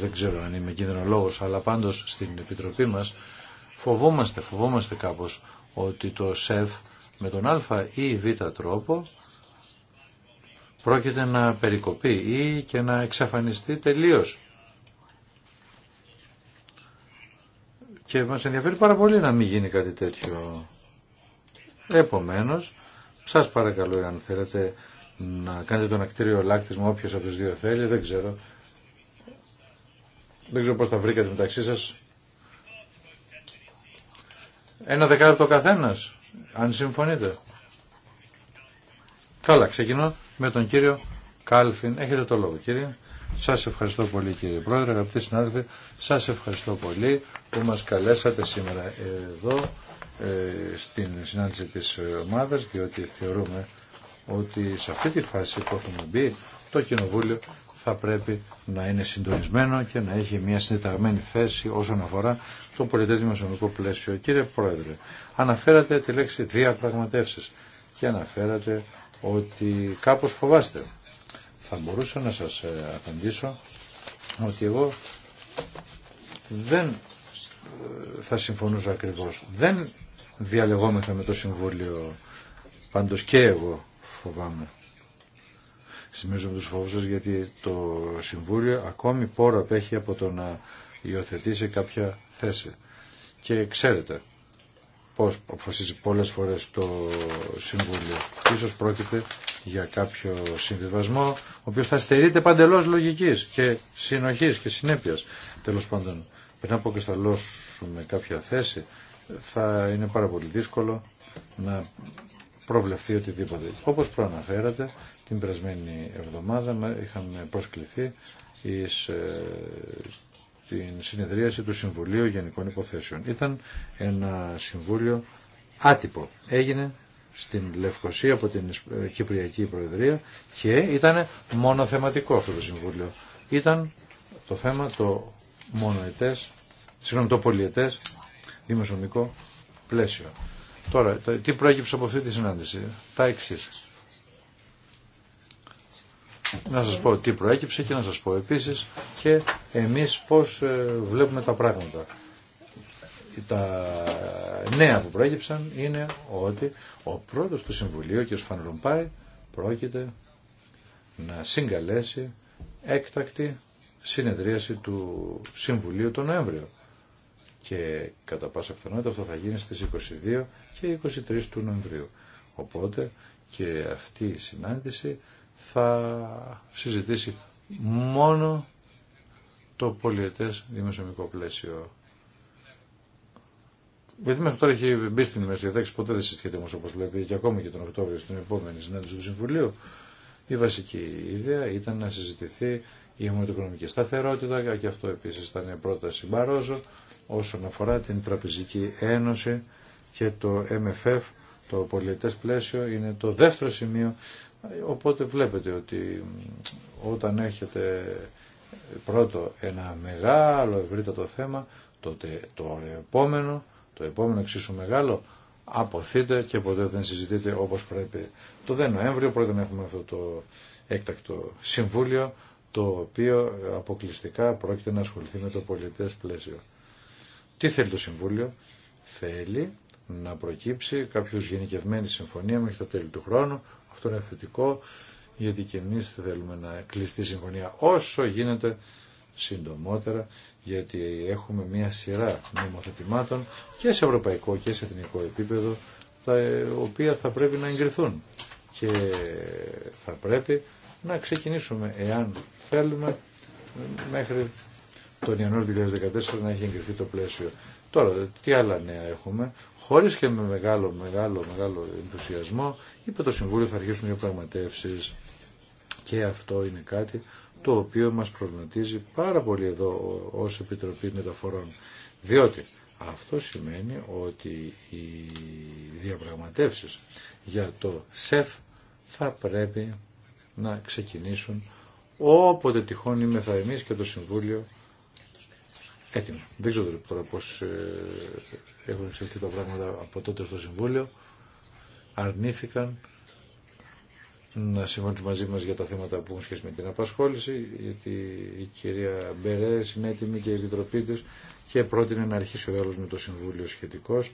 δεν ξέρω αν είμαι κινδυνολόγος, αλλά πάντως στην Επιτροπή μας φοβόμαστε, φοβόμαστε κάπως ότι το ΣΕΦ με τον Α ή Β τρόπο πρόκειται να περικοπεί ή και να εξαφανιστεί τελείως. Και μας ενδιαφέρει πάρα πολύ να μην γίνει κάτι τέτοιο. Επομένως, σας παρακαλώ αν θέλετε να κάνετε τον ακτήριο λάκτισμα όποιος από τους δύο θέλει, δεν ξέρω. Δεν ξέρω πώς τα βρήκατε μεταξύ σας. Ένα δεκάλεπτο καθένας, αν συμφωνείτε. Καλά, ξεκινώ με τον κύριο Κάλφιν. Έχετε το λόγο κύριε. Σας ευχαριστώ πολύ κύριε Πρόεδρε, αγαπητοί συνάδελφοι. Σας ευχαριστώ πολύ που μας καλέσατε σήμερα εδώ ε, στην συνάντηση της ομάδας, διότι θεωρούμε ότι σε αυτή τη φάση που έχουμε μπει, το Κοινοβούλιο θα πρέπει να είναι συντονισμένο και να έχει μια συνταγμένη θέση όσον αφορά το πολιτές δημοσιονομικό πλαίσιο. Κύριε Πρόεδρε, αναφέρατε τη λέξη διαπραγματεύσεις και αναφέρατε ότι κάπως φοβάστε. Θα μπορούσα να σας ε, απαντήσω ότι εγώ δεν ε, θα συμφωνούσα ακριβώς. Δεν διαλεγόμεθα με το Συμβούλιο, πάντως και εγώ φοβάμαι. Σημίζω με τους φόβους σας γιατί το Συμβούλιο ακόμη πόρο απέχει από το να υιοθετήσει κάποια θέση. Και ξέρετε, πώς αποφασίζει πολλές φορές το Συμβούλιο. Ίσως πρόκειται για κάποιο συμβιβασμό, ο οποίος θα στερείται παντελώς λογικής και συνοχής και συνέπειας. Τέλος πάντων, πριν αποκρισταλώσουμε κάποια θέση, θα είναι πάρα πολύ δύσκολο να προβλεφθεί οτιδήποτε. Όπως προαναφέρατε, την περασμένη εβδομάδα είχαμε προσκληθεί εις ε, την συνεδρίαση του Συμβουλίου Γενικών Υποθέσεων. Ήταν ένα συμβούλιο άτυπο. Έγινε στην Λευκοσία από την ε, Κυπριακή Προεδρία και ήταν μονοθεματικό αυτό το συμβούλιο. Ήταν το θέμα το μονοετές, συγγνώμη το πολιετές δημοσιονομικό πλαίσιο. Τώρα, τι προέκυψε από αυτή τη συνάντηση. Τα εξής να σας πω τι προέκυψε και να σας πω επίσης και εμείς πώς ε, βλέπουμε τα πράγματα. Τα νέα που προέκυψαν είναι ότι ο πρώτος του Συμβουλίου, κ. Φανρουμπάη πρόκειται να συγκαλέσει έκτακτη συνεδρίαση του Συμβουλίου τον Νοέμβριο. Και κατά πάσα πιθανότητα αυτό θα γίνει στις 22 και 23 του Νοεμβρίου. Οπότε και αυτή η συνάντηση θα συζητήσει μόνο το πολιετές δημοσιομικό πλαίσιο. Γιατί μέχρι τώρα έχει μπει στην ημέρα διαδέξη ποτέ δεν συζητιέται όμω όπω βλέπει και ακόμα και τον Οκτώβριο στην επόμενη συνάντηση του Συμβουλίου. Η βασική ιδέα ήταν να συζητηθεί η χρηματοοικονομική σταθερότητα και αυτό επίση ήταν η πρόταση Μπαρόζο όσον αφορά την Τραπεζική Ένωση και το MFF, το πολιετές πλαίσιο, είναι το δεύτερο σημείο Οπότε βλέπετε ότι όταν έχετε πρώτο ένα μεγάλο ευρύτατο θέμα, τότε το επόμενο, το επόμενο εξίσου μεγάλο, αποθείτε και ποτέ δεν συζητείτε όπως πρέπει. Το δε Νοέμβριο πρώτα να έχουμε αυτό το έκτακτο συμβούλιο, το οποίο αποκλειστικά πρόκειται να ασχοληθεί με το πολιτές πλαίσιο. Τι θέλει το Συμβούλιο? Θέλει να προκύψει κάποιος γενικευμένη συμφωνία μέχρι το τέλη του χρόνου, αυτό είναι θετικό γιατί και εμείς θέλουμε να κλειστεί συμφωνία όσο γίνεται συντομότερα γιατί έχουμε μια σειρά νομοθετημάτων και σε ευρωπαϊκό και σε εθνικό επίπεδο τα οποία θα πρέπει να εγκριθούν και θα πρέπει να ξεκινήσουμε εάν θέλουμε μέχρι τον Ιανουάριο 2014 να έχει εγκριθεί το πλαίσιο. Τώρα, τι άλλα νέα έχουμε χωρίς και με μεγάλο, μεγάλο, μεγάλο ενθουσιασμό, είπε το Συμβούλιο θα αρχίσουν διαπραγματεύσεις και αυτό είναι κάτι το οποίο μας προβληματίζει πάρα πολύ εδώ ως Επιτροπή Μεταφορών. Διότι αυτό σημαίνει ότι οι διαπραγματεύσεις για το ΣΕΦ θα πρέπει να ξεκινήσουν όποτε τυχόν είμαι θα εμείς και το Συμβούλιο έτοιμο. Δεν ξέρω τώρα πώς ε, έχουν ψηφθεί τα πράγματα από τότε στο Συμβούλιο, αρνήθηκαν να συμφωνήσουν μαζί μας για τα θέματα που έχουν σχέση με την απασχόληση, γιατί η κυρία Μπερέ είναι έτοιμη και η Επιτροπή και πρότεινε να αρχίσει ο διάλογος με το Συμβούλιο σχετικός.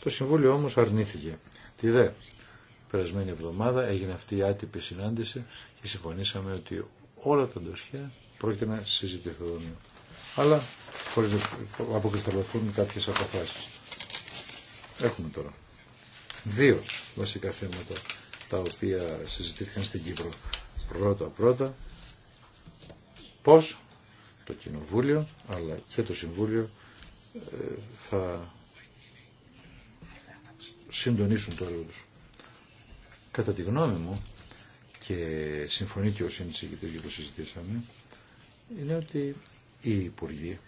Το Συμβούλιο όμως αρνήθηκε. Τι δε, περασμένη εβδομάδα έγινε αυτή η άτυπη συνάντηση και συμφωνήσαμε ότι όλα τα ντοσιά πρόκειται να συζητηθούν. Αλλά χωρίς να αποκρισταλωθούν κάποιες αποφάσεις. Έχουμε τώρα δύο βασικά θέματα τα οποία συζητήθηκαν στην Κύπρο. Πρώτα πρώτα πώς το Κοινοβούλιο αλλά και το Συμβούλιο ε, θα συντονίσουν το έργο τους. Κατά τη γνώμη μου και συμφωνεί και ο συνεισηγητής και το συζητήσαμε είναι ότι οι Υπουργοί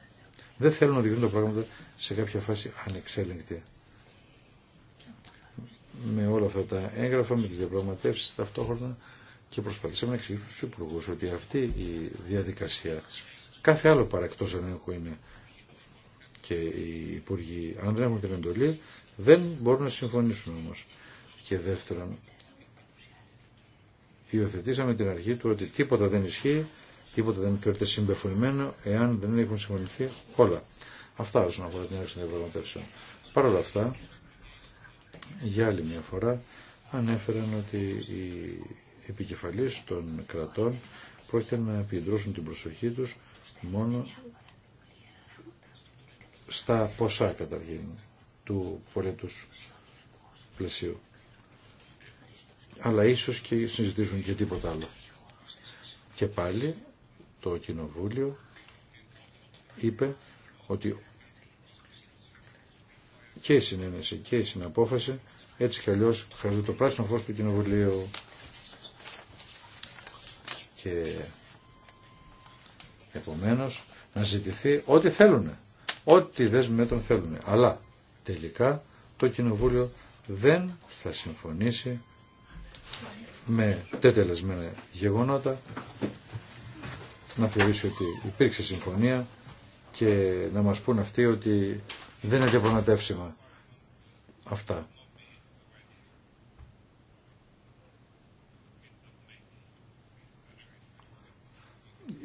δεν θέλουν να διηγούν τα πράγματα σε κάποια φάση ανεξέλεγκτη με όλα αυτά τα έγγραφα, με τι διαπραγματεύσεις ταυτόχρονα και προσπαθήσαμε να εξηγήσουμε στους υπουργούς ότι αυτή η διαδικασία κάθε άλλο παρακτός ελέγχου είναι και οι υπουργοί αν δεν έχουν την εντολή δεν μπορούν να συμφωνήσουν όμως. Και δεύτερον, υιοθετήσαμε την αρχή του ότι τίποτα δεν ισχύει, τίποτα δεν θεωρείται συμπεφωνημένο εάν δεν έχουν συμφωνηθεί όλα. Αυτά όσον αφορά την έξοδο των διαπραγματεύσεων. Παρ' όλα αυτά, για άλλη μια φορά ανέφεραν ότι οι επικεφαλής των κρατών πρόκειται να επιδρούσουν την προσοχή τους μόνο στα ποσά καταρχήν του πολίτους πλαισίου. Αλλά ίσως και συζητήσουν και τίποτα άλλο. Και πάλι το Κοινοβούλιο είπε ότι και η συνένεση και η συναπόφαση. Έτσι κι αλλιώς το πράσινο φως του Κοινοβουλίου. Και επομένως να ζητηθεί ό,τι θέλουν. Ό,τι τον θέλουν. Αλλά τελικά το Κοινοβούλιο δεν θα συμφωνήσει με τετελεσμένα γεγονότα να θεωρήσει ότι υπήρξε συμφωνία και να μας πούν αυτοί ότι δεν είναι διαπραγματεύσιμα αυτά.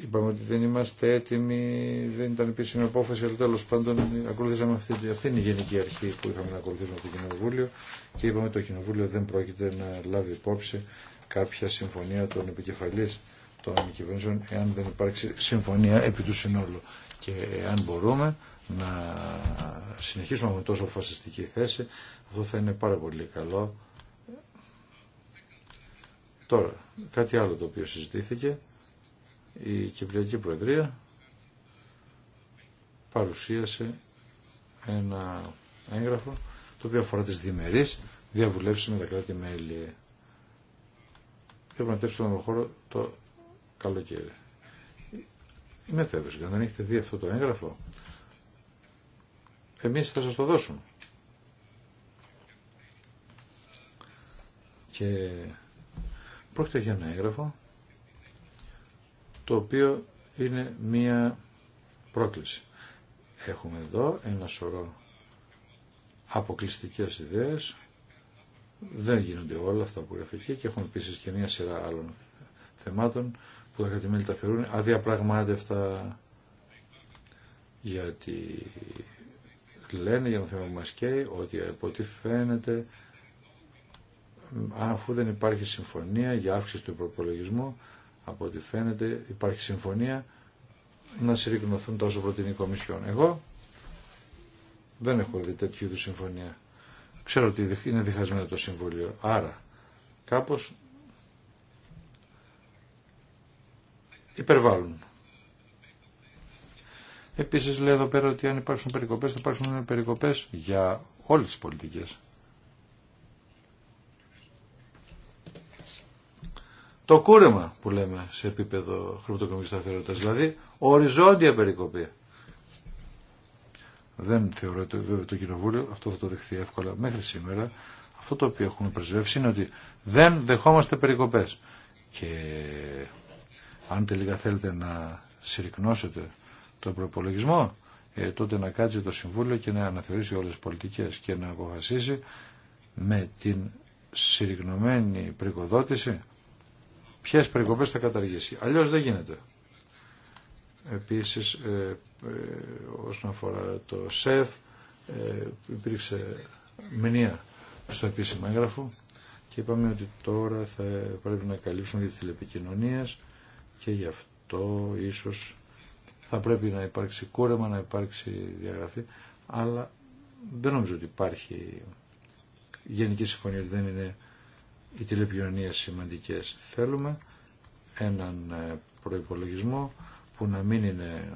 Είπαμε ότι δεν είμαστε έτοιμοι, δεν ήταν επίσημη απόφαση, αλλά τέλο πάντων ακολουθήσαμε αυτή, αυτή είναι η γενική αρχή που είχαμε να ακολουθήσουμε από το Κοινοβούλιο και είπαμε ότι το Κοινοβούλιο δεν πρόκειται να λάβει υπόψη κάποια συμφωνία των επικεφαλής των κυβερνήσεων εάν δεν υπάρξει συμφωνία επί του συνόλου. Και εάν μπορούμε να συνεχίσουμε με τόσο φασιστική θέση. Αυτό θα είναι πάρα πολύ καλό. Τώρα, κάτι άλλο το οποίο συζητήθηκε. Η Κυπριακή Προεδρία παρουσίασε ένα έγγραφο το οποίο αφορά τις διμερείς διαβουλεύσεις με τα κράτη-μέλη. Πρέπει να τέψουμε τον χώρο το καλοκαίρι. Είμαι αν δεν έχετε δει αυτό το έγγραφο, εμείς θα σας το δώσουμε. Και πρόκειται για ένα έγγραφο το οποίο είναι μία πρόκληση. Έχουμε εδώ ένα σωρό αποκλειστικές ιδέες, δεν γίνονται όλα αυτά που γράφει και έχουμε επίση και μία σειρά άλλων θεμάτων που τα κατημέλη τα θεωρούν αδιαπραγμάτευτα γιατί λένε για το θέμα που μας καίει ότι από ό,τι φαίνεται αφού δεν υπάρχει συμφωνία για αύξηση του προπολογισμού από ό,τι φαίνεται υπάρχει συμφωνία να συρρυκνωθούν τόσο προτείνει η Κομισιόν. Εγώ δεν έχω δει τέτοιου είδου συμφωνία. Ξέρω ότι είναι διχασμένο το Συμβούλιο. Άρα κάπως υπερβάλλουν. Επίσης λέει εδώ πέρα ότι αν υπάρξουν περικοπές θα υπάρξουν περικοπές για όλες τις πολιτικές. Το κούρεμα που λέμε σε επίπεδο χρηματοκομική σταθερότητα, δηλαδή οριζόντια περικοπή. Δεν θεωρώ ότι βέβαια το κοινοβούλιο, αυτό θα το δεχθεί εύκολα μέχρι σήμερα. Αυτό το οποίο έχουμε πρεσβεύσει είναι ότι δεν δεχόμαστε περικοπές. Και αν τελικά θέλετε να συρρυκνώσετε το προπολογισμό, ε, τότε να κάτσει το Συμβούλιο και να αναθεωρήσει όλες τις πολιτικές και να αποφασίσει με την συρρυγνωμένη πρικοδότηση ποιες προκοπές θα καταργήσει. Αλλιώς δεν γίνεται. Επίσης, ε, ε, όσον αφορά το ΣΕΦ, ε, υπήρξε μηνύα στο επίσημο έγγραφο και είπαμε ότι τώρα θα πρέπει να καλύψουμε για τις τηλεπικοινωνίες και γι' αυτό ίσως θα πρέπει να υπάρξει κούρεμα, να υπάρξει διαγραφή, αλλά δεν νομίζω ότι υπάρχει γενική συμφωνία δεν είναι οι τηλεπιονίε σημαντικές. Θέλουμε έναν ε, προϋπολογισμό που να μην είναι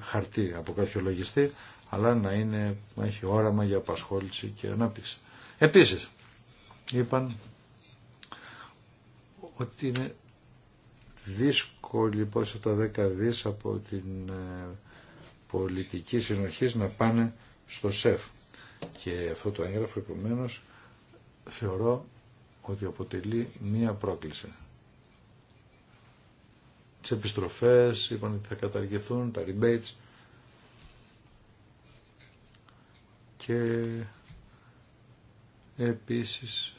χαρτί από κάποιο λογιστή, αλλά να, είναι, να έχει όραμα για απασχόληση και ανάπτυξη. Επίσης, είπαν ότι είναι δύσκολοι λοιπόν τα 10 δις από την ε, πολιτική συνοχή να πάνε στο ΣΕΦ. Και αυτό το έγγραφο επομένω θεωρώ ότι αποτελεί μία πρόκληση. Τι επιστροφές είπαν ότι θα καταργηθούν, τα rebates και επίσης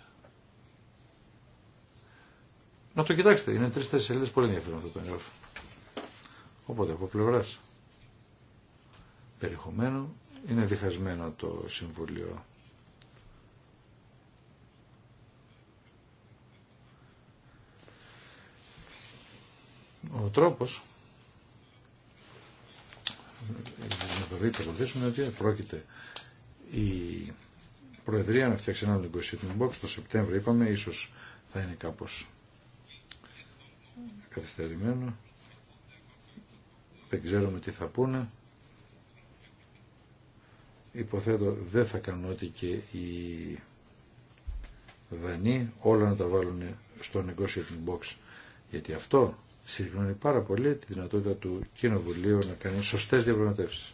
να το κοιτάξετε, είναι τρει-τέσσερι σελίδε πολύ ενδιαφέρον αυτό το έγγραφο. Οπότε από πλευρά περιεχομένου είναι διχασμένο το Συμβουλίο. Ο τρόπος να το δείτε, να ότι πρόκειται η Προεδρία να φτιάξει έναν Negotiating Box το Σεπτέμβριο, είπαμε, ίσως θα είναι κάπως καθυστερημένο. Δεν ξέρουμε τι θα πούνε. Υποθέτω δεν θα κάνουν ό,τι και οι Δανείοι όλα να τα βάλουν στο negotiating box. Γιατί αυτό συγχνώνει πάρα πολύ τη δυνατότητα του Κοινοβουλίου να κάνει σωστές διαπραγματεύσεις.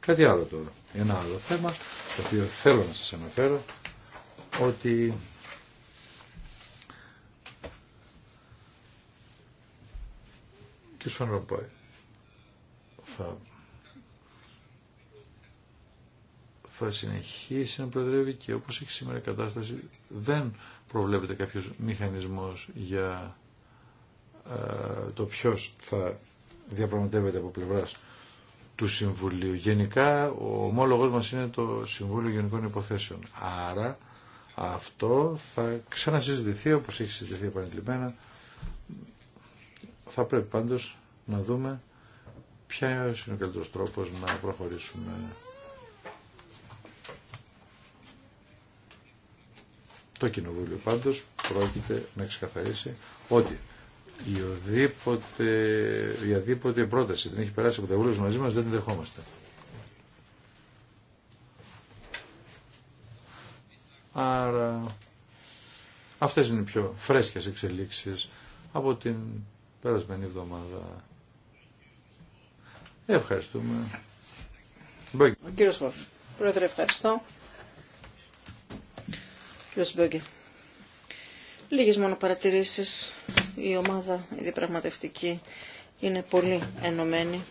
Κάτι άλλο τώρα. Ένα άλλο θέμα το οποίο θέλω να σας αναφέρω ότι να πάει. θα, συνεχίσει να προεδρεύει και όπως έχει σήμερα η κατάσταση δεν προβλέπεται κάποιος μηχανισμός για ε, το ποιος θα διαπραγματεύεται από πλευράς του Συμβουλίου. Γενικά ο ομόλογος μας είναι το Συμβούλιο Γενικών Υποθέσεων. Άρα αυτό θα ξανασυζητηθεί όπως έχει συζητηθεί επανειλημμένα θα πρέπει πάντως να δούμε ποια είναι ο καλύτερος τρόπος να προχωρήσουμε. Το Κοινοβούλιο πάντως πρόκειται να ξεκαθαρίσει ότι η οδήποτε, πρόταση δεν έχει περάσει από τα βούλες μαζί μας δεν την δεχόμαστε. Άρα αυτές είναι οι πιο φρέσκες εξελίξεις από την περασμένη εβδομάδα. Ευχαριστούμε. Ο κύριος Βόλφ. Πρόεδρε, ευχαριστώ. Κύριος Μπέγκε. Λίγες μόνο παρατηρήσεις. Η ομάδα, η διαπραγματευτική, είναι πολύ ενωμένη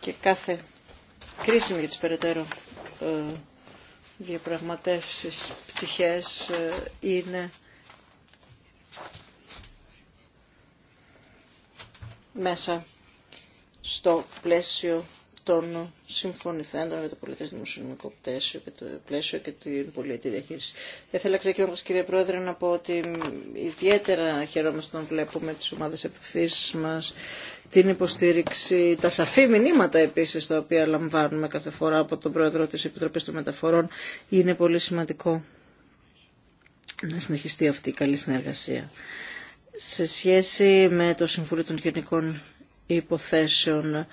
και κάθε κρίσιμη για τις περαιτέρω ε, διαπραγματεύσεις πτυχές ε, είναι μέσα στο πλαίσιο των συμφωνηθέντων για το πολιτές δημοσιονομικό πλαίσιο και το πλαίσιο και την πολιτική διαχείριση. Θα ήθελα ξεκινώντας κύριε Πρόεδρε να πω ότι ιδιαίτερα χαιρόμαστε να βλέπουμε τις ομάδες επιφύσης μας, την υποστήριξη, τα σαφή μηνύματα επίσης τα οποία λαμβάνουμε κάθε φορά από τον Πρόεδρο της Επιτροπής των Μεταφορών είναι πολύ σημαντικό να συνεχιστεί αυτή η καλή συνεργασία σε σχέση με το Συμβούλιο των Γενικών Υποθέσεων.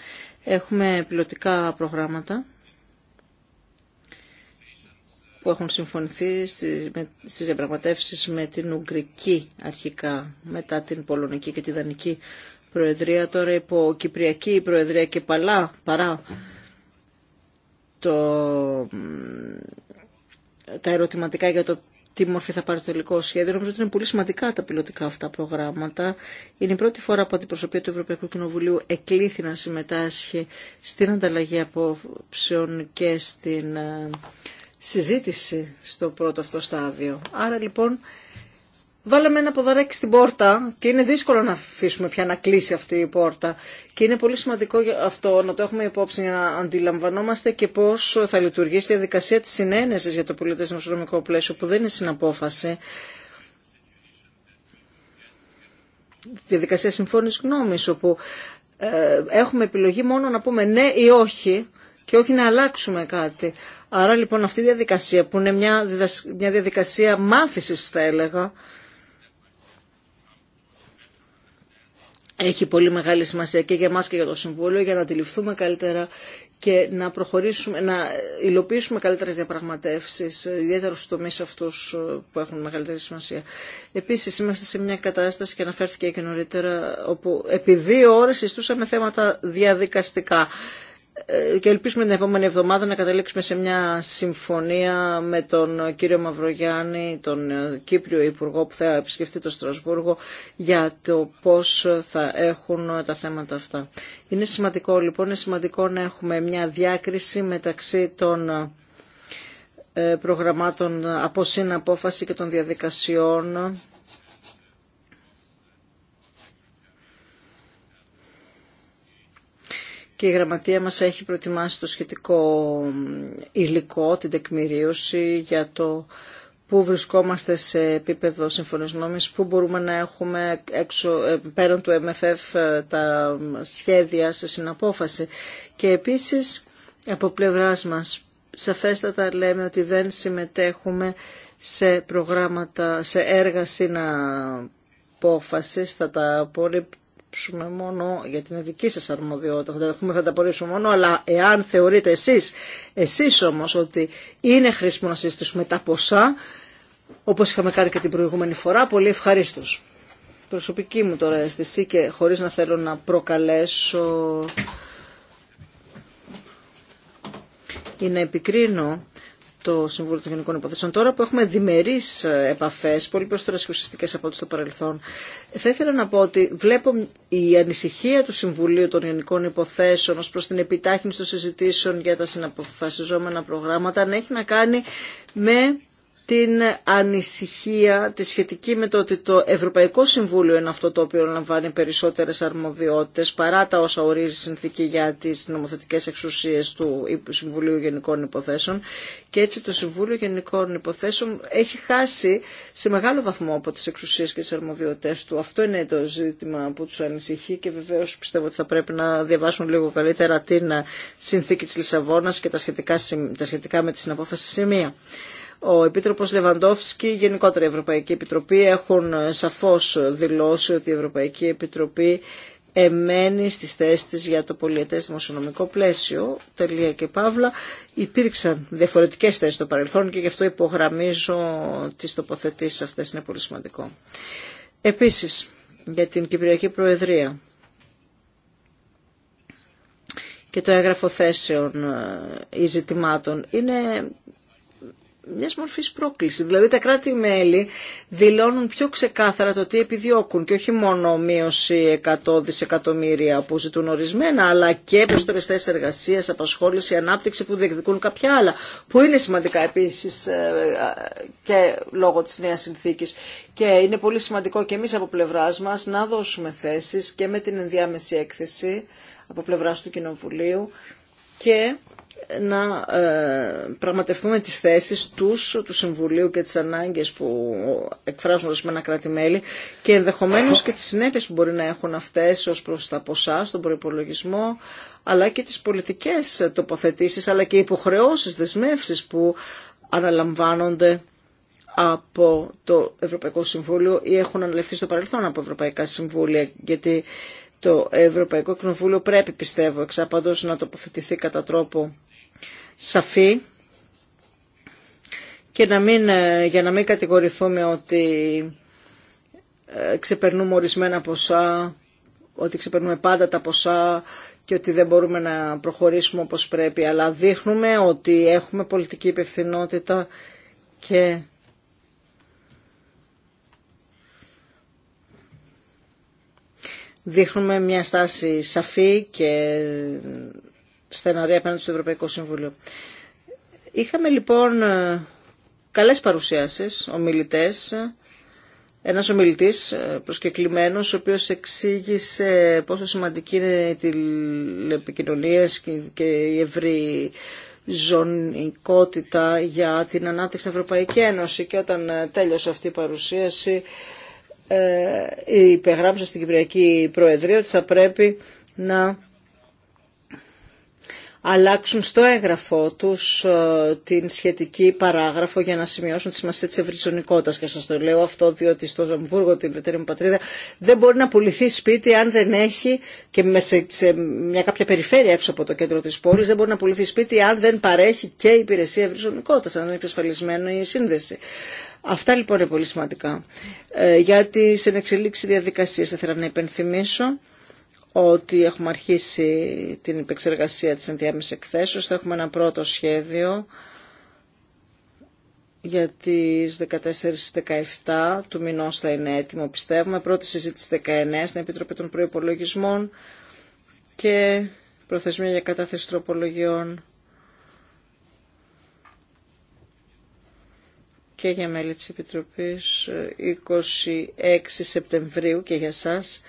Έχουμε πιλωτικά προγράμματα που έχουν συμφωνηθεί στις διαπραγματεύσει με την Ουγγρική αρχικά, μετά την Πολωνική και τη Δανική Προεδρία, τώρα υπό Κυπριακή Προεδρία και παλά, παρά το, τα ερωτηματικά για το τι μορφή θα πάρει το τελικό σχέδιο. Νομίζω ότι είναι πολύ σημαντικά τα πιλωτικά αυτά προγράμματα. Είναι η πρώτη φορά που αντιπροσωπεία του Ευρωπαϊκού Κοινοβουλίου εκλήθη να συμμετάσχει στην ανταλλαγή απόψεων και στην ε, συζήτηση στο πρώτο αυτό στάδιο. Άρα λοιπόν βάλαμε ένα ποδαράκι στην πόρτα και είναι δύσκολο να αφήσουμε πια να κλείσει αυτή η πόρτα. Και είναι πολύ σημαντικό αυτό να το έχουμε υπόψη για να αντιλαμβανόμαστε και πώ θα λειτουργήσει η διαδικασία τη συνένεση για το πολιτέ νομικό πλαίσιο που δεν είναι συναπόφαση. Τη διαδικασία συμφώνη γνώμη, όπου ε, έχουμε επιλογή μόνο να πούμε ναι ή όχι και όχι να αλλάξουμε κάτι. Άρα λοιπόν αυτή η διαδικασία που είναι μια, διαδικασία μάθησης θα έλεγα έχει πολύ μεγάλη σημασία και για εμάς και για το Συμβούλιο για να αντιληφθούμε καλύτερα και να προχωρήσουμε, να υλοποιήσουμε καλύτερες διαπραγματεύσεις, ιδιαίτερα στους τομείς αυτούς ε, που έχουν μεγαλύτερη σημασία. Επίσης είμαστε σε μια κατάσταση και αναφέρθηκε και νωρίτερα, όπου επί δύο ώρες συζητούσαμε θέματα διαδικαστικά. Ε, και ελπίσουμε την επόμενη εβδομάδα να καταλήξουμε σε μια συμφωνία με τον κύριο Μαυρογιάννη, τον ε, Κύπριο Υπουργό που θα επισκεφτεί το Στρασβούργο για το πώς θα έχουν τα θέματα αυτά. Είναι σημαντικό λοιπόν, είναι σημαντικό να έχουμε μια διάκριση μεταξύ των ε, προγραμμάτων από συναπόφαση και των διαδικασιών και η γραμματεία μας έχει προετοιμάσει το σχετικό υλικό, την τεκμηρίωση για το πού βρισκόμαστε σε επίπεδο συμφωνής νόμης, πού μπορούμε να έχουμε έξω, ε, πέραν του MFF ε, τα σχέδια σε συναπόφαση. Και επίσης από πλευράς μας σαφέστατα λέμε ότι δεν συμμετέχουμε σε προγράμματα, σε έργα συναπόφασης, θα τα πω, απορρίψουμε μόνο για την δική σας αρμοδιότητα, θα τα θα τα απορρίψουμε μόνο, αλλά εάν θεωρείτε εσείς, εσείς όμως ότι είναι χρήσιμο να συζητήσουμε τα ποσά, όπως είχαμε κάνει και την προηγούμενη φορά, πολύ ευχαρίστω. Προσωπική μου τώρα αίσθηση και χωρίς να θέλω να προκαλέσω ή να επικρίνω το Συμβούλιο των Γενικών Υποθέσεων. Τώρα που έχουμε διμερείς ε, επαφές, πολύ περισσότερες και ουσιαστικές από ό,τι στο παρελθόν, θα ήθελα να πω ότι βλέπω η ανησυχία του Συμβουλίου των Γενικών Υποθέσεων ως προς την επιτάχυνση των συζητήσεων για τα συναποφασιζόμενα προγράμματα να έχει να κάνει με την ανησυχία τη σχετική με το ότι το Ευρωπαϊκό Συμβούλιο είναι αυτό το οποίο λαμβάνει περισσότερε αρμοδιότητε, παρά τα όσα ορίζει η συνθήκη για τι νομοθετικέ εξουσίε του Συμβουλίου Γενικών Υποθέσεων και έτσι το Συμβούλιο Γενικών Υποθέσεων έχει χάσει σε μεγάλο βαθμό από τι εξουσίε και τι αρμοδιότητε του. Αυτό είναι το ζήτημα που του ανησυχεί και βεβαίω πιστεύω ότι θα πρέπει να διαβάσουν λίγο καλύτερα την συνθήκη τη Λισαβόνα και τα σχετικά, τα σχετικά με τη συναπόφαση σημεία. Ο Επίτροπος Λεβαντόφσκι, γενικότερα η Ευρωπαϊκή Επιτροπή έχουν ε, σαφώς δηλώσει ότι η Ευρωπαϊκή Επιτροπή εμένει στις θέσεις της για το πολιετές δημοσιονομικό πλαίσιο, τελεία και παύλα, υπήρξαν διαφορετικές θέσεις στο παρελθόν και γι' αυτό υπογραμμίζω τις τοποθετήσεις αυτές, είναι πολύ σημαντικό. Επίσης, για την Κυπριακή Προεδρία και το έγγραφο θέσεων ε, ή ζητημάτων είναι μια μορφή πρόκληση. Δηλαδή τα κράτη-μέλη δηλώνουν πιο ξεκάθαρα το τι επιδιώκουν και όχι μόνο μείωση 100 δισεκατομμύρια που ζητούν ορισμένα, αλλά και περισσότερες θέσει απασχόληση, ανάπτυξη που διεκδικούν κάποια άλλα, που είναι σημαντικά επίσης ε, και λόγω τη νέα συνθήκη. Και είναι πολύ σημαντικό και εμεί από πλευρά μα να δώσουμε θέσει και με την ενδιάμεση έκθεση από πλευρά του Κοινοβουλίου και να ε, πραγματευτούμε τις θέσεις τους, του Συμβουλίου και τις ανάγκες που εκφράζουν ορισμένα κράτη-μέλη και ενδεχομένως και τις συνέπειες που μπορεί να έχουν αυτές ως προς τα ποσά στον προϋπολογισμό, αλλά και τις πολιτικές τοποθετήσεις, αλλά και υποχρεώσεις, δεσμεύσεις που αναλαμβάνονται από το Ευρωπαϊκό Συμβούλιο ή έχουν αναλευθεί στο παρελθόν από Ευρωπαϊκά Συμβούλια, γιατί το Ευρωπαϊκό Κοινοβούλιο πρέπει, πιστεύω, εξαπαντός να τοποθετηθεί κατά τρόπο σαφή και να μην, ε, για να μην κατηγορηθούμε ότι ε, ξεπερνούμε ορισμένα ποσά, ότι ξεπερνούμε πάντα τα ποσά και ότι δεν μπορούμε να προχωρήσουμε όπως πρέπει, αλλά δείχνουμε ότι έχουμε πολιτική υπευθυνότητα και δείχνουμε μια στάση σαφή και στεναρία απέναντι στο Ευρωπαϊκό Συμβούλιο. Είχαμε λοιπόν ε, καλές παρουσιάσεις, ομιλητές, ένας ομιλητής ε, προσκεκλημένος, ο οποίος εξήγησε πόσο σημαντική είναι η τηλεπικοινωνίες και η ευρύ ζωνικότητα για την ανάπτυξη Ευρωπαϊκή Ένωση και όταν ε, τέλειωσε αυτή η παρουσίαση υπεγράψε στην Κυπριακή Προεδρία ότι θα πρέπει να αλλάξουν στο έγγραφό τους ε, την σχετική παράγραφο για να σημειώσουν τη σημασία της ευρυζωνικότητας. Και σας το λέω αυτό διότι στο Ζαμβούργο, την δεύτερη μου πατρίδα, δεν μπορεί να πουληθεί σπίτι αν δεν έχει και σε μια κάποια περιφέρεια έξω από το κέντρο της πόλης δεν μπορεί να πουληθεί σπίτι αν δεν παρέχει και η υπηρεσία ευρυζωνικότητας, αν δεν είναι εξασφαλισμένο η σύνδεση. Αυτά λοιπόν είναι πολύ σημαντικά. Ε, για τις ενεξελίξεις διαδικασίες θα ήθελα να υπενθυμίσω ότι έχουμε αρχίσει την επεξεργασία της ενδιάμεσης εκθέσεως. Θα έχουμε ένα πρώτο σχέδιο για τις 14-17 του μηνός θα είναι έτοιμο πιστεύουμε. Πρώτη συζήτηση 19 στην Επιτροπή των Προϋπολογισμών και προθεσμία για κατάθεση τροπολογιών και για μέλη της Επιτροπής 26 ε, Σεπτεμβρίου και για σας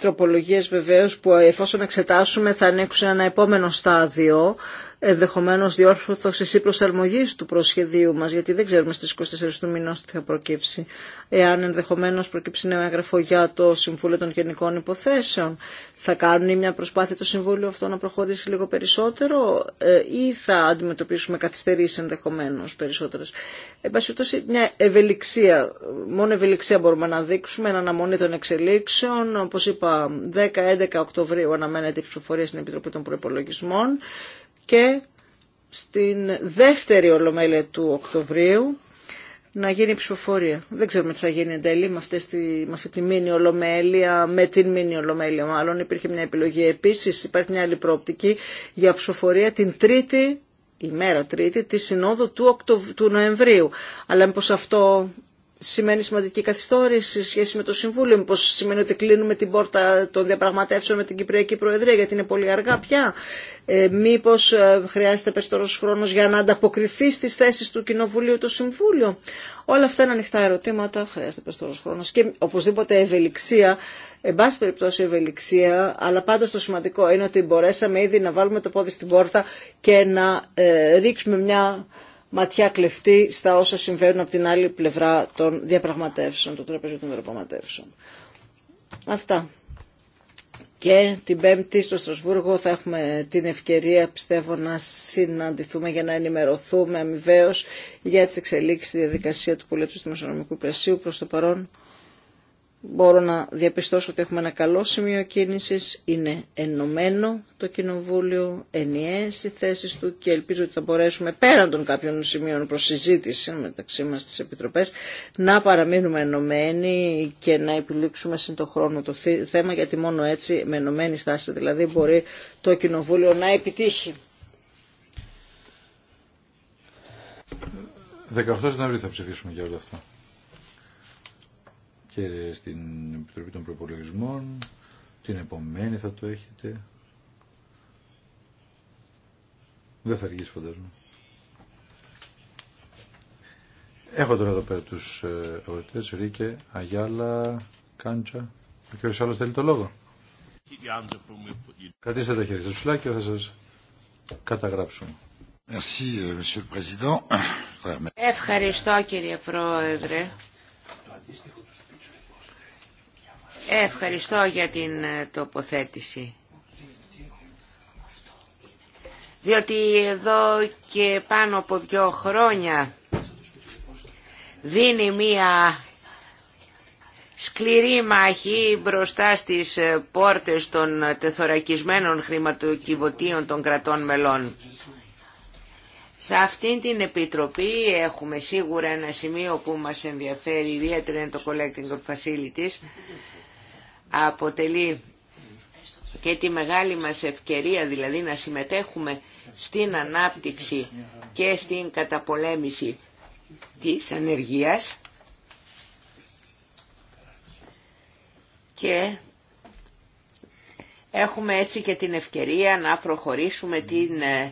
τροπολογίες βεβαίως που εφόσον εξετάσουμε θα ανέξουν ένα επόμενο στάδιο Ενδεχομένω, διόρθωση ή προσαρμογή του προσχεδίου μα, γιατί δεν ξέρουμε στι 24 του μηνό τι θα προκύψει, εάν ενδεχομένω προκύψει νέο έγγραφο για το Συμβούλιο των Γενικών Υποθέσεων. Θα κάνουν μια προσπάθεια το Συμβούλιο αυτό να προχωρήσει λίγο περισσότερο ε, ή θα αντιμετωπίσουμε καθυστερήσεις ενδεχομένως περισσότερες. Εν πάση μια ευελιξία, μόνο ευελιξία μπορούμε να δείξουμε, ένα αναμονή των εξελίξεων. Όπως είπα, 10-11 Οκτωβρίου αναμένεται η θα αντιμετωπισουμε καθυστερήσει ενδεχομένω περισσότερε. εν στην Επιτροπή των εξελιξεων οπω ειπα 10 11 οκτωβριου αναμενεται η ψηφοφορια στην επιτροπη των προπολογισμων και στην δεύτερη ολομέλεια του Οκτωβρίου να γίνει ψηφοφορία. Δεν ξέρουμε τι θα γίνει εν τέλει με, αυτές τη, με αυτή τη μήνυ ολομέλεια, με την μήνυ ολομέλεια μάλλον. Υπήρχε μια επιλογή. Επίση, υπάρχει μια άλλη προοπτική για ψηφοφορία την τρίτη ημέρα τρίτη τη συνόδου του, του Νοεμβρίου. Αλλά μήπως αυτό σημαίνει σημαντική καθυστόρηση σε σχέση με το Συμβούλιο, μήπω σημαίνει ότι κλείνουμε την πόρτα των διαπραγματεύσεων με την Κυπριακή Προεδρία, γιατί είναι πολύ αργά πια. Ε, μήπω ε, χρειάζεται περισσότερο χρόνος για να ανταποκριθεί στις θέσεις του Κοινοβουλίου το Συμβούλιο. Όλα αυτά είναι ανοιχτά ερωτήματα, χρειάζεται περισσότερο χρόνος. και οπωσδήποτε ευελιξία. Εν πάση περιπτώσει ευελιξία, αλλά πάντως το σημαντικό είναι ότι μπορέσαμε ήδη να βάλουμε το πόδι στην πόρτα και να ε, ρίξουμε μια ματιά κλεφτή στα όσα συμβαίνουν από την άλλη πλευρά των διαπραγματεύσεων, των τραπεζών των διαπραγματεύσεων. Αυτά. Και την Πέμπτη στο Στρασβούργο θα έχουμε την ευκαιρία, πιστεύω, να συναντηθούμε για να ενημερωθούμε αμοιβαίω για τι εξελίξει στη διαδικασία του πολιτικού δημοσιονομικού πλαισίου. Προ το παρόν, μπορώ να διαπιστώσω ότι έχουμε ένα καλό σημείο κίνησης, είναι ενωμένο το Κοινοβούλιο, ενιαίες οι θέσεις του και ελπίζω ότι θα μπορέσουμε πέραν των κάποιων σημείων προς μεταξύ μας στις Επιτροπές να παραμείνουμε ενωμένοι και να επιλήξουμε συν χρόνο το θέμα γιατί μόνο έτσι με ενωμένη στάση δηλαδή μπορεί το Κοινοβούλιο να επιτύχει. 18 Σεπτεμβρίου θα ψηφίσουμε για όλα αυτά και στην Επιτροπή των Προπολογισμών. Την επομένη θα το έχετε. Δεν θα αργήσει φαντάζομαι. Έχω τώρα εδώ πέρα τους ε, ερωτές. Ρίκε, Αγιάλα, Κάντσα. Ο κ. Σάλλος θέλει το λόγο. Κρατήστε τα χέρια σας ψηλά και θα σας καταγράψουμε. Euh, Ευχαριστώ κύριε Πρόεδρε. Ευχαριστώ για την ε, τοποθέτηση. Διότι εδώ και πάνω από δυο χρόνια δίνει μία σκληρή μάχη μπροστά στις ε, πόρτες των ε, τεθωρακισμένων χρηματοκιβωτίων των κρατών μελών. Σε αυτή την επιτροπή έχουμε σίγουρα ένα σημείο που μας ενδιαφέρει ιδιαίτερα είναι το Collecting of Facilities αποτελεί και τη μεγάλη μας ευκαιρία δηλαδή να συμμετέχουμε στην ανάπτυξη και στην καταπολέμηση της ανεργίας και έχουμε έτσι και την ευκαιρία να προχωρήσουμε ε,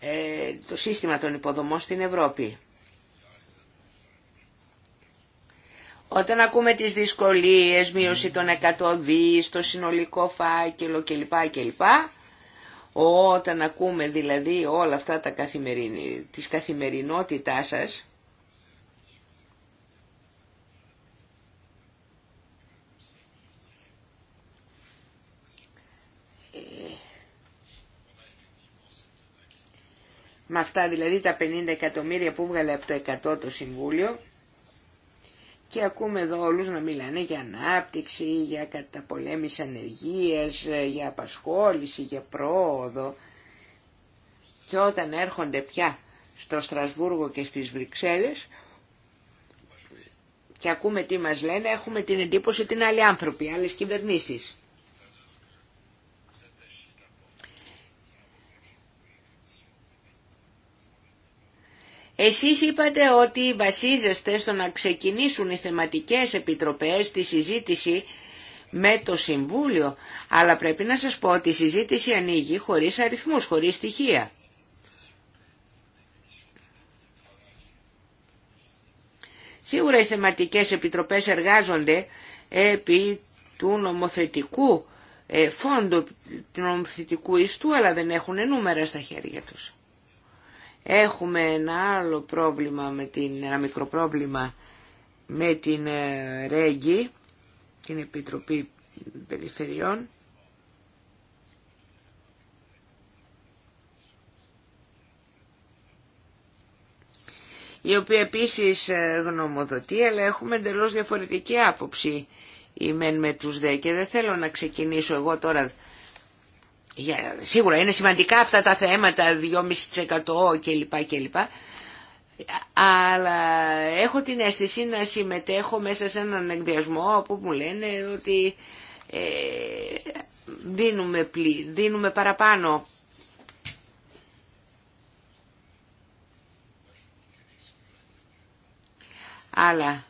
ε, το σύστημα των υποδομών στην Ευρώπη. Όταν ακούμε τις δυσκολίες, μείωση των 100 δις, το συνολικό φάκελο κλπ. κλπ. Όταν ακούμε δηλαδή όλα αυτά τα καθημερινή, της καθημερινότητάς σας, με αυτά δηλαδή τα 50 εκατομμύρια που βγάλε από το 100 το Συμβούλιο, και ακούμε εδώ όλους να μιλάνε για ανάπτυξη, για καταπολέμηση ανεργίας, για απασχόληση, για πρόοδο. Και όταν έρχονται πια στο Στρασβούργο και στις Βρυξέλλες και ακούμε τι μας λένε, έχουμε την εντύπωση ότι είναι άλλοι άνθρωποι, άλλες κυβερνήσεις. Εσείς είπατε ότι βασίζεστε στο να ξεκινήσουν οι θεματικές επιτροπές τη συζήτηση με το Συμβούλιο, αλλά πρέπει να σας πω ότι η συζήτηση ανοίγει χωρίς αριθμούς, χωρίς στοιχεία. Σίγουρα οι θεματικές επιτροπές εργάζονται επί του νομοθετικού ε, φόντου, του νομοθετικού ιστού, αλλά δεν έχουν νούμερα στα χέρια τους. Έχουμε ένα άλλο πρόβλημα, με την, ένα μικρό πρόβλημα με την ε, ΡΕΓΙ, την Επιτροπή Περιφερειών. η οποία επίσης ε, γνωμοδοτεί, αλλά έχουμε εντελώ διαφορετική άποψη η μεν με τους δε. Και δεν θέλω να ξεκινήσω εγώ τώρα σίγουρα είναι σημαντικά αυτά τα θέματα, 2,5% κλπ. κλπ. Αλλά έχω την αίσθηση να συμμετέχω μέσα σε έναν εκδιασμό που μου λένε ότι ε, δίνουμε, πλη, δίνουμε παραπάνω. Αλλά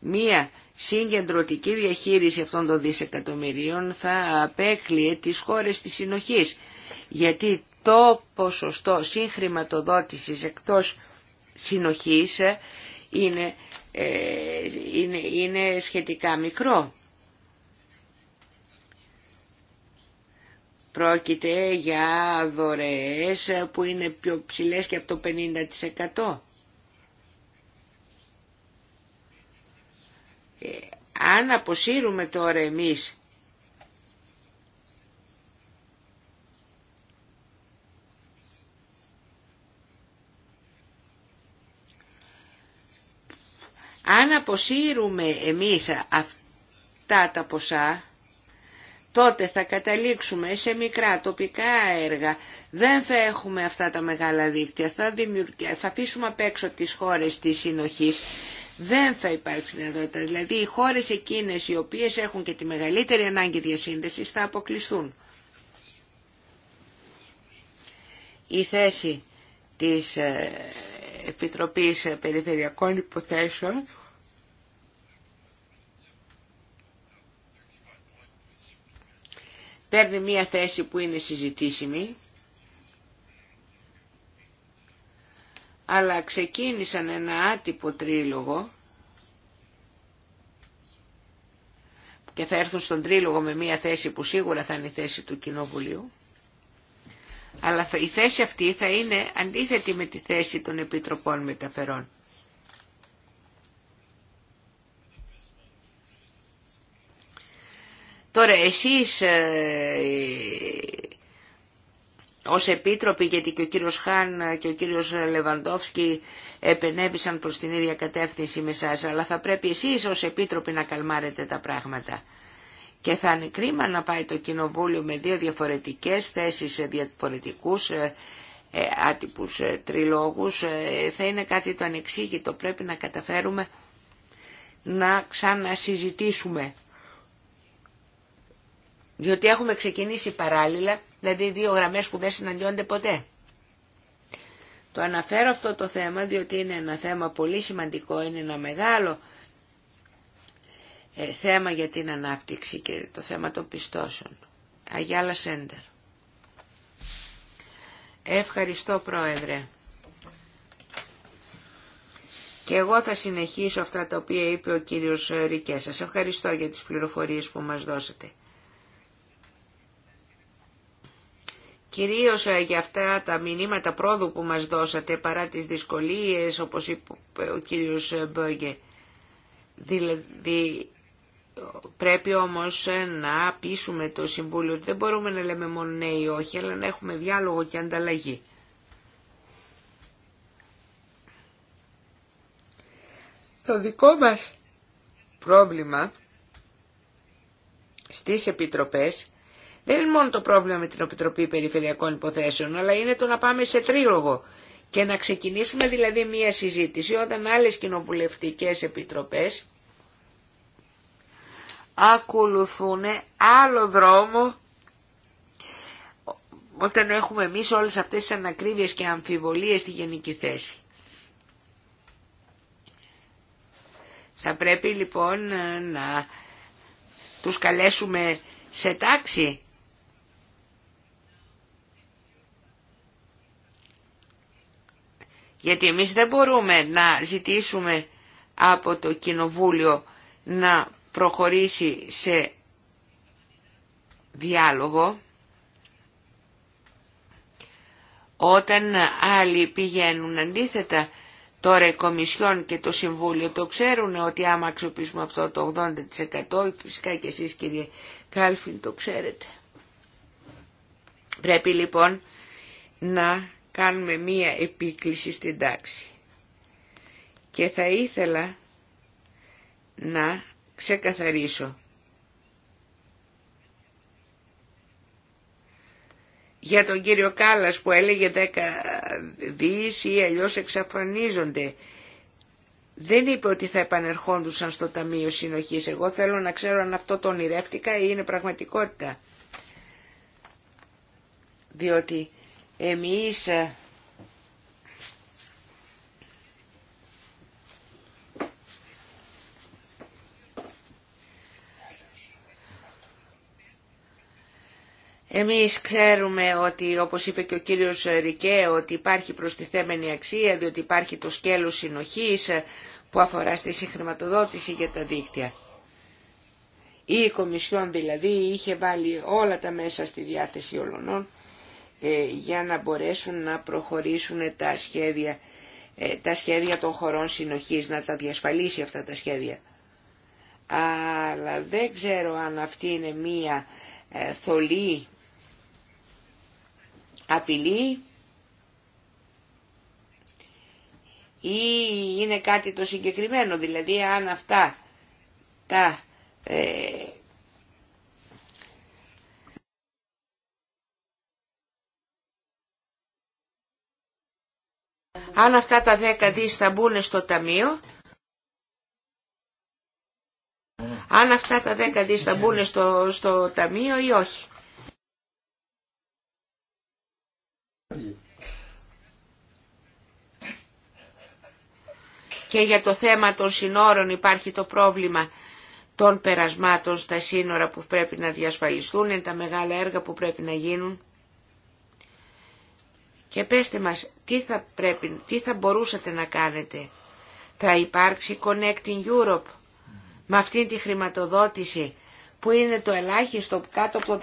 μία συγκεντρωτική διαχείριση αυτών των δισεκατομμυρίων θα απέκλειε τις χώρες της συνοχής, γιατί το ποσοστό συγχρηματοδότησης εκτός συνοχής ε, είναι, ε, είναι, είναι σχετικά μικρό. Πρόκειται για δωρεές που είναι πιο ψηλές και από το 50%. Αν αποσύρουμε τώρα εμείς Αν αποσύρουμε εμείς αυτά τα ποσά, τότε θα καταλήξουμε σε μικρά τοπικά έργα. Δεν θα έχουμε αυτά τα μεγάλα δίκτυα. Θα, δημιουργ... θα αφήσουμε απ' έξω τις χώρες της συνοχής δεν θα υπάρξει δυνατότητα. Δηλαδή οι χώρες εκείνες οι οποίες έχουν και τη μεγαλύτερη ανάγκη διασύνδεσης θα αποκλειστούν. Η θέση της ε, Επιτροπής Περιφερειακών Υποθέσεων παίρνει μια θέση που είναι συζητήσιμη αλλά ξεκίνησαν ένα άτυπο τρίλογο και θα έρθουν στον τρίλογο με μια θέση που σίγουρα θα είναι η θέση του Κοινοβουλίου αλλά η θέση αυτή θα είναι αντίθετη με τη θέση των Επιτροπών Μεταφερών. Τώρα εσείς ε, ως επίτροποι, γιατί και ο κύριος Χάν και ο κύριος Λεβαντόφσκι επενέβησαν προς την ίδια κατεύθυνση με σας, αλλά θα πρέπει εσείς ως επίτροποι να καλμάρετε τα πράγματα. Και θα είναι κρίμα να πάει το Κοινοβούλιο με δύο διαφορετικές θέσεις σε διαφορετικούς ε, ε άτυπους ε, τριλόγους. Ε, θα είναι κάτι το ανεξήγητο. Πρέπει να καταφέρουμε να ξανασυζητήσουμε διότι έχουμε ξεκινήσει παράλληλα, δηλαδή δύο γραμμές που δεν συναντιόνται ποτέ. Το αναφέρω αυτό το θέμα διότι είναι ένα θέμα πολύ σημαντικό, είναι ένα μεγάλο ε, θέμα για την ανάπτυξη και το θέμα των πιστώσεων. Αγιάλα Σέντερ. Ευχαριστώ Πρόεδρε. Και εγώ θα συνεχίσω αυτά τα οποία είπε ο κύριος Ρικέ. Σας ευχαριστώ για τις πληροφορίες που μας δώσατε. κυρίως ε, για αυτά τα μηνύματα πρόοδου που μας δώσατε παρά τις δυσκολίες όπως είπε ο κύριος ε, Μπόγκε. Δηλαδή πρέπει όμως ε, να πείσουμε το Συμβούλιο ότι δεν μπορούμε να λέμε μόνο ναι ή όχι αλλά να έχουμε διάλογο και ανταλλαγή. Το δικό μας πρόβλημα στις επιτροπές δεν είναι μόνο το πρόβλημα με την Επιτροπή Περιφερειακών Υποθέσεων, αλλά είναι το να πάμε σε τρίλογο και να ξεκινήσουμε δηλαδή μία συζήτηση όταν άλλες κοινοβουλευτικές επιτροπές ακολουθούν άλλο δρόμο όταν έχουμε εμείς όλες αυτές τις ανακρίβειες και αμφιβολίες στη γενική θέση. Θα πρέπει λοιπόν να τους καλέσουμε σε τάξη Γιατί εμείς δεν μπορούμε να ζητήσουμε από το Κοινοβούλιο να προχωρήσει σε διάλογο όταν άλλοι πηγαίνουν αντίθετα τώρα η Κομισιόν και το Συμβούλιο το ξέρουν ότι άμα αξιοποιήσουμε αυτό το 80% φυσικά και εσείς κύριε Κάλφιν το ξέρετε πρέπει λοιπόν να κάνουμε μία επίκληση στην τάξη. Και θα ήθελα να ξεκαθαρίσω. Για τον κύριο Κάλλας που έλεγε δέκα δις ή αλλιώς εξαφανίζονται. Δεν είπε ότι θα επανερχόντουσαν στο Ταμείο Συνοχής. Εγώ θέλω να ξέρω αν αυτό το ονειρεύτηκα ή είναι πραγματικότητα. Διότι εμείς ε, Εμείς ξέρουμε ότι, όπως είπε και ο κύριος Ρικέ, ότι υπάρχει προστιθέμενη αξία, διότι υπάρχει το σκέλος συνοχής ε, που αφορά στη συγχρηματοδότηση για τα δίκτυα. Η Κομισιόν δηλαδή είχε βάλει όλα τα μέσα στη διάθεση όλων ε, για να μπορέσουν να προχωρήσουν τα σχέδια, ε, τα σχέδια των χωρών συνοχής, να τα διασφαλίσει αυτά τα σχέδια. Αλλά δεν ξέρω αν αυτή είναι μία ε, θολή απειλή ή είναι κάτι το συγκεκριμένο, δηλαδή αν αυτά τα Αν αυτά τα δέκα δις θα μπουν στο ταμείο, αν αυτά τα 10 δις στο, στο ταμείο ή όχι. Και για το θέμα των συνόρων υπάρχει το πρόβλημα των περασμάτων στα σύνορα που πρέπει να διασφαλιστούν, είναι τα μεγάλα έργα που πρέπει να γίνουν. Και πέστε μας τι θα, πρέπει, τι θα μπορούσατε να κάνετε. Θα υπάρξει Connecting Europe με αυτή τη χρηματοδότηση που είναι το ελάχιστο κάτω από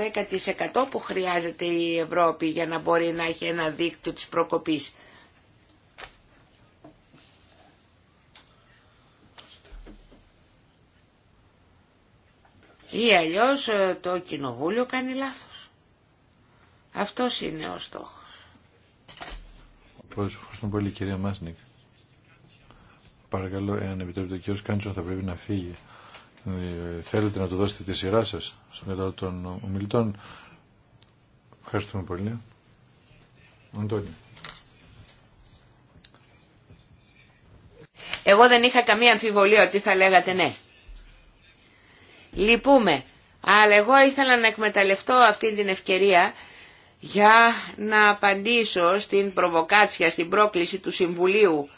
10% που χρειάζεται η Ευρώπη για να μπορεί να έχει ένα δίκτυο της προκοπής. Ή αλλιώς ε, το κοινοβούλιο κάνει λάθος. Αυτός είναι ο στόχος. Πώς, ευχαριστούμε πολύ κυρία Μάσνικ. Παρακαλώ, εάν επιτρέπετε ο κύριος Κάντσον θα πρέπει να φύγει. Ε, θέλετε να του δώσετε τη σειρά σας στον τον των ομιλητών. Ευχαριστούμε πολύ. Αντώνη. Εγώ δεν είχα καμία αμφιβολία ότι θα λέγατε ναι. Λυπούμε, αλλά εγώ ήθελα να εκμεταλλευτώ αυτή την ευκαιρία για να απαντήσω στην προβοκάτσια, στην πρόκληση του Συμβουλίου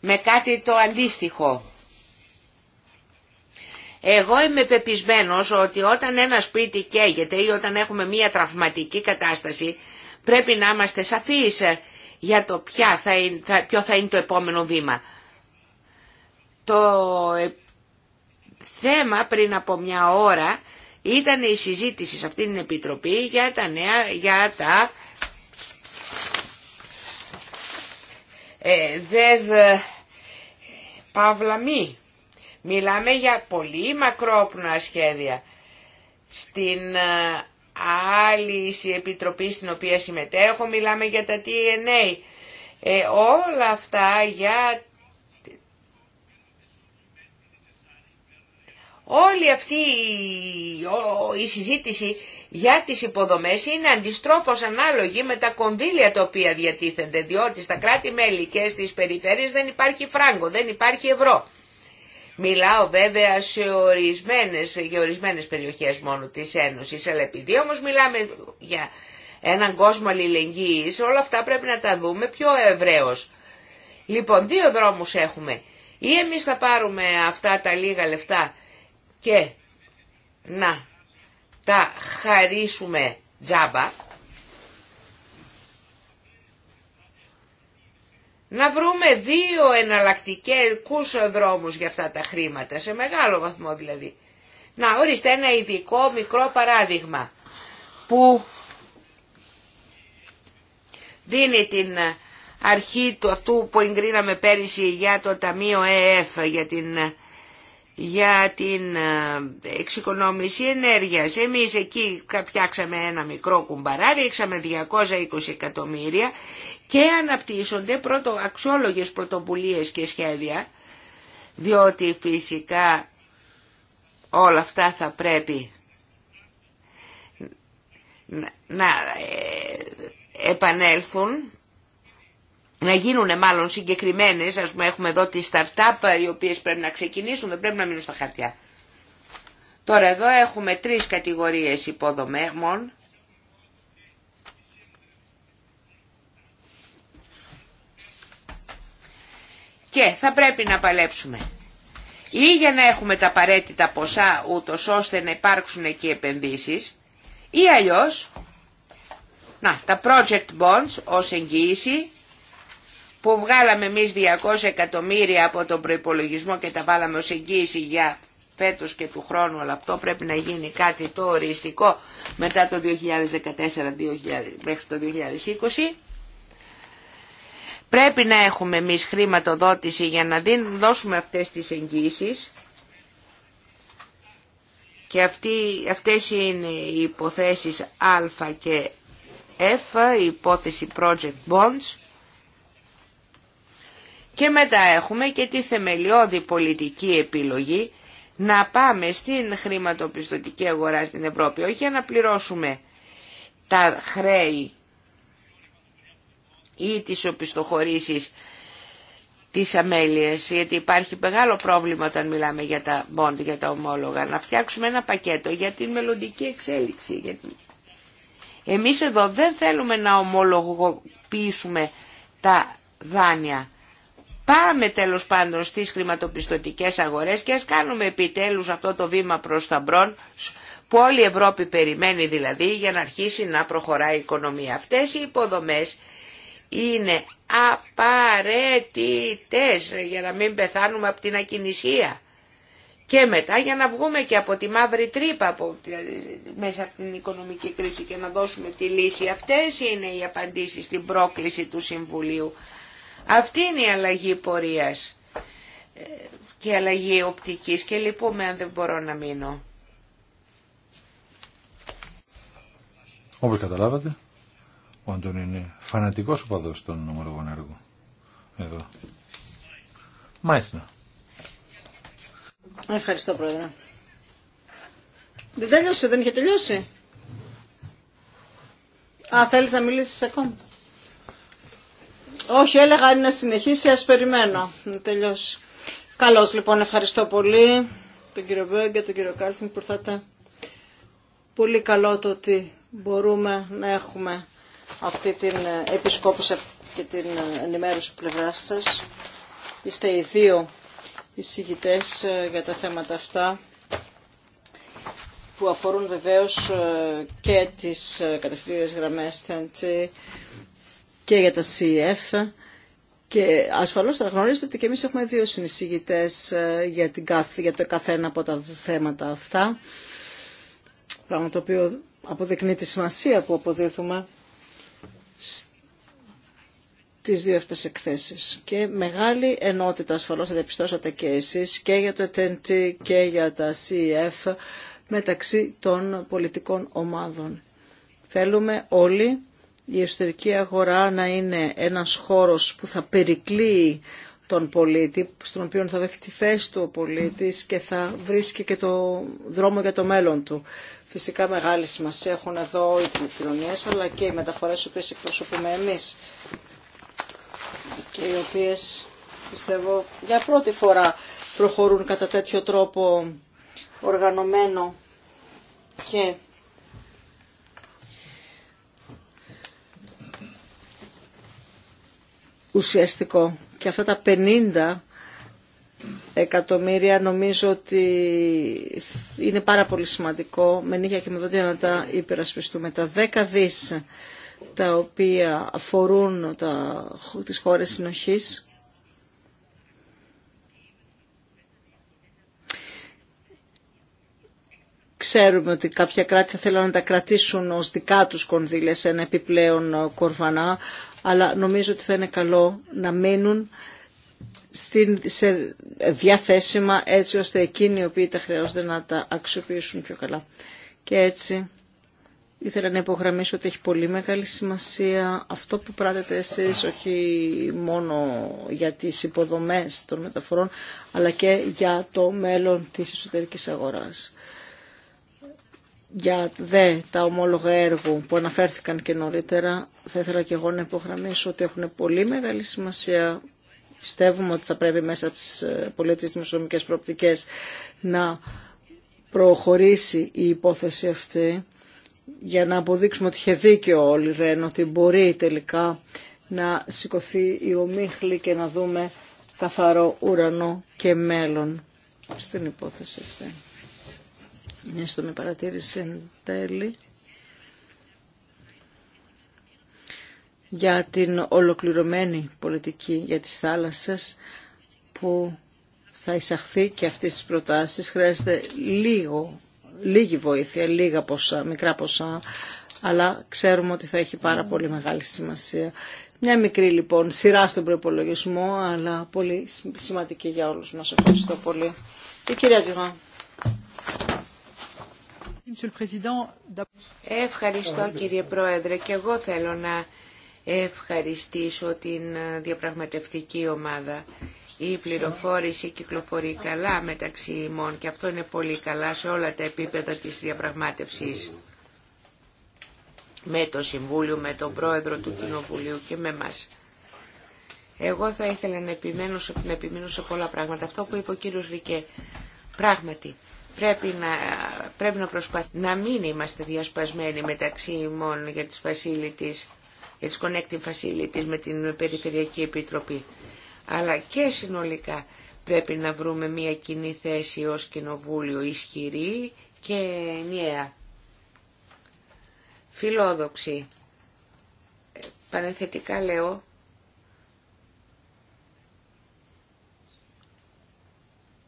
με κάτι το αντίστοιχο. Εγώ είμαι πεπισμένος ότι όταν ένα σπίτι καίγεται ή όταν έχουμε μία τραυματική κατάσταση πρέπει να είμαστε σαφείς για το ποια θα ποιο θα είναι το επόμενο βήμα. Το ε, θέμα πριν από μια ώρα ήταν η συζήτηση σε αυτήν την Επιτροπή για τα νέα, για τα ε, ΔΕΔ Παύλα μη. Μιλάμε για πολύ μακρόπνοα σχέδια. Στην ε, άλλη η επιτροπή στην οποία συμμετέχω μιλάμε για τα TNA. Ε, όλα αυτά για Όλη αυτή η συζήτηση για τις υποδομές είναι αντιστρόφως ανάλογη με τα κονδύλια τα οποία διατίθενται, διότι στα κράτη-μέλη και στις περιφέρειες δεν υπάρχει φράγκο, δεν υπάρχει ευρώ. Μιλάω βέβαια σε ορισμένες, για ορισμένες περιοχές μόνο της Ένωσης, αλλά επειδή όμως μιλάμε για έναν κόσμο αλληλεγγύης, όλα αυτά πρέπει να τα δούμε πιο ευρέως. Λοιπόν, δύο δρόμους έχουμε. Ή εμείς θα πάρουμε αυτά τα λίγα λεφτά και να τα χαρίσουμε τζάμπα, να βρούμε δύο εναλλακτικούς δρόμους για αυτά τα χρήματα, σε μεγάλο βαθμό δηλαδή. Να ορίστε ένα ειδικό μικρό παράδειγμα που δίνει την αρχή του αυτού που εγκρίναμε πέρυσι για το Ταμείο ΕΕΦ για την για την ε, εξοικονόμηση ενέργειας. Εμείς εκεί φτιάξαμε ένα μικρό κουμπαρά, ρίξαμε 220 εκατομμύρια και αναπτύσσονται πρώτο, αξιόλογες πρωτοβουλίες και σχέδια, διότι φυσικά όλα αυτά θα πρέπει να ε, επανέλθουν να γίνουν μάλλον συγκεκριμένες, ας πούμε έχουμε εδώ τις startup οι οποίες πρέπει να ξεκινήσουν, δεν πρέπει να μείνουν στα χαρτιά. Τώρα εδώ έχουμε τρεις κατηγορίες υποδομέγμων. Και θα πρέπει να παλέψουμε ή για να έχουμε τα απαραίτητα ποσά ούτως ώστε να υπάρξουν εκεί επενδύσεις ή αλλιώς να, τα project bonds ως εγγύηση που βγάλαμε εμεί 200 εκατομμύρια από τον προϋπολογισμό και τα βάλαμε ως εγγύηση για φέτος και του χρόνου, αλλά αυτό πρέπει να γίνει κάτι το οριστικό μετά το 2014 μέχρι το 2020. Πρέπει να έχουμε εμεί χρηματοδότηση για να δώσουμε αυτές τις εγγύησεις και αυτοί, αυτές είναι οι υποθέσεις Α και F, η υπόθεση Project Bonds και μετά έχουμε και τη θεμελιώδη πολιτική επιλογή να πάμε στην χρηματοπιστωτική αγορά στην Ευρώπη, όχι για να πληρώσουμε τα χρέη ή τις οπισθοχωρήσεις τις αμέλειες, γιατί υπάρχει μεγάλο πρόβλημα όταν μιλάμε για τα bond, για τα ομόλογα, να φτιάξουμε ένα πακέτο για την μελλοντική εξέλιξη. Γιατί εμείς εδώ δεν θέλουμε να ομολογοποιήσουμε τα δάνεια πάμε τέλος πάντων στις χρηματοπιστωτικές αγορές και ας κάνουμε επιτέλους αυτό το βήμα προς τα μπρον που όλη η Ευρώπη περιμένει δηλαδή για να αρχίσει να προχωράει η οικονομία. Αυτές οι υποδομές είναι απαραίτητες για να μην πεθάνουμε από την ακινησία. Και μετά για να βγούμε και από τη μαύρη τρύπα μέσα από την οικονομική κρίση και να δώσουμε τη λύση. Αυτές είναι οι απαντήσεις στην πρόκληση του Συμβουλίου. Αυτή είναι η αλλαγή πορείας ε, και η αλλαγή οπτικής και λυπούμε αν δεν μπορώ να μείνω. Όπως καταλάβατε, ο Αντών είναι φανατικός οπαδός των ομολογών έργων. Εδώ. Μάλιστα. Ευχαριστώ, Πρόεδρε. Δεν τέλειωσε, δεν είχε τελειώσει. Α, θέλεις να μιλήσεις ακόμα. Όχι, έλεγα αν να συνεχίσει, ας περιμένω να τελειώσει. Καλώς λοιπόν, ευχαριστώ πολύ τον κύριο Μπέγκε, τον κύριο Κάλφιν που ήρθατε. Πολύ καλό το ότι μπορούμε να έχουμε αυτή την ε, επισκόπηση και την ε, ενημέρωση πλευρά σα. Είστε οι δύο εισηγητές ε, για τα θέματα αυτά που αφορούν βεβαίως και τις κατευθύνες γραμμές και για τα CEF. Και ασφαλώς θα γνωρίζετε ότι και εμείς έχουμε δύο συνεισηγητές ε, για, την, για το καθένα από τα θέματα αυτά. Πράγμα το οποίο αποδεικνύει τη σημασία που αποδίδουμε τις δύο αυτές εκθέσεις. Και μεγάλη ενότητα ασφαλώς θα διαπιστώσατε και εσείς και για το TNT και για τα CEF μεταξύ των πολιτικών ομάδων. Θέλουμε όλοι η εσωτερική αγορά να είναι ένας χώρος που θα περικλεί τον πολίτη, στον οποίο θα δέχει τη θέση του ο πολίτης και θα βρίσκει και το δρόμο για το μέλλον του. Φυσικά μεγάλη σημασία έχουν εδώ οι κοινωνίες, αλλά και οι μεταφορές οι οποίες εκπροσωπούμε εμείς και οι οποίες πιστεύω για πρώτη φορά προχωρούν κατά τέτοιο τρόπο οργανωμένο και ουσιαστικό. Και αυτά τα 50 εκατομμύρια νομίζω ότι είναι πάρα πολύ σημαντικό με νύχια και με δόντια να τα υπερασπιστούμε. Τα 10 δις τα οποία αφορούν τα, τις χώρες συνοχής Ξέρουμε ότι κάποια κράτη θα θέλουν να τα κρατήσουν ως δικά τους κονδύλια σε ένα επιπλέον ε, κορβανά, αλλά νομίζω ότι θα είναι καλό να μείνουν στην, σε διαθέσιμα έτσι ώστε εκείνοι οι οποίοι τα χρειάζονται να τα αξιοποιήσουν πιο καλά. Και έτσι ήθελα να υπογραμμίσω ότι έχει πολύ μεγάλη σημασία αυτό που πράτετε εσείς όχι μόνο για τις υποδομές των μεταφορών αλλά και για το μέλλον της εσωτερικής αγοράς για δε τα ομόλογα έργου που αναφέρθηκαν και νωρίτερα, θα ήθελα και εγώ να υπογραμμίσω ότι έχουν πολύ μεγάλη σημασία. Πιστεύουμε ότι θα πρέπει μέσα από τις ε, πολιτικές δημοσιονομικές προοπτικές να προχωρήσει η υπόθεση αυτή για να αποδείξουμε ότι είχε δίκιο όλοι Ρεν, ότι μπορεί τελικά να σηκωθεί η ομίχλη και να δούμε καθαρό ουρανό και μέλλον στην υπόθεση αυτή. Μια σύντομη παρατήρηση εν τέλει. για την ολοκληρωμένη πολιτική για τις θάλασσες που θα εισαχθεί και αυτές τις προτάσεις χρειάζεται λίγο, λίγη βοήθεια, λίγα ποσά, μικρά ποσά, αλλά ξέρουμε ότι θα έχει πάρα πολύ μεγάλη σημασία. Μια μικρή λοιπόν σειρά στον προπολογισμό, αλλά πολύ σημαντική για όλους μας. Ευχαριστώ πολύ. Η κυρία Τιγά. Ευχαριστώ κύριε Πρόεδρε και εγώ θέλω να ευχαριστήσω την ε, διαπραγματευτική ομάδα. Η πληροφόρηση κυκλοφορεί καλά μεταξύ ημών και αυτό είναι πολύ καλά σε όλα τα επίπεδα της διαπραγμάτευσης με το Συμβούλιο, με τον Πρόεδρο του Κοινοβουλίου και με μας. Εγώ θα ήθελα να επιμένω, επιμείνω σε πολλά πράγματα. Αυτό που είπε ο κύριος Ρικέ, πράγματι Πρέπει να, πρέπει να να μην είμαστε διασπασμένοι μεταξύ μόνο για τις, facilities, για τις connecting facilities με την Περιφερειακή Επιτροπή. Αλλά και συνολικά πρέπει να βρούμε μια κοινή θέση ως κοινοβούλιο ισχυρή και ενιαία. Φιλόδοξη. Ε, πανεθετικά λέω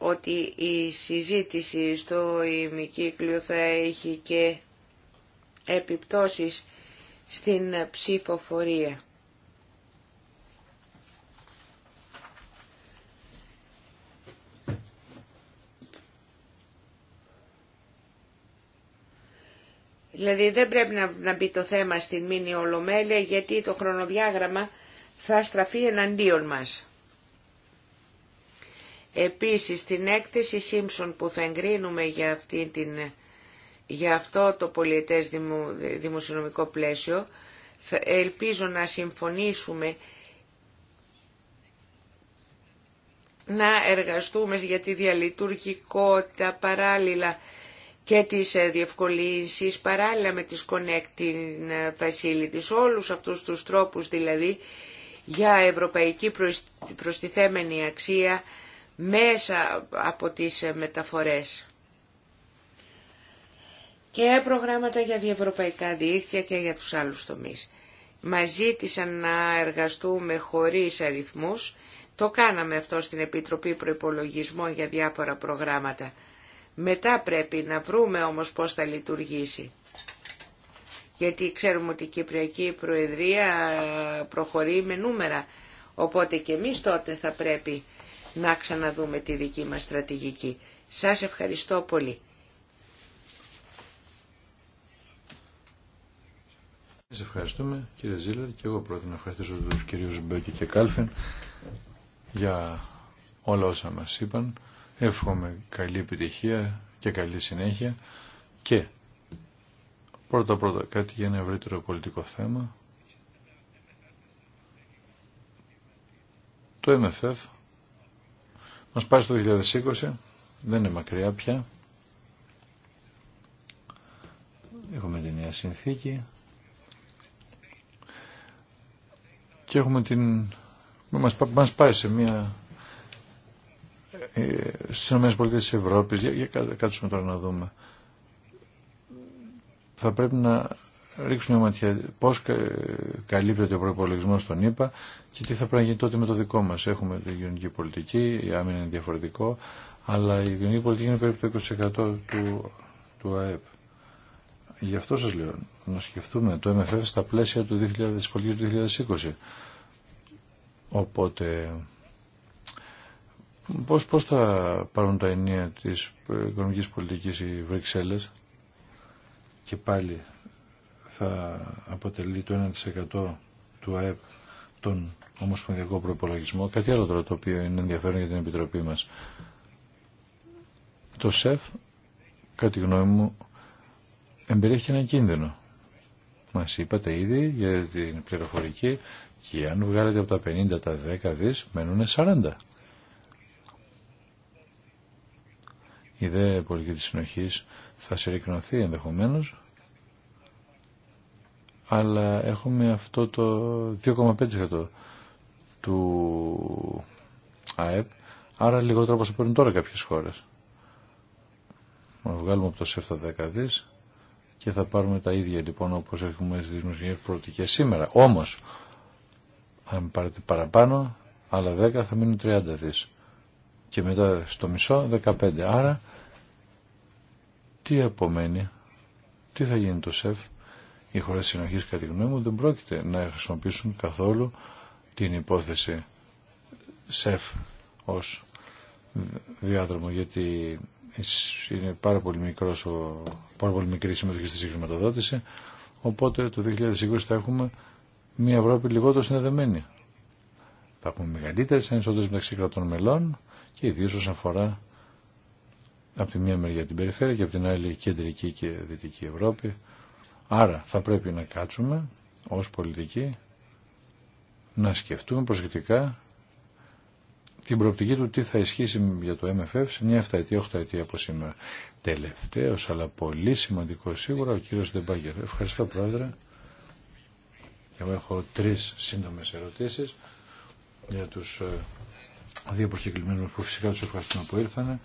ότι η συζήτηση στο ημικύκλιο θα έχει και επιπτώσεις στην ψηφοφορία. Δηλαδή δεν πρέπει να, να μπει το θέμα στην μήνυ ολομέλεια γιατί το χρονοδιάγραμμα θα στραφεί εναντίον μας. Επίσης, στην έκθεση Σίμψον που θα εγκρίνουμε για, αυτή την, για αυτό το πολιετές δημο, δημοσιονομικό πλαίσιο, θα, ελπίζω να συμφωνήσουμε να εργαστούμε για τη διαλειτουργικότητα παράλληλα και τις ε, διευκολύνσεις παράλληλα με τις connecting ε, facilities, όλους αυτούς τους τρόπους δηλαδή για ευρωπαϊκή προστιθέμενη αξία μέσα από τις μεταφορές. Και προγράμματα για διευρωπαϊκά δίκτυα και για τους άλλους τομείς. Μας ζήτησαν να εργαστούμε χωρίς αριθμούς. Το κάναμε αυτό στην Επιτροπή Προϋπολογισμών για διάφορα προγράμματα. Μετά πρέπει να βρούμε όμως πώς θα λειτουργήσει. Γιατί ξέρουμε ότι η Κυπριακή Προεδρία προχωρεί με νούμερα. Οπότε και εμείς τότε θα πρέπει να ξαναδούμε τη δική μας στρατηγική. Σας ευχαριστώ πολύ. Σας ευχαριστούμε κύριε Ζήλερ και εγώ πρώτα να ευχαριστήσω τους κυρίους Μπέκη και Κάλφεν για όλα όσα μας είπαν. Εύχομαι καλή επιτυχία και καλή συνέχεια και πρώτα πρώτα κάτι για ένα ευρύτερο πολιτικό θέμα. Το MFF μας πάει στο 2020, δεν είναι μακριά πια. Έχουμε την νέα συνθήκη και έχουμε την... Μας, μας πάει σε μια ε, στις ΗΠΑ της Ευρώπης, για, κάτσουμε τώρα να δούμε. Θα πρέπει να ρίξουμε ματιά πώς καλύπτεται ο προπολογισμό των ΗΠΑ και τι θα πρέπει να γίνει τότε με το δικό μας. Έχουμε την κοινωνική πολιτική, η άμυνα είναι διαφορετικό, αλλά η κοινωνική πολιτική είναι περίπου το 20% του, του ΑΕΠ. Γι' αυτό σας λέω, να σκεφτούμε το MFF στα πλαίσια του του 2020. Οπότε, πώς, πώς θα πάρουν τα ενία της ε, οικονομικής πολιτικής οι Βρυξέλλες και πάλι θα αποτελεί το 1% του ΑΕΠ τον ομοσπονδιακό προπολογισμό. Κάτι άλλο τώρα το οποίο είναι ενδιαφέρον για την Επιτροπή μας. Το ΣΕΦ, κατά γνώμη μου, εμπεριέχει ένα κίνδυνο. Μας είπατε ήδη για την πληροφορική και αν βγάλετε από τα 50 τα 10 δις, μένουν 40. Η δε πολιτική της συνοχής θα συρρυκνωθεί ενδεχομένως αλλά έχουμε αυτό το 2,5% του ΑΕΠ, άρα λιγότερο όπως παίρνουν τώρα κάποιες χώρες. Να βγάλουμε από το ΣΕΦ τα 10 δις και θα πάρουμε τα ίδια λοιπόν όπως έχουμε στις πρώτη και σήμερα. Όμως, αν πάρετε παραπάνω, άλλα 10 θα μείνουν 30 δις και μετά στο μισό 15. Άρα, τι απομένει, τι θα γίνει το ΣΕΦ, οι χώρε συνοχή, κατά τη γνώμη μου, δεν πρόκειται να χρησιμοποιήσουν καθόλου την υπόθεση ΣΕΦ ω διάδρομο, γιατί είναι πάρα πολύ, μικρός, πάρα πολύ μικρή συμμετοχή στη συγχρηματοδότηση. Οπότε το 2020 θα έχουμε μια Ευρώπη λιγότερο συνδεδεμένη. Θα έχουμε μεγαλύτερε ανισότητε μεταξύ κρατών μελών και ιδίω όσον αφορά από τη μία μεριά την περιφέρεια και από την άλλη κεντρική και δυτική Ευρώπη Άρα θα πρέπει να κάτσουμε ως πολιτικοί να σκεφτούμε προσεκτικά την προοπτική του τι θα ισχύσει για το MFF σε μια 7 ετία, 8 ετία από σήμερα. Τελευταίο, αλλά πολύ σημαντικό σίγουρα, ο κύριος Ντεμπάγκερ. Ευχαριστώ, Πρόεδρε. εγώ έχω τρεις σύντομες ερωτήσεις για τους ε, δύο προσκεκλημένους που φυσικά τους ευχαριστούμε που ήρθαν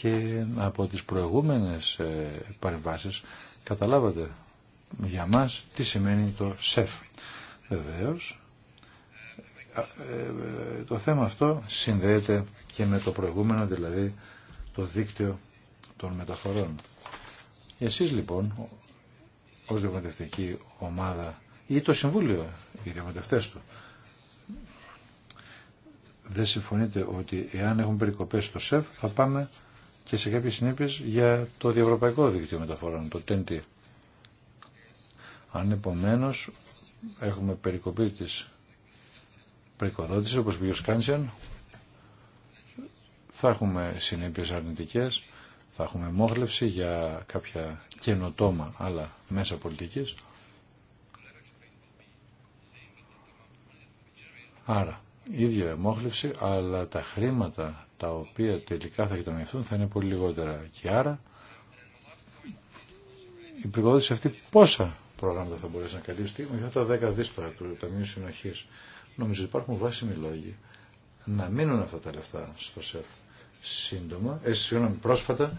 και από τις προηγούμενες ε, παρεμβάσεις καταλάβατε για μας τι σημαίνει το ΣΕΦ. Βεβαίως, ε, ε, το θέμα αυτό συνδέεται και με το προηγούμενο, δηλαδή το δίκτυο των μεταφορών. Εσείς λοιπόν, ως διαπραγματευτική ομάδα ή το Συμβούλιο, οι διαπραγματευτές του, δεν συμφωνείτε ότι εάν έχουν περικοπές στο ΣΕΦ θα πάμε και σε κάποιες συνέπειες για το διευρωπαϊκό δίκτυο μεταφορών, το TNT. Αν επομένω έχουμε περικοπή της πρικοδότησης όπως πήγε ο Σκάνσιαν, θα έχουμε συνέπειες αρνητικές, θα έχουμε μόχλευση για κάποια καινοτόμα άλλα μέσα πολιτικής. Άρα, ίδια μόχλευση, αλλά τα χρήματα τα οποία τελικά θα εκταμιευθούν θα είναι πολύ λιγότερα. Και άρα, η πρικοδότηση αυτή πόσα προγράμματα θα μπορέσει να καλύψει με αυτά τα 10 δις του Ταμείου συνοχή. Νομίζω ότι υπάρχουν βάσιμοι λόγοι να μείνουν αυτά τα λεφτά στο ΣΕΦ σύντομα, ε, συγγνώμη, πρόσφατα,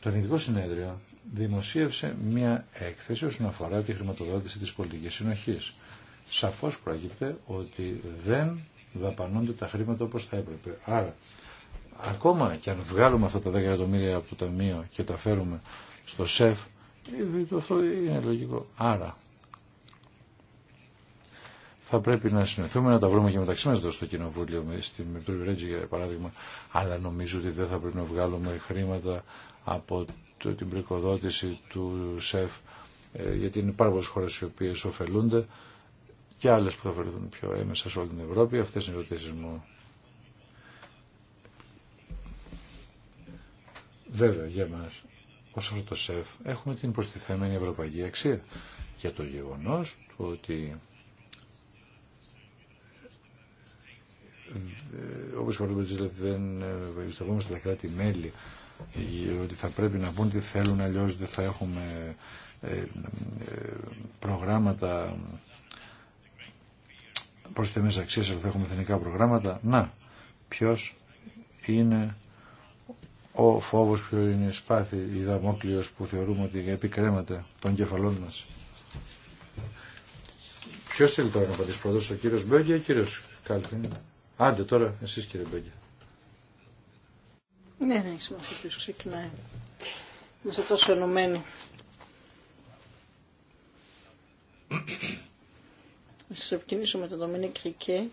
το Ελληνικό Συνέδριο δημοσίευσε μια έκθεση όσον αφορά τη χρηματοδότηση της πολιτικής συνοχής. Σαφώς προέκυπτε ότι δεν δαπανώνται τα χρήματα όπως θα έπρεπε. Άρα, ακόμα και αν βγάλουμε αυτά τα 10 εκατομμύρια από το Ταμείο και τα φέρουμε στο ΣΕΦ, αυτό είναι λογικό. Άρα θα πρέπει να συνεχίσουμε να τα βρούμε και μεταξύ μας εδώ στο Κοινοβούλιο, με την Ρέτζη για παράδειγμα, αλλά νομίζω ότι δεν θα πρέπει να βγάλουμε χρήματα από την πρικοδότηση του ΣΕΦ, ε, γιατί είναι πάρα πολλές χώρες οι οποίες ωφελούνται και άλλες που θα βρεθούν πιο έμεσα σε όλη την Ευρώπη. Αυτές είναι οι ερωτήσεις μου. Βέβαια, για μας σε αυτό το ΣΕΦ έχουμε την προστιθέμενη ευρωπαϊκή αξία για το γεγονός του ότι ε, όπως είπα δηλαδή δεν ε, εμπιστευόμαστε τα κράτη-μέλη ότι θα πρέπει να πούν τι θέλουν αλλιώς δεν θα έχουμε ε, προγράμματα προς τιμές αξίες αλλά θα έχουμε εθνικά προγράμματα να ποιος είναι ο φόβος που είναι σπάθη, η δαμόκλειος που θεωρούμε ότι επικρέματα των κεφαλών μας. Ποιο θέλει τώρα να απαντήσει πρώτος, ο κύριος Μπέγκε ή ο κύριος Κάλφιν. Άντε τώρα, εσείς κύριε Μπέγκε. Ναι, ναι, έχει σημασία ποιος ξεκινάει. Είμαστε τόσο ενωμένοι. Να σας επικοινήσω με τον Δομινίκ Ρικέ.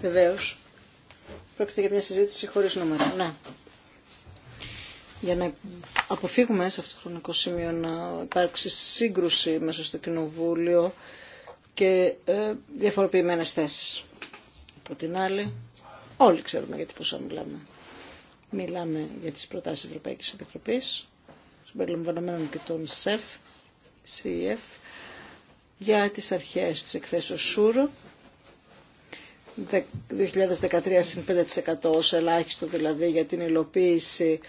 Βεβαίως. Πρόκειται για μια συζήτηση χωρίς νούμερα. Ναι για να αποφύγουμε σε αυτό το χρονικό σημείο να υπάρξει σύγκρουση μέσα στο Κοινοβούλιο και ε, διαφοροποιημένες θέσεις. Από την άλλη, όλοι ξέρουμε γιατί πόσα μιλάμε. Μιλάμε για τις προτάσεις Ευρωπαϊκής Επιτροπής, συμπεριλαμβανομένων και των ΣΕΦ, CEF, για τις αρχές της εκθέσεως ΣΟΥΡΟ, 2013 συν 5% ως ελάχιστο δηλαδή για την υλοποίηση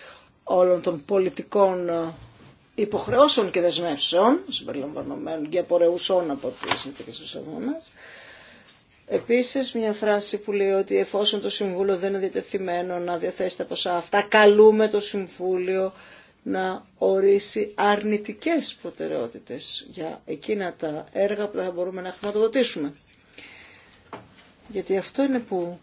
όλων των πολιτικών ε, υποχρεώσεων και δεσμεύσεων, συμπεριλαμβανομένων και απορρεουσών από τι συνθήκε τη αγώνα. Επίσης, μια φράση που λέει ότι εφόσον το Συμβούλιο δεν είναι διατεθειμένο να διαθέσει τα ποσά αυτά, καλούμε το Συμβούλιο να ορίσει αρνητικές προτεραιότητες για εκείνα τα έργα που θα μπορούμε να χρηματοδοτήσουμε. Γιατί αυτό είναι που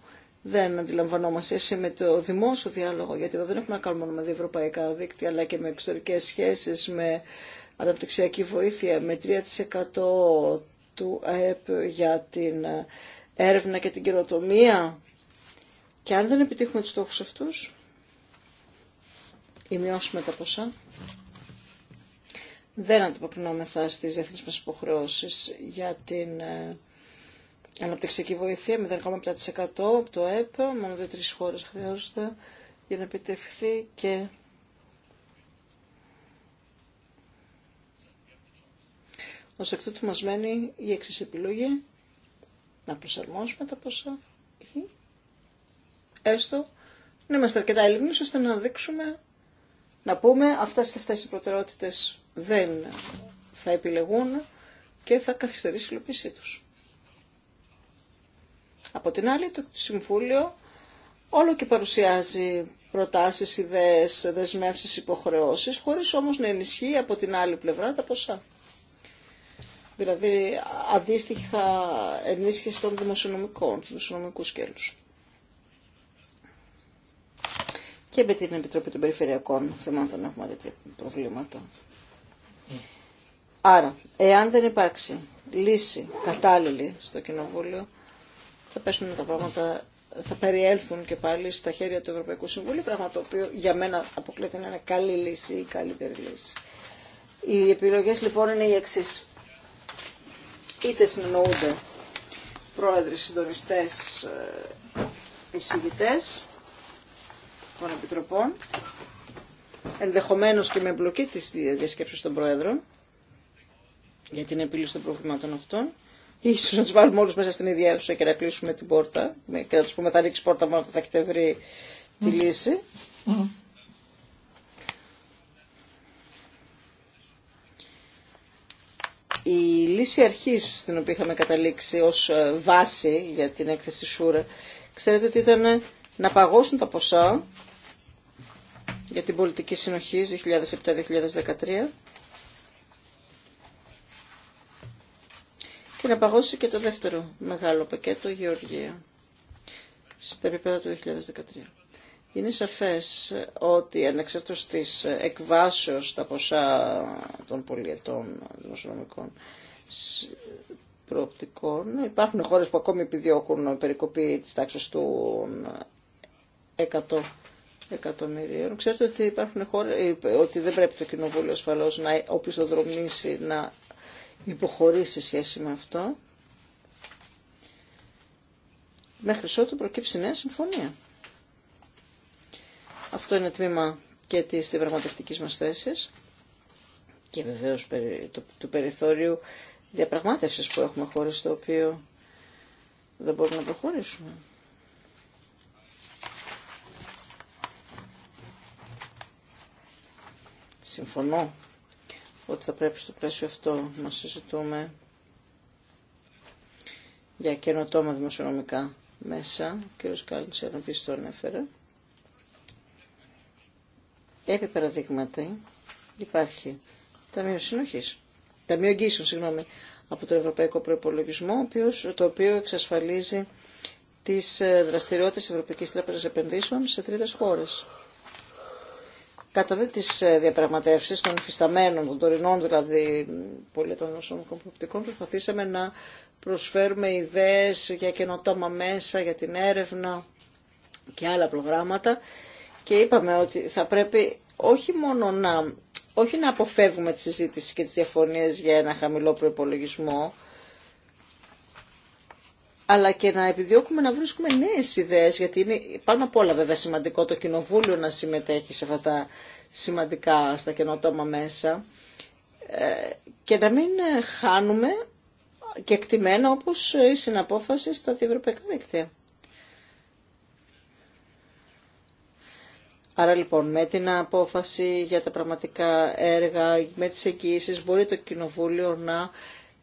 δεν αντιλαμβανόμαστε εσύ με το δημόσιο διάλογο, γιατί εδώ δεν έχουμε να κάνουμε μόνο με διευρωπαϊκά δίκτυα, αλλά και με εξωτερικές σχέσεις, με αναπτυξιακή βοήθεια, με 3% του ΑΕΠ για την έρευνα και την καινοτομία. Και αν δεν επιτύχουμε τους στόχους αυτούς, ή μειώσουμε τα ποσά, δεν αντιποκρινόμεθα στις διεθνείς μας υποχρεώσεις για την ε, αναπτυξιακή βοήθεια 0,7% από το ΕΠ, μόνο δύο τρεις χώρες χρειάζονται για να επιτευχθεί και ως εκ τούτου μας μένει η εξής επιλογή να προσαρμόσουμε τα ποσά έστω να είμαστε αρκετά ειλικρινείς ώστε να δείξουμε να πούμε αυτές και αυτές οι προτεραιότητες δεν θα επιλεγούν και θα καθυστερήσει η υλοποίησή τους. Από την άλλη το Συμβούλιο όλο και παρουσιάζει προτάσεις, ιδέες, δεσμεύσεις, υποχρεώσεις, χωρίς όμως να ενισχύει από την άλλη πλευρά τα ποσά. Δηλαδή αντίστοιχα ενίσχυση των δημοσιονομικών, του δημοσιονομικού σκέλους. Και με την Επιτροπή των Περιφερειακών Θεμάτων έχουμε δει προβλήματα. Mm. Άρα, εάν δεν υπάρξει λύση κατάλληλη στο Κοινοβούλιο, θα πέσουν τα πράγματα, θα περιέλθουν και πάλι στα χέρια του Ευρωπαϊκού Συμβουλίου, πράγμα το οποίο για μένα αποκλείται να είναι καλή λύση ή καλύτερη λύση. Οι επιλογές λοιπόν είναι οι εξή. Είτε συνεννοούνται πρόεδροι, συντονιστές, ε, εισηγητές των επιτροπών, ενδεχομένως και με εμπλοκή της διασκέψης των πρόεδρων για την επίλυση των προβλημάτων αυτών, Ίσως να του βάλουμε όλους μέσα στην ίδια αίθουσα και να κλείσουμε την πόρτα και να τους πούμε θα ανοίξει πόρτα μόνο θα έχετε βρει τη λύση. Η λύση αρχής στην οποία είχαμε καταλήξει ως ε, βάση για την έκθεση Σούρε, ξέρετε ότι ήταν ε, να παγώσουν τα ποσά για την πολιτική συνοχή 2007-2013 και να και το δεύτερο μεγάλο πακέτο Γεωργία στα επίπεδα του 2013. Είναι σαφές ότι ανεξαρτώς της εκβάσεως τα ποσά των πολιετών δημοσιονομικών προοπτικών, υπάρχουν χώρες που ακόμη επιδιώκουν περικοπή της τάξης του 100 εκατομμυρίων. Ξέρετε ότι, υπάρχουν χώρες, ότι δεν πρέπει το Κοινοβούλιο ασφαλώς να οπισθοδρομήσει, να υποχωρήσει σε σχέση με αυτό, μέχρι ότου προκύψει νέα συμφωνία. Αυτό είναι τμήμα και της διαπραγματευτικής μας θέσης και βεβαίως του περιθώριου διαπραγμάτευσης που έχουμε χωρίς το οποίο δεν μπορούμε να προχωρήσουμε. Συμφωνώ ότι θα πρέπει στο πλαίσιο αυτό να συζητούμε για καινοτόμα δημοσιονομικά μέσα. Ο κ. Κάλντσερ επίση το ανέφερε. Επί παραδείγματα υπάρχει Ταμείο Συνοχής, Ταμείο Εγγύσεων, συγγνώμη, από το Ευρωπαϊκό Προπολογισμό, το οποίο εξασφαλίζει τις ε, δραστηριότητες Ευρωπαϊκής Τράπεζας Επενδύσεων σε τρίτες χώρες κατά δε τις ε, διαπραγματεύσεις των υφισταμένων, των τωρινών δηλαδή πολιτών νοσομικών προοπτικών, προσπαθήσαμε να προσφέρουμε ιδέες για καινοτόμα μέσα, για την έρευνα και άλλα προγράμματα και είπαμε ότι θα πρέπει όχι μόνο να, όχι να αποφεύγουμε τη συζήτηση και τις διαφωνίες για ένα χαμηλό προϋπολογισμό, αλλά και να επιδιώκουμε να βρίσκουμε νέες ιδέες, γιατί είναι πάνω απ' όλα βέβαια σημαντικό το Κοινοβούλιο να συμμετέχει σε αυτά τα σημαντικά στα καινοτόμα μέσα ε, και να μην χάνουμε και εκτιμένα όπως η συναπόφαση στα ευρωπαϊκά δίκτυα. Άρα λοιπόν με την απόφαση για τα πραγματικά έργα, με τις εγγυήσεις μπορεί το Κοινοβούλιο να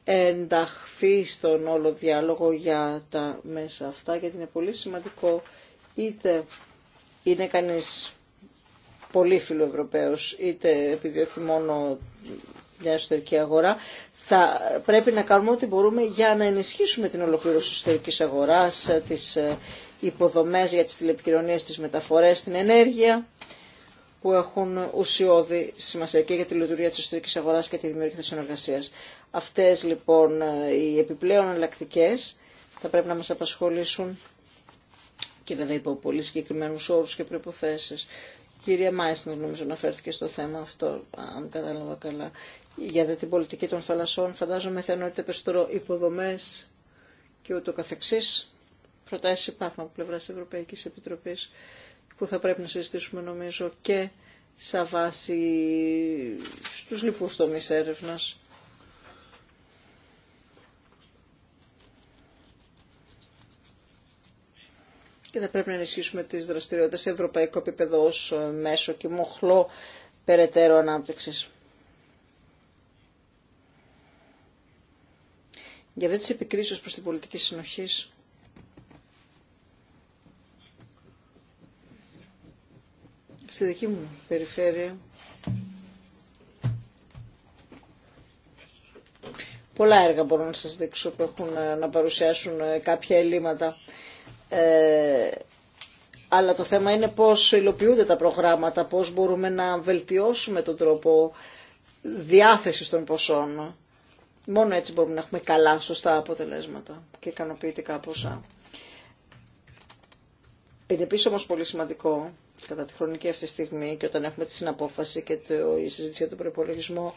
ενταχθεί στον όλο διάλογο για τα μέσα αυτά, γιατί είναι πολύ σημαντικό είτε είναι κανείς πολύ φιλοευρωπαίος, είτε επιδιώκει μόνο μια εσωτερική αγορά, θα πρέπει να κάνουμε ό,τι μπορούμε για να ενισχύσουμε την ολοκλήρωση της εσωτερικής αγοράς, ε, τις ε, υποδομές για τις τηλεπικοινωνίες, τις μεταφορές, την ενέργεια που έχουν ουσιώδη σημασία και για τη λειτουργία της εσωτερικής αγοράς και τη δημιουργία της συνεργασίας. Αυτές λοιπόν οι επιπλέον εναλλακτικέ θα πρέπει να μας απασχολήσουν και βέβαια υπό πολύ συγκεκριμένου όρου και προποθέσει. Κυρία Μάισνερ, νομίζω αναφέρθηκε στο θέμα αυτό, αν κατάλαβα καλά. Για την πολιτική των θαλασσών, φαντάζομαι θα εννοείται περισσότερο υποδομέ και ούτω καθεξής. Προτάσει υπάρχουν από πλευρά τη Ευρωπαϊκή Επιτροπή που θα πρέπει να συζητήσουμε νομίζω και σαν βάση στους λοιπούς τομείς έρευνας. Και θα πρέπει να ενισχύσουμε τις δραστηριότητες σε ευρωπαϊκό επίπεδο ως μέσο και μοχλό περαιτέρω ανάπτυξης. Για δε τις επικρίσεις προς την πολιτική συνοχής στη δική μου περιφέρεια. Πολλά έργα μπορώ να σας δείξω που έχουν ε, να παρουσιάσουν ε, κάποια ελλείμματα. Ε, αλλά το θέμα είναι πώς υλοποιούνται τα προγράμματα, πώς μπορούμε να βελτιώσουμε τον τρόπο διάθεσης των ποσών. Μόνο έτσι μπορούμε να έχουμε καλά, σωστά αποτελέσματα και ικανοποιητικά ποσά. Είναι επίσης όμως πολύ σημαντικό κατά τη χρονική αυτή στιγμή και όταν έχουμε τη συναπόφαση και το, η συζήτηση για τον προπολογισμό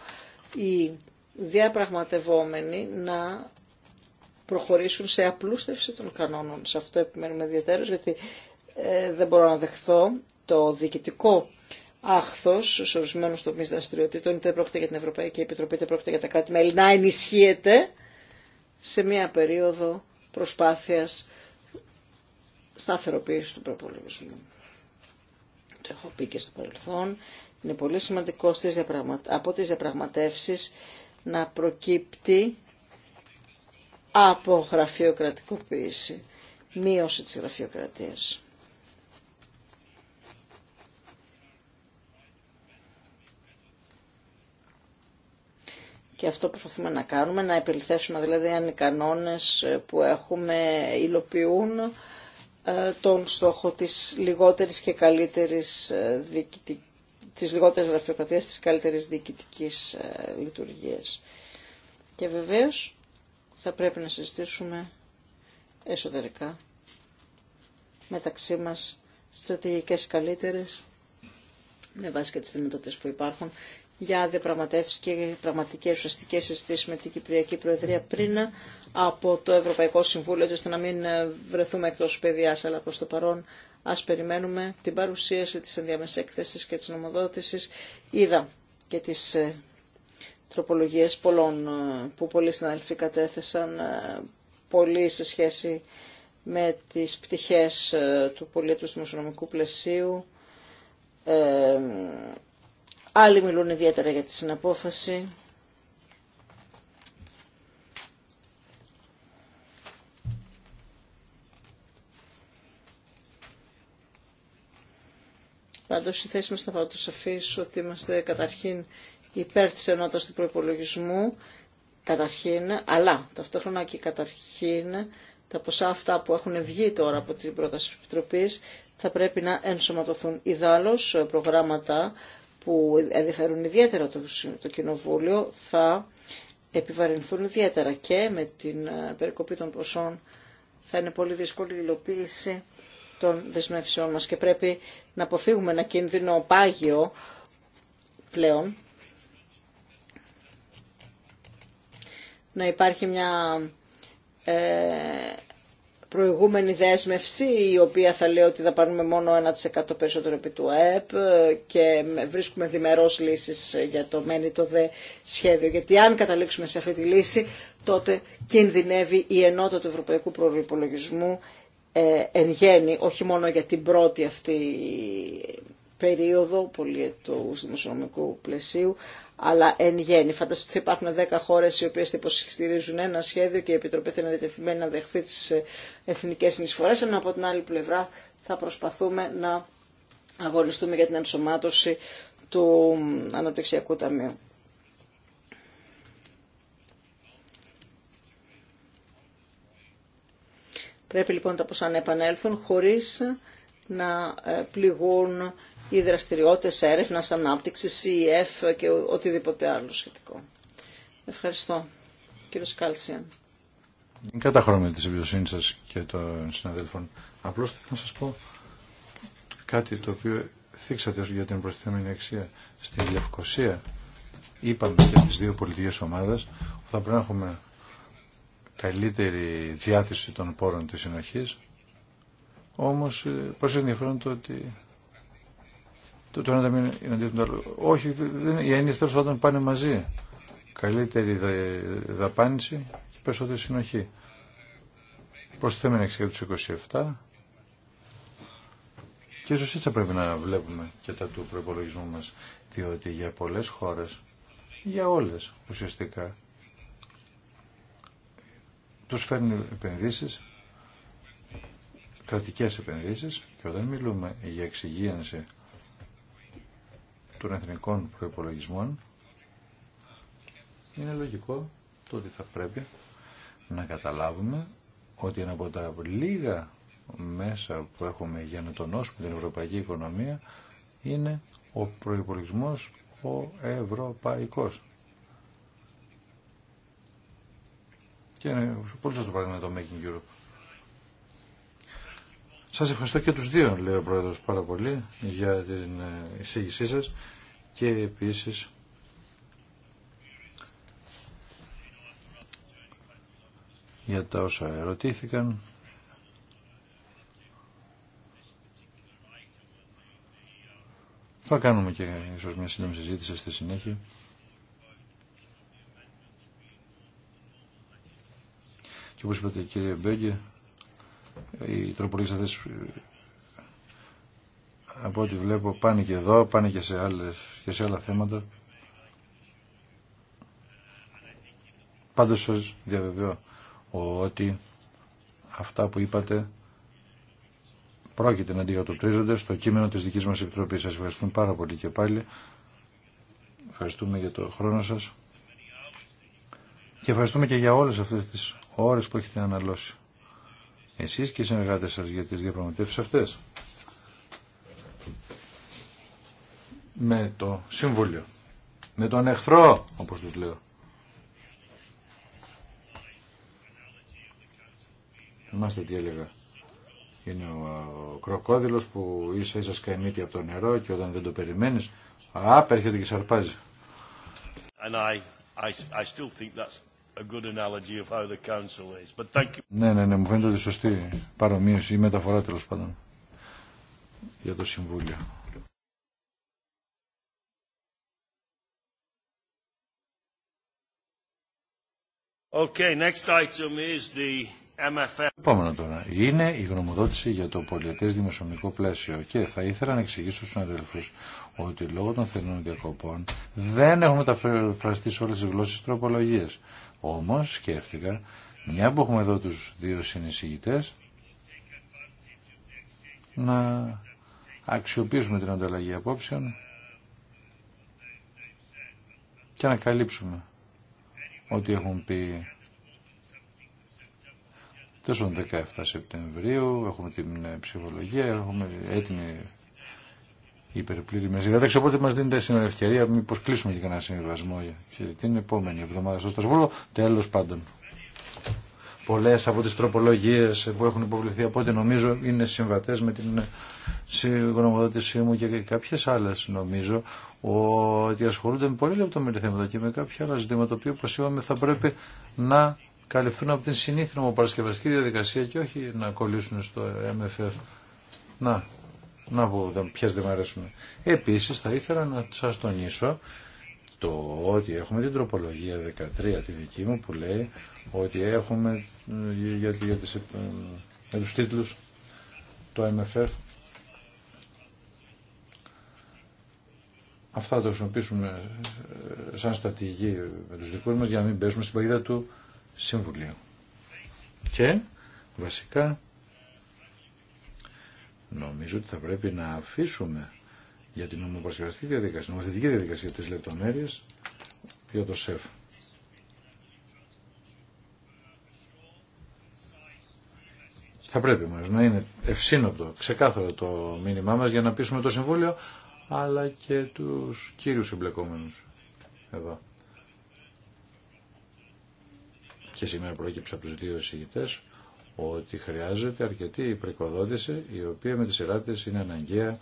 οι διαπραγματευόμενοι να προχωρήσουν σε απλούστευση των κανόνων. Σε αυτό επιμένουμε ιδιαίτερως γιατί ε, δεν μπορώ να δεχθώ το διοικητικό άχθο στου ορισμένου τομεί δραστηριοτήτων, είτε πρόκειται για την Ευρωπαϊκή Επιτροπή, είτε πρόκειται για τα κράτη-μέλη, να ενισχύεται σε μία περίοδο προσπάθειας σταθεροποίηση του προπολογισμού το έχω πει και στο παρελθόν, είναι πολύ σημαντικό από τις διαπραγματεύσεις να προκύπτει από γραφειοκρατικοποίηση, μείωση της γραφειοκρατίας. Και αυτό προσπαθούμε να κάνουμε, να επιληθέσουμε δηλαδή αν οι κανόνες που έχουμε υλοποιούν ε, τον στόχο της λιγότερης και καλύτερης ε, της λιγότερης γραφειοκρατίας, της καλύτερης διοικητικής ε, λειτουργίας. Και βεβαίως θα πρέπει να συζητήσουμε εσωτερικά μεταξύ μας στρατηγικές καλύτερες με βάση και τις δυνατότητες που υπάρχουν για διαπραγματεύσει και πραγματικέ ουσιαστικέ συζητήσει με την Κυπριακή Προεδρία πριν από το Ευρωπαϊκό Συμβούλιο, ώστε να μην ε, βρεθούμε εκτό παιδιά. Αλλά προ το παρόν α περιμένουμε την παρουσίαση τη ενδιάμεση έκθεση και τη νομοδότηση. Είδα και τι ε, τροπολογίε πολλών ε, που πολλοί συναδελφοί κατέθεσαν, πολύ σε σχέση με τις πτυχές του πολίτου του δημοσιονομικού πλαισίου Άλλοι μιλούν ιδιαίτερα για τη συναπόφαση. Πάντως η θέση μας θα πάω το ότι είμαστε καταρχήν υπέρ της ενότητας του προϋπολογισμού, καταρχήν, αλλά ταυτόχρονα και καταρχήν τα ποσά αυτά που έχουν βγει τώρα από την πρόταση της Επιτροπής θα πρέπει να ενσωματωθούν ιδάλως προγράμματα που ενδιαφέρουν ιδιαίτερα το, το Κοινοβούλιο θα επιβαρυνθούν ιδιαίτερα και με την ε, περικοπή των ποσών θα είναι πολύ δύσκολη η υλοποίηση των δεσμεύσεών μας και πρέπει να αποφύγουμε ένα κίνδυνο πάγιο πλέον να υπάρχει μια ε, προηγούμενη δέσμευση η οποία θα λέει ότι θα πάρουμε μόνο 1% περισσότερο επί του ΑΕΠ και βρίσκουμε διμερώς λύσεις για το μένει το δε σχέδιο. Γιατί αν καταλήξουμε σε αυτή τη λύση τότε κινδυνεύει η ενότητα του ευρωπαϊκού προϋπολογισμού ε, εν γέννη, όχι μόνο για την πρώτη αυτή περίοδο πολιετούς δημοσιονομικού πλαισίου, αλλά εν γέννη. Φανταστείτε ότι υπάρχουν 10 χώρε οι οποίε θα υποστηρίζουν ένα σχέδιο και η Επιτροπή θα είναι διατεθειμένη να δεχθεί τι ε, εθνικέ συνεισφορέ, ενώ από την άλλη πλευρά θα προσπαθούμε να αγωνιστούμε για την ενσωμάτωση του Αναπτυξιακού Ταμείου. Πρέπει λοιπόν τα ποσά να επανέλθουν χωρίς να ε, πληγούν οι δραστηριότητες έρευνας, ανάπτυξης, CEF και οτιδήποτε άλλο σχετικό. Ευχαριστώ. Κύριο Κάλσιαν. Δεν με τη εμπιστοσύνη σα και των συναδέλφων. Απλώ θα σα πω κάτι το οποίο θίξατε για την προστιθέμενη αξία στη Λευκοσία. Είπαμε και στις δύο πολιτικές ομάδες ότι θα πρέπει να έχουμε καλύτερη διάθεση των πόρων της συνοχής. Όμως ε, πω ενδιαφέρον το ότι το ένα εναντίον του Όχι, δεν, οι έννοιε τέλο πάντων πάνε μαζί. Καλύτερη δαπάνηση και περισσότερη συνοχή. Προσθέμενα εξαιρετικά του 27. Και ίσω έτσι θα πρέπει να βλέπουμε και τα του προπολογισμού μα. Διότι για πολλέ χώρε, για όλε ουσιαστικά, του φέρνουν επενδύσει, κρατικέ επενδύσει και όταν μιλούμε για εξυγίανση των εθνικών προϋπολογισμών είναι λογικό το ότι θα πρέπει να καταλάβουμε ότι ένα από τα λίγα μέσα που έχουμε για να τονώσουμε την ευρωπαϊκή οικονομία είναι ο προϋπολογισμός ο ευρωπαϊκός. Και είναι πολύ σωστό πράγμα το Making Europe. Σας ευχαριστώ και τους δύο, λέει ο Πρόεδρος, πάρα πολύ για την εισήγησή σας και επίσης για τα όσα ερωτήθηκαν θα κάνουμε και ίσως μια σύντομη συζήτηση στη συνέχεια και όπως είπατε κύριε Μπέγκε η τροπολίες αυτές από ό,τι βλέπω πάνε και εδώ, πάνε και σε, άλλες, και σε άλλα θέματα. Πάντως σας διαβεβαιώ ότι αυτά που είπατε πρόκειται να αντιγατοπτρίζονται στο κείμενο της δικής μας Επιτροπής. Σας ευχαριστούμε πάρα πολύ και πάλι. Ευχαριστούμε για το χρόνο σας. Και ευχαριστούμε και για όλες αυτές τις ώρες που έχετε αναλώσει. Εσείς και οι συνεργάτες σας για τις διαπραγματεύσεις αυτές. με το Συμβούλιο. Με τον εχθρό, όπως τους λέω. Θυμάστε τι έλεγα. Είναι ο κροκόδιλος που ίσα ίσα σκαημίτη από το νερό και όταν δεν το περιμένεις, απέρχεται και σαρπάζει. Ναι, ναι, ναι, μου φαίνεται ότι σωστή παρομοίωση ή μεταφορά τέλος πάντων για το Συμβούλιο. Okay, next item is the Επόμενο τώρα είναι η γνωμοδότηση για το πολιτές δημοσιονομικό πλαίσιο και θα ήθελα να εξηγήσω στους αδελφούς ότι λόγω των θερινών διακοπών δεν έχουμε μεταφραστεί σε όλες τις γλώσσες τροπολογίες. Όμως σκέφτηκα, μια που έχουμε εδώ τους δύο συνεισηγητές, να αξιοποιήσουμε την ανταλλαγή απόψεων και να καλύψουμε ό,τι έχουν πει. Τόσο 17 Σεπτεμβρίου, έχουμε την ε, ψυχολογία, έχουμε έτοιμη υπερπλήρη μέση ξέρω Οπότε μα δίνεται σήμερα ευκαιρία μήπω κλείσουμε και κανένα συμβασμό, για την επόμενη εβδομάδα στο Στρασβούργο. Τέλο πάντων, Πολλέ από τι τροπολογίε που έχουν υποβληθεί από ό,τι νομίζω είναι συμβατέ με την συγγνωμοδότησή μου και κάποιε άλλε νομίζω ότι ασχολούνται με πολύ λεπτομερή θέματα και με κάποια άλλα ζητήματα που όπω είπαμε θα πρέπει να καλυφθούν από την συνήθινη παρασκευαστική διαδικασία και όχι να κολλήσουν στο MFF. Να, να πω ποιε δεν μου αρέσουν. Επίση, θα ήθελα να σα τονίσω το ότι έχουμε την τροπολογία 13 τη δική μου που λέει ότι έχουμε ε, για, για, τις, για ε, τους τίτλους το MFF. Αυτά το χρησιμοποιήσουμε ε, σαν στρατηγική με τους δικούς μας για να μην πέσουμε στην παγίδα του Συμβουλίου. Και βασικά νομίζω ότι θα πρέπει να αφήσουμε για την νομοπαρασκευαστική διαδικασία, νομοθετική διαδικασία τις λεπτομέρειες για το ΣΕΦ. Θα πρέπει όμως να είναι ευσύνοπτο, ξεκάθαρο το μήνυμά μας για να πείσουμε το Συμβούλιο, αλλά και τους κύριους εμπλεκόμενους εδώ. Και σήμερα προέκυψε από τους δύο εισηγητές ότι χρειάζεται αρκετή πρικοδότηση η οποία με τις σειρά είναι αναγκαία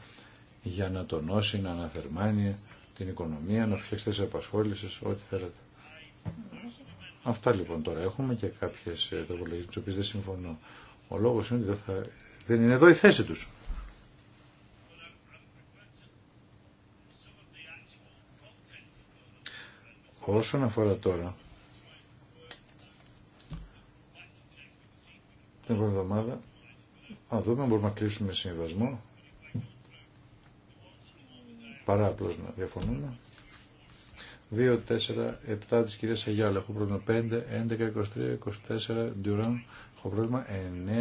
για να τονώσει, να αναθερμάνει την οικονομία, να φτιάξει τις απασχόλησεις, ό,τι θέλετε. Αυτά λοιπόν τώρα έχουμε και κάποιες τροπολογίες τις οποίες δεν συμφωνώ. Ο λόγος είναι ότι δεν, θα, δεν είναι εδώ η θέση τους. Όσον αφορά τώρα την επόμενη εβδομάδα να δούμε αν μπορούμε να κλείσουμε συμβασμό παρά απλώ να διαφωνούμε 2, 4, 7 της κυρίας Αγιάλα έχω πρώτον 5, 11, 23, 24 Ντουράν, Έχω πρόβλημα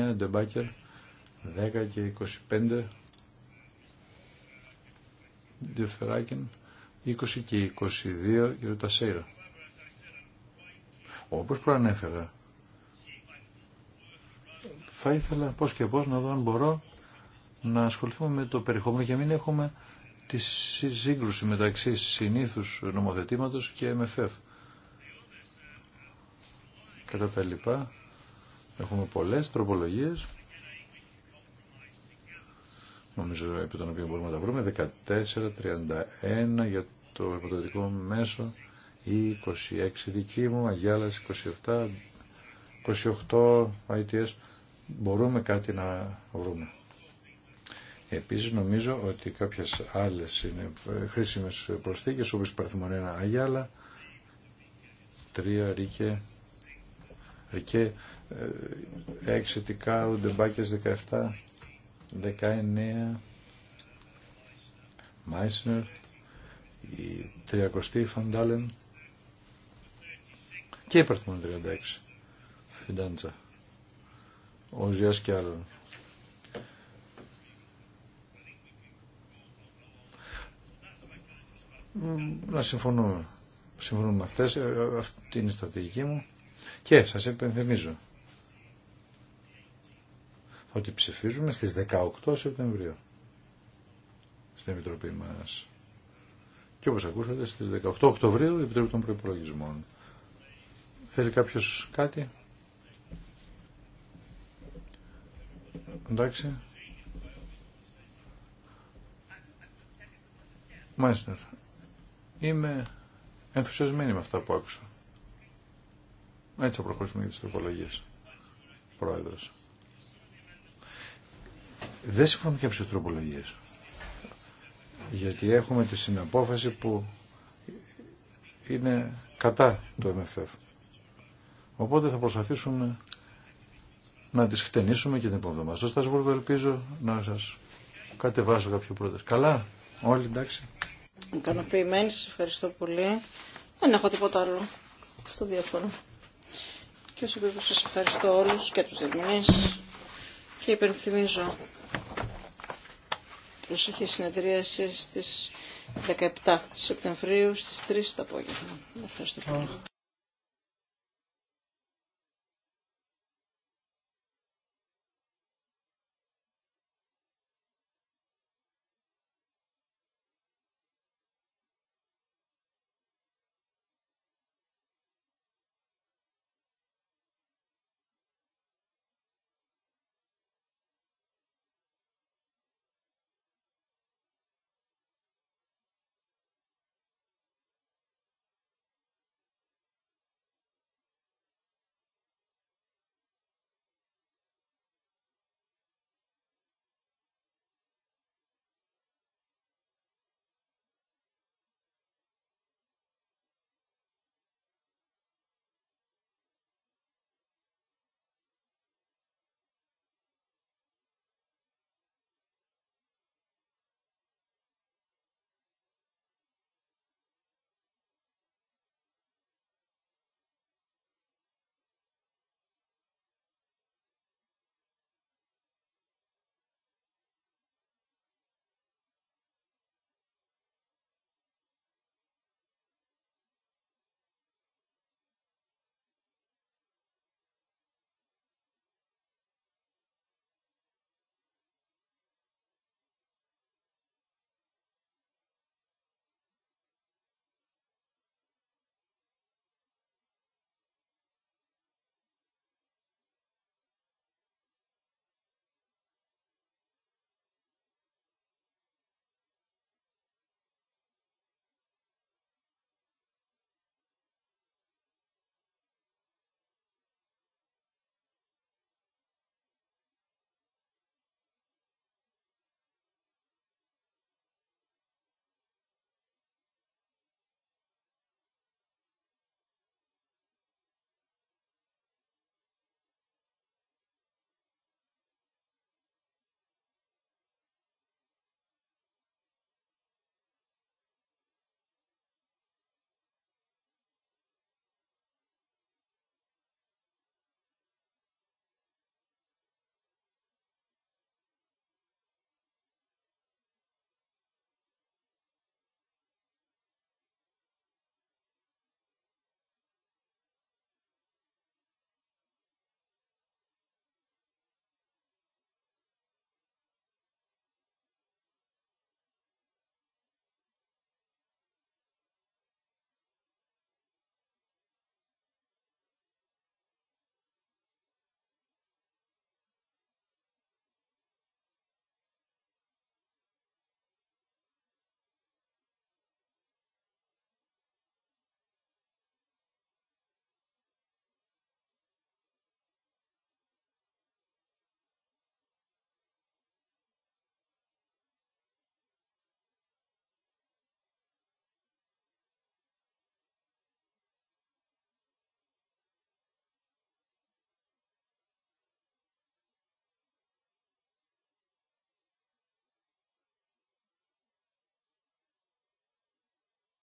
9, Ντεμπάκερ 10 και 25, Ντεφεράκεν 20 και 22, κύριο Τασέιρα. Όπως προανέφερα, θα ήθελα πώς και πώς να δω αν μπορώ να ασχοληθούμε με το περιεχόμενο και μην έχουμε τη σύγκρουση μεταξύ συνήθους νομοθετήματος και MFF. Κατά τα λοιπά, Έχουμε πολλές τροπολογίες. Νομίζω επί των οποίων μπορούμε να τα βρούμε. 14, 31 για το υποτατικό μέσο ή 26 δική μου, Αγιάλας 27, 28 ITS. Μπορούμε κάτι να βρούμε. Επίσης νομίζω ότι κάποιες άλλες είναι χρήσιμες προσθήκες όπως Παρθυμονένα Αγιάλα, 3 Ρίκε, και εξαιτικά ο Ντεμπάκες 17, 19, Μάισνερ, η 30η Φαντάλεν και η Παρθμόν 36, Φιντάντσα, ο Ζιάς και άλλων. Να συμφωνούμε. Συμφωνούμε με αυτές. Ε, ε, αυτή είναι η στρατηγική μου. Και σας επενθυμίζω ότι ψηφίζουμε στις 18 Σεπτεμβρίου στην Επιτροπή μας. Και όπως ακούσατε στις 18 Οκτωβρίου η Επιτροπή των Προϋπολογισμών. Θέλει κάποιος κάτι? Εντάξει. Μάλιστα. Είμαι ενθουσιασμένη με αυτά που άκουσα. Έτσι θα προχωρήσουμε για τις τροπολογίες. Πρόεδρος. Δεν συμφωνώ και από τις τροπολογίες. Γιατί έχουμε τη συναπόφαση που είναι κατά το MFF. Οπότε θα προσπαθήσουμε να τις χτενίσουμε και την επόμενη Στο Στασβούργο ελπίζω να σας κατεβάσω κάποιο πρόταση. Καλά, όλοι εντάξει. Ικανοποιημένοι, σας ευχαριστώ πολύ. Δεν έχω τίποτα άλλο στο διάφορο. Και σε σας ευχαριστώ όλους και τους ερμηνείς και υπενθυμίζω προσοχή συνεδρίαση στις 17 Σεπτεμβρίου στις 3 το απόγευμα. Ευχαριστώ πολύ.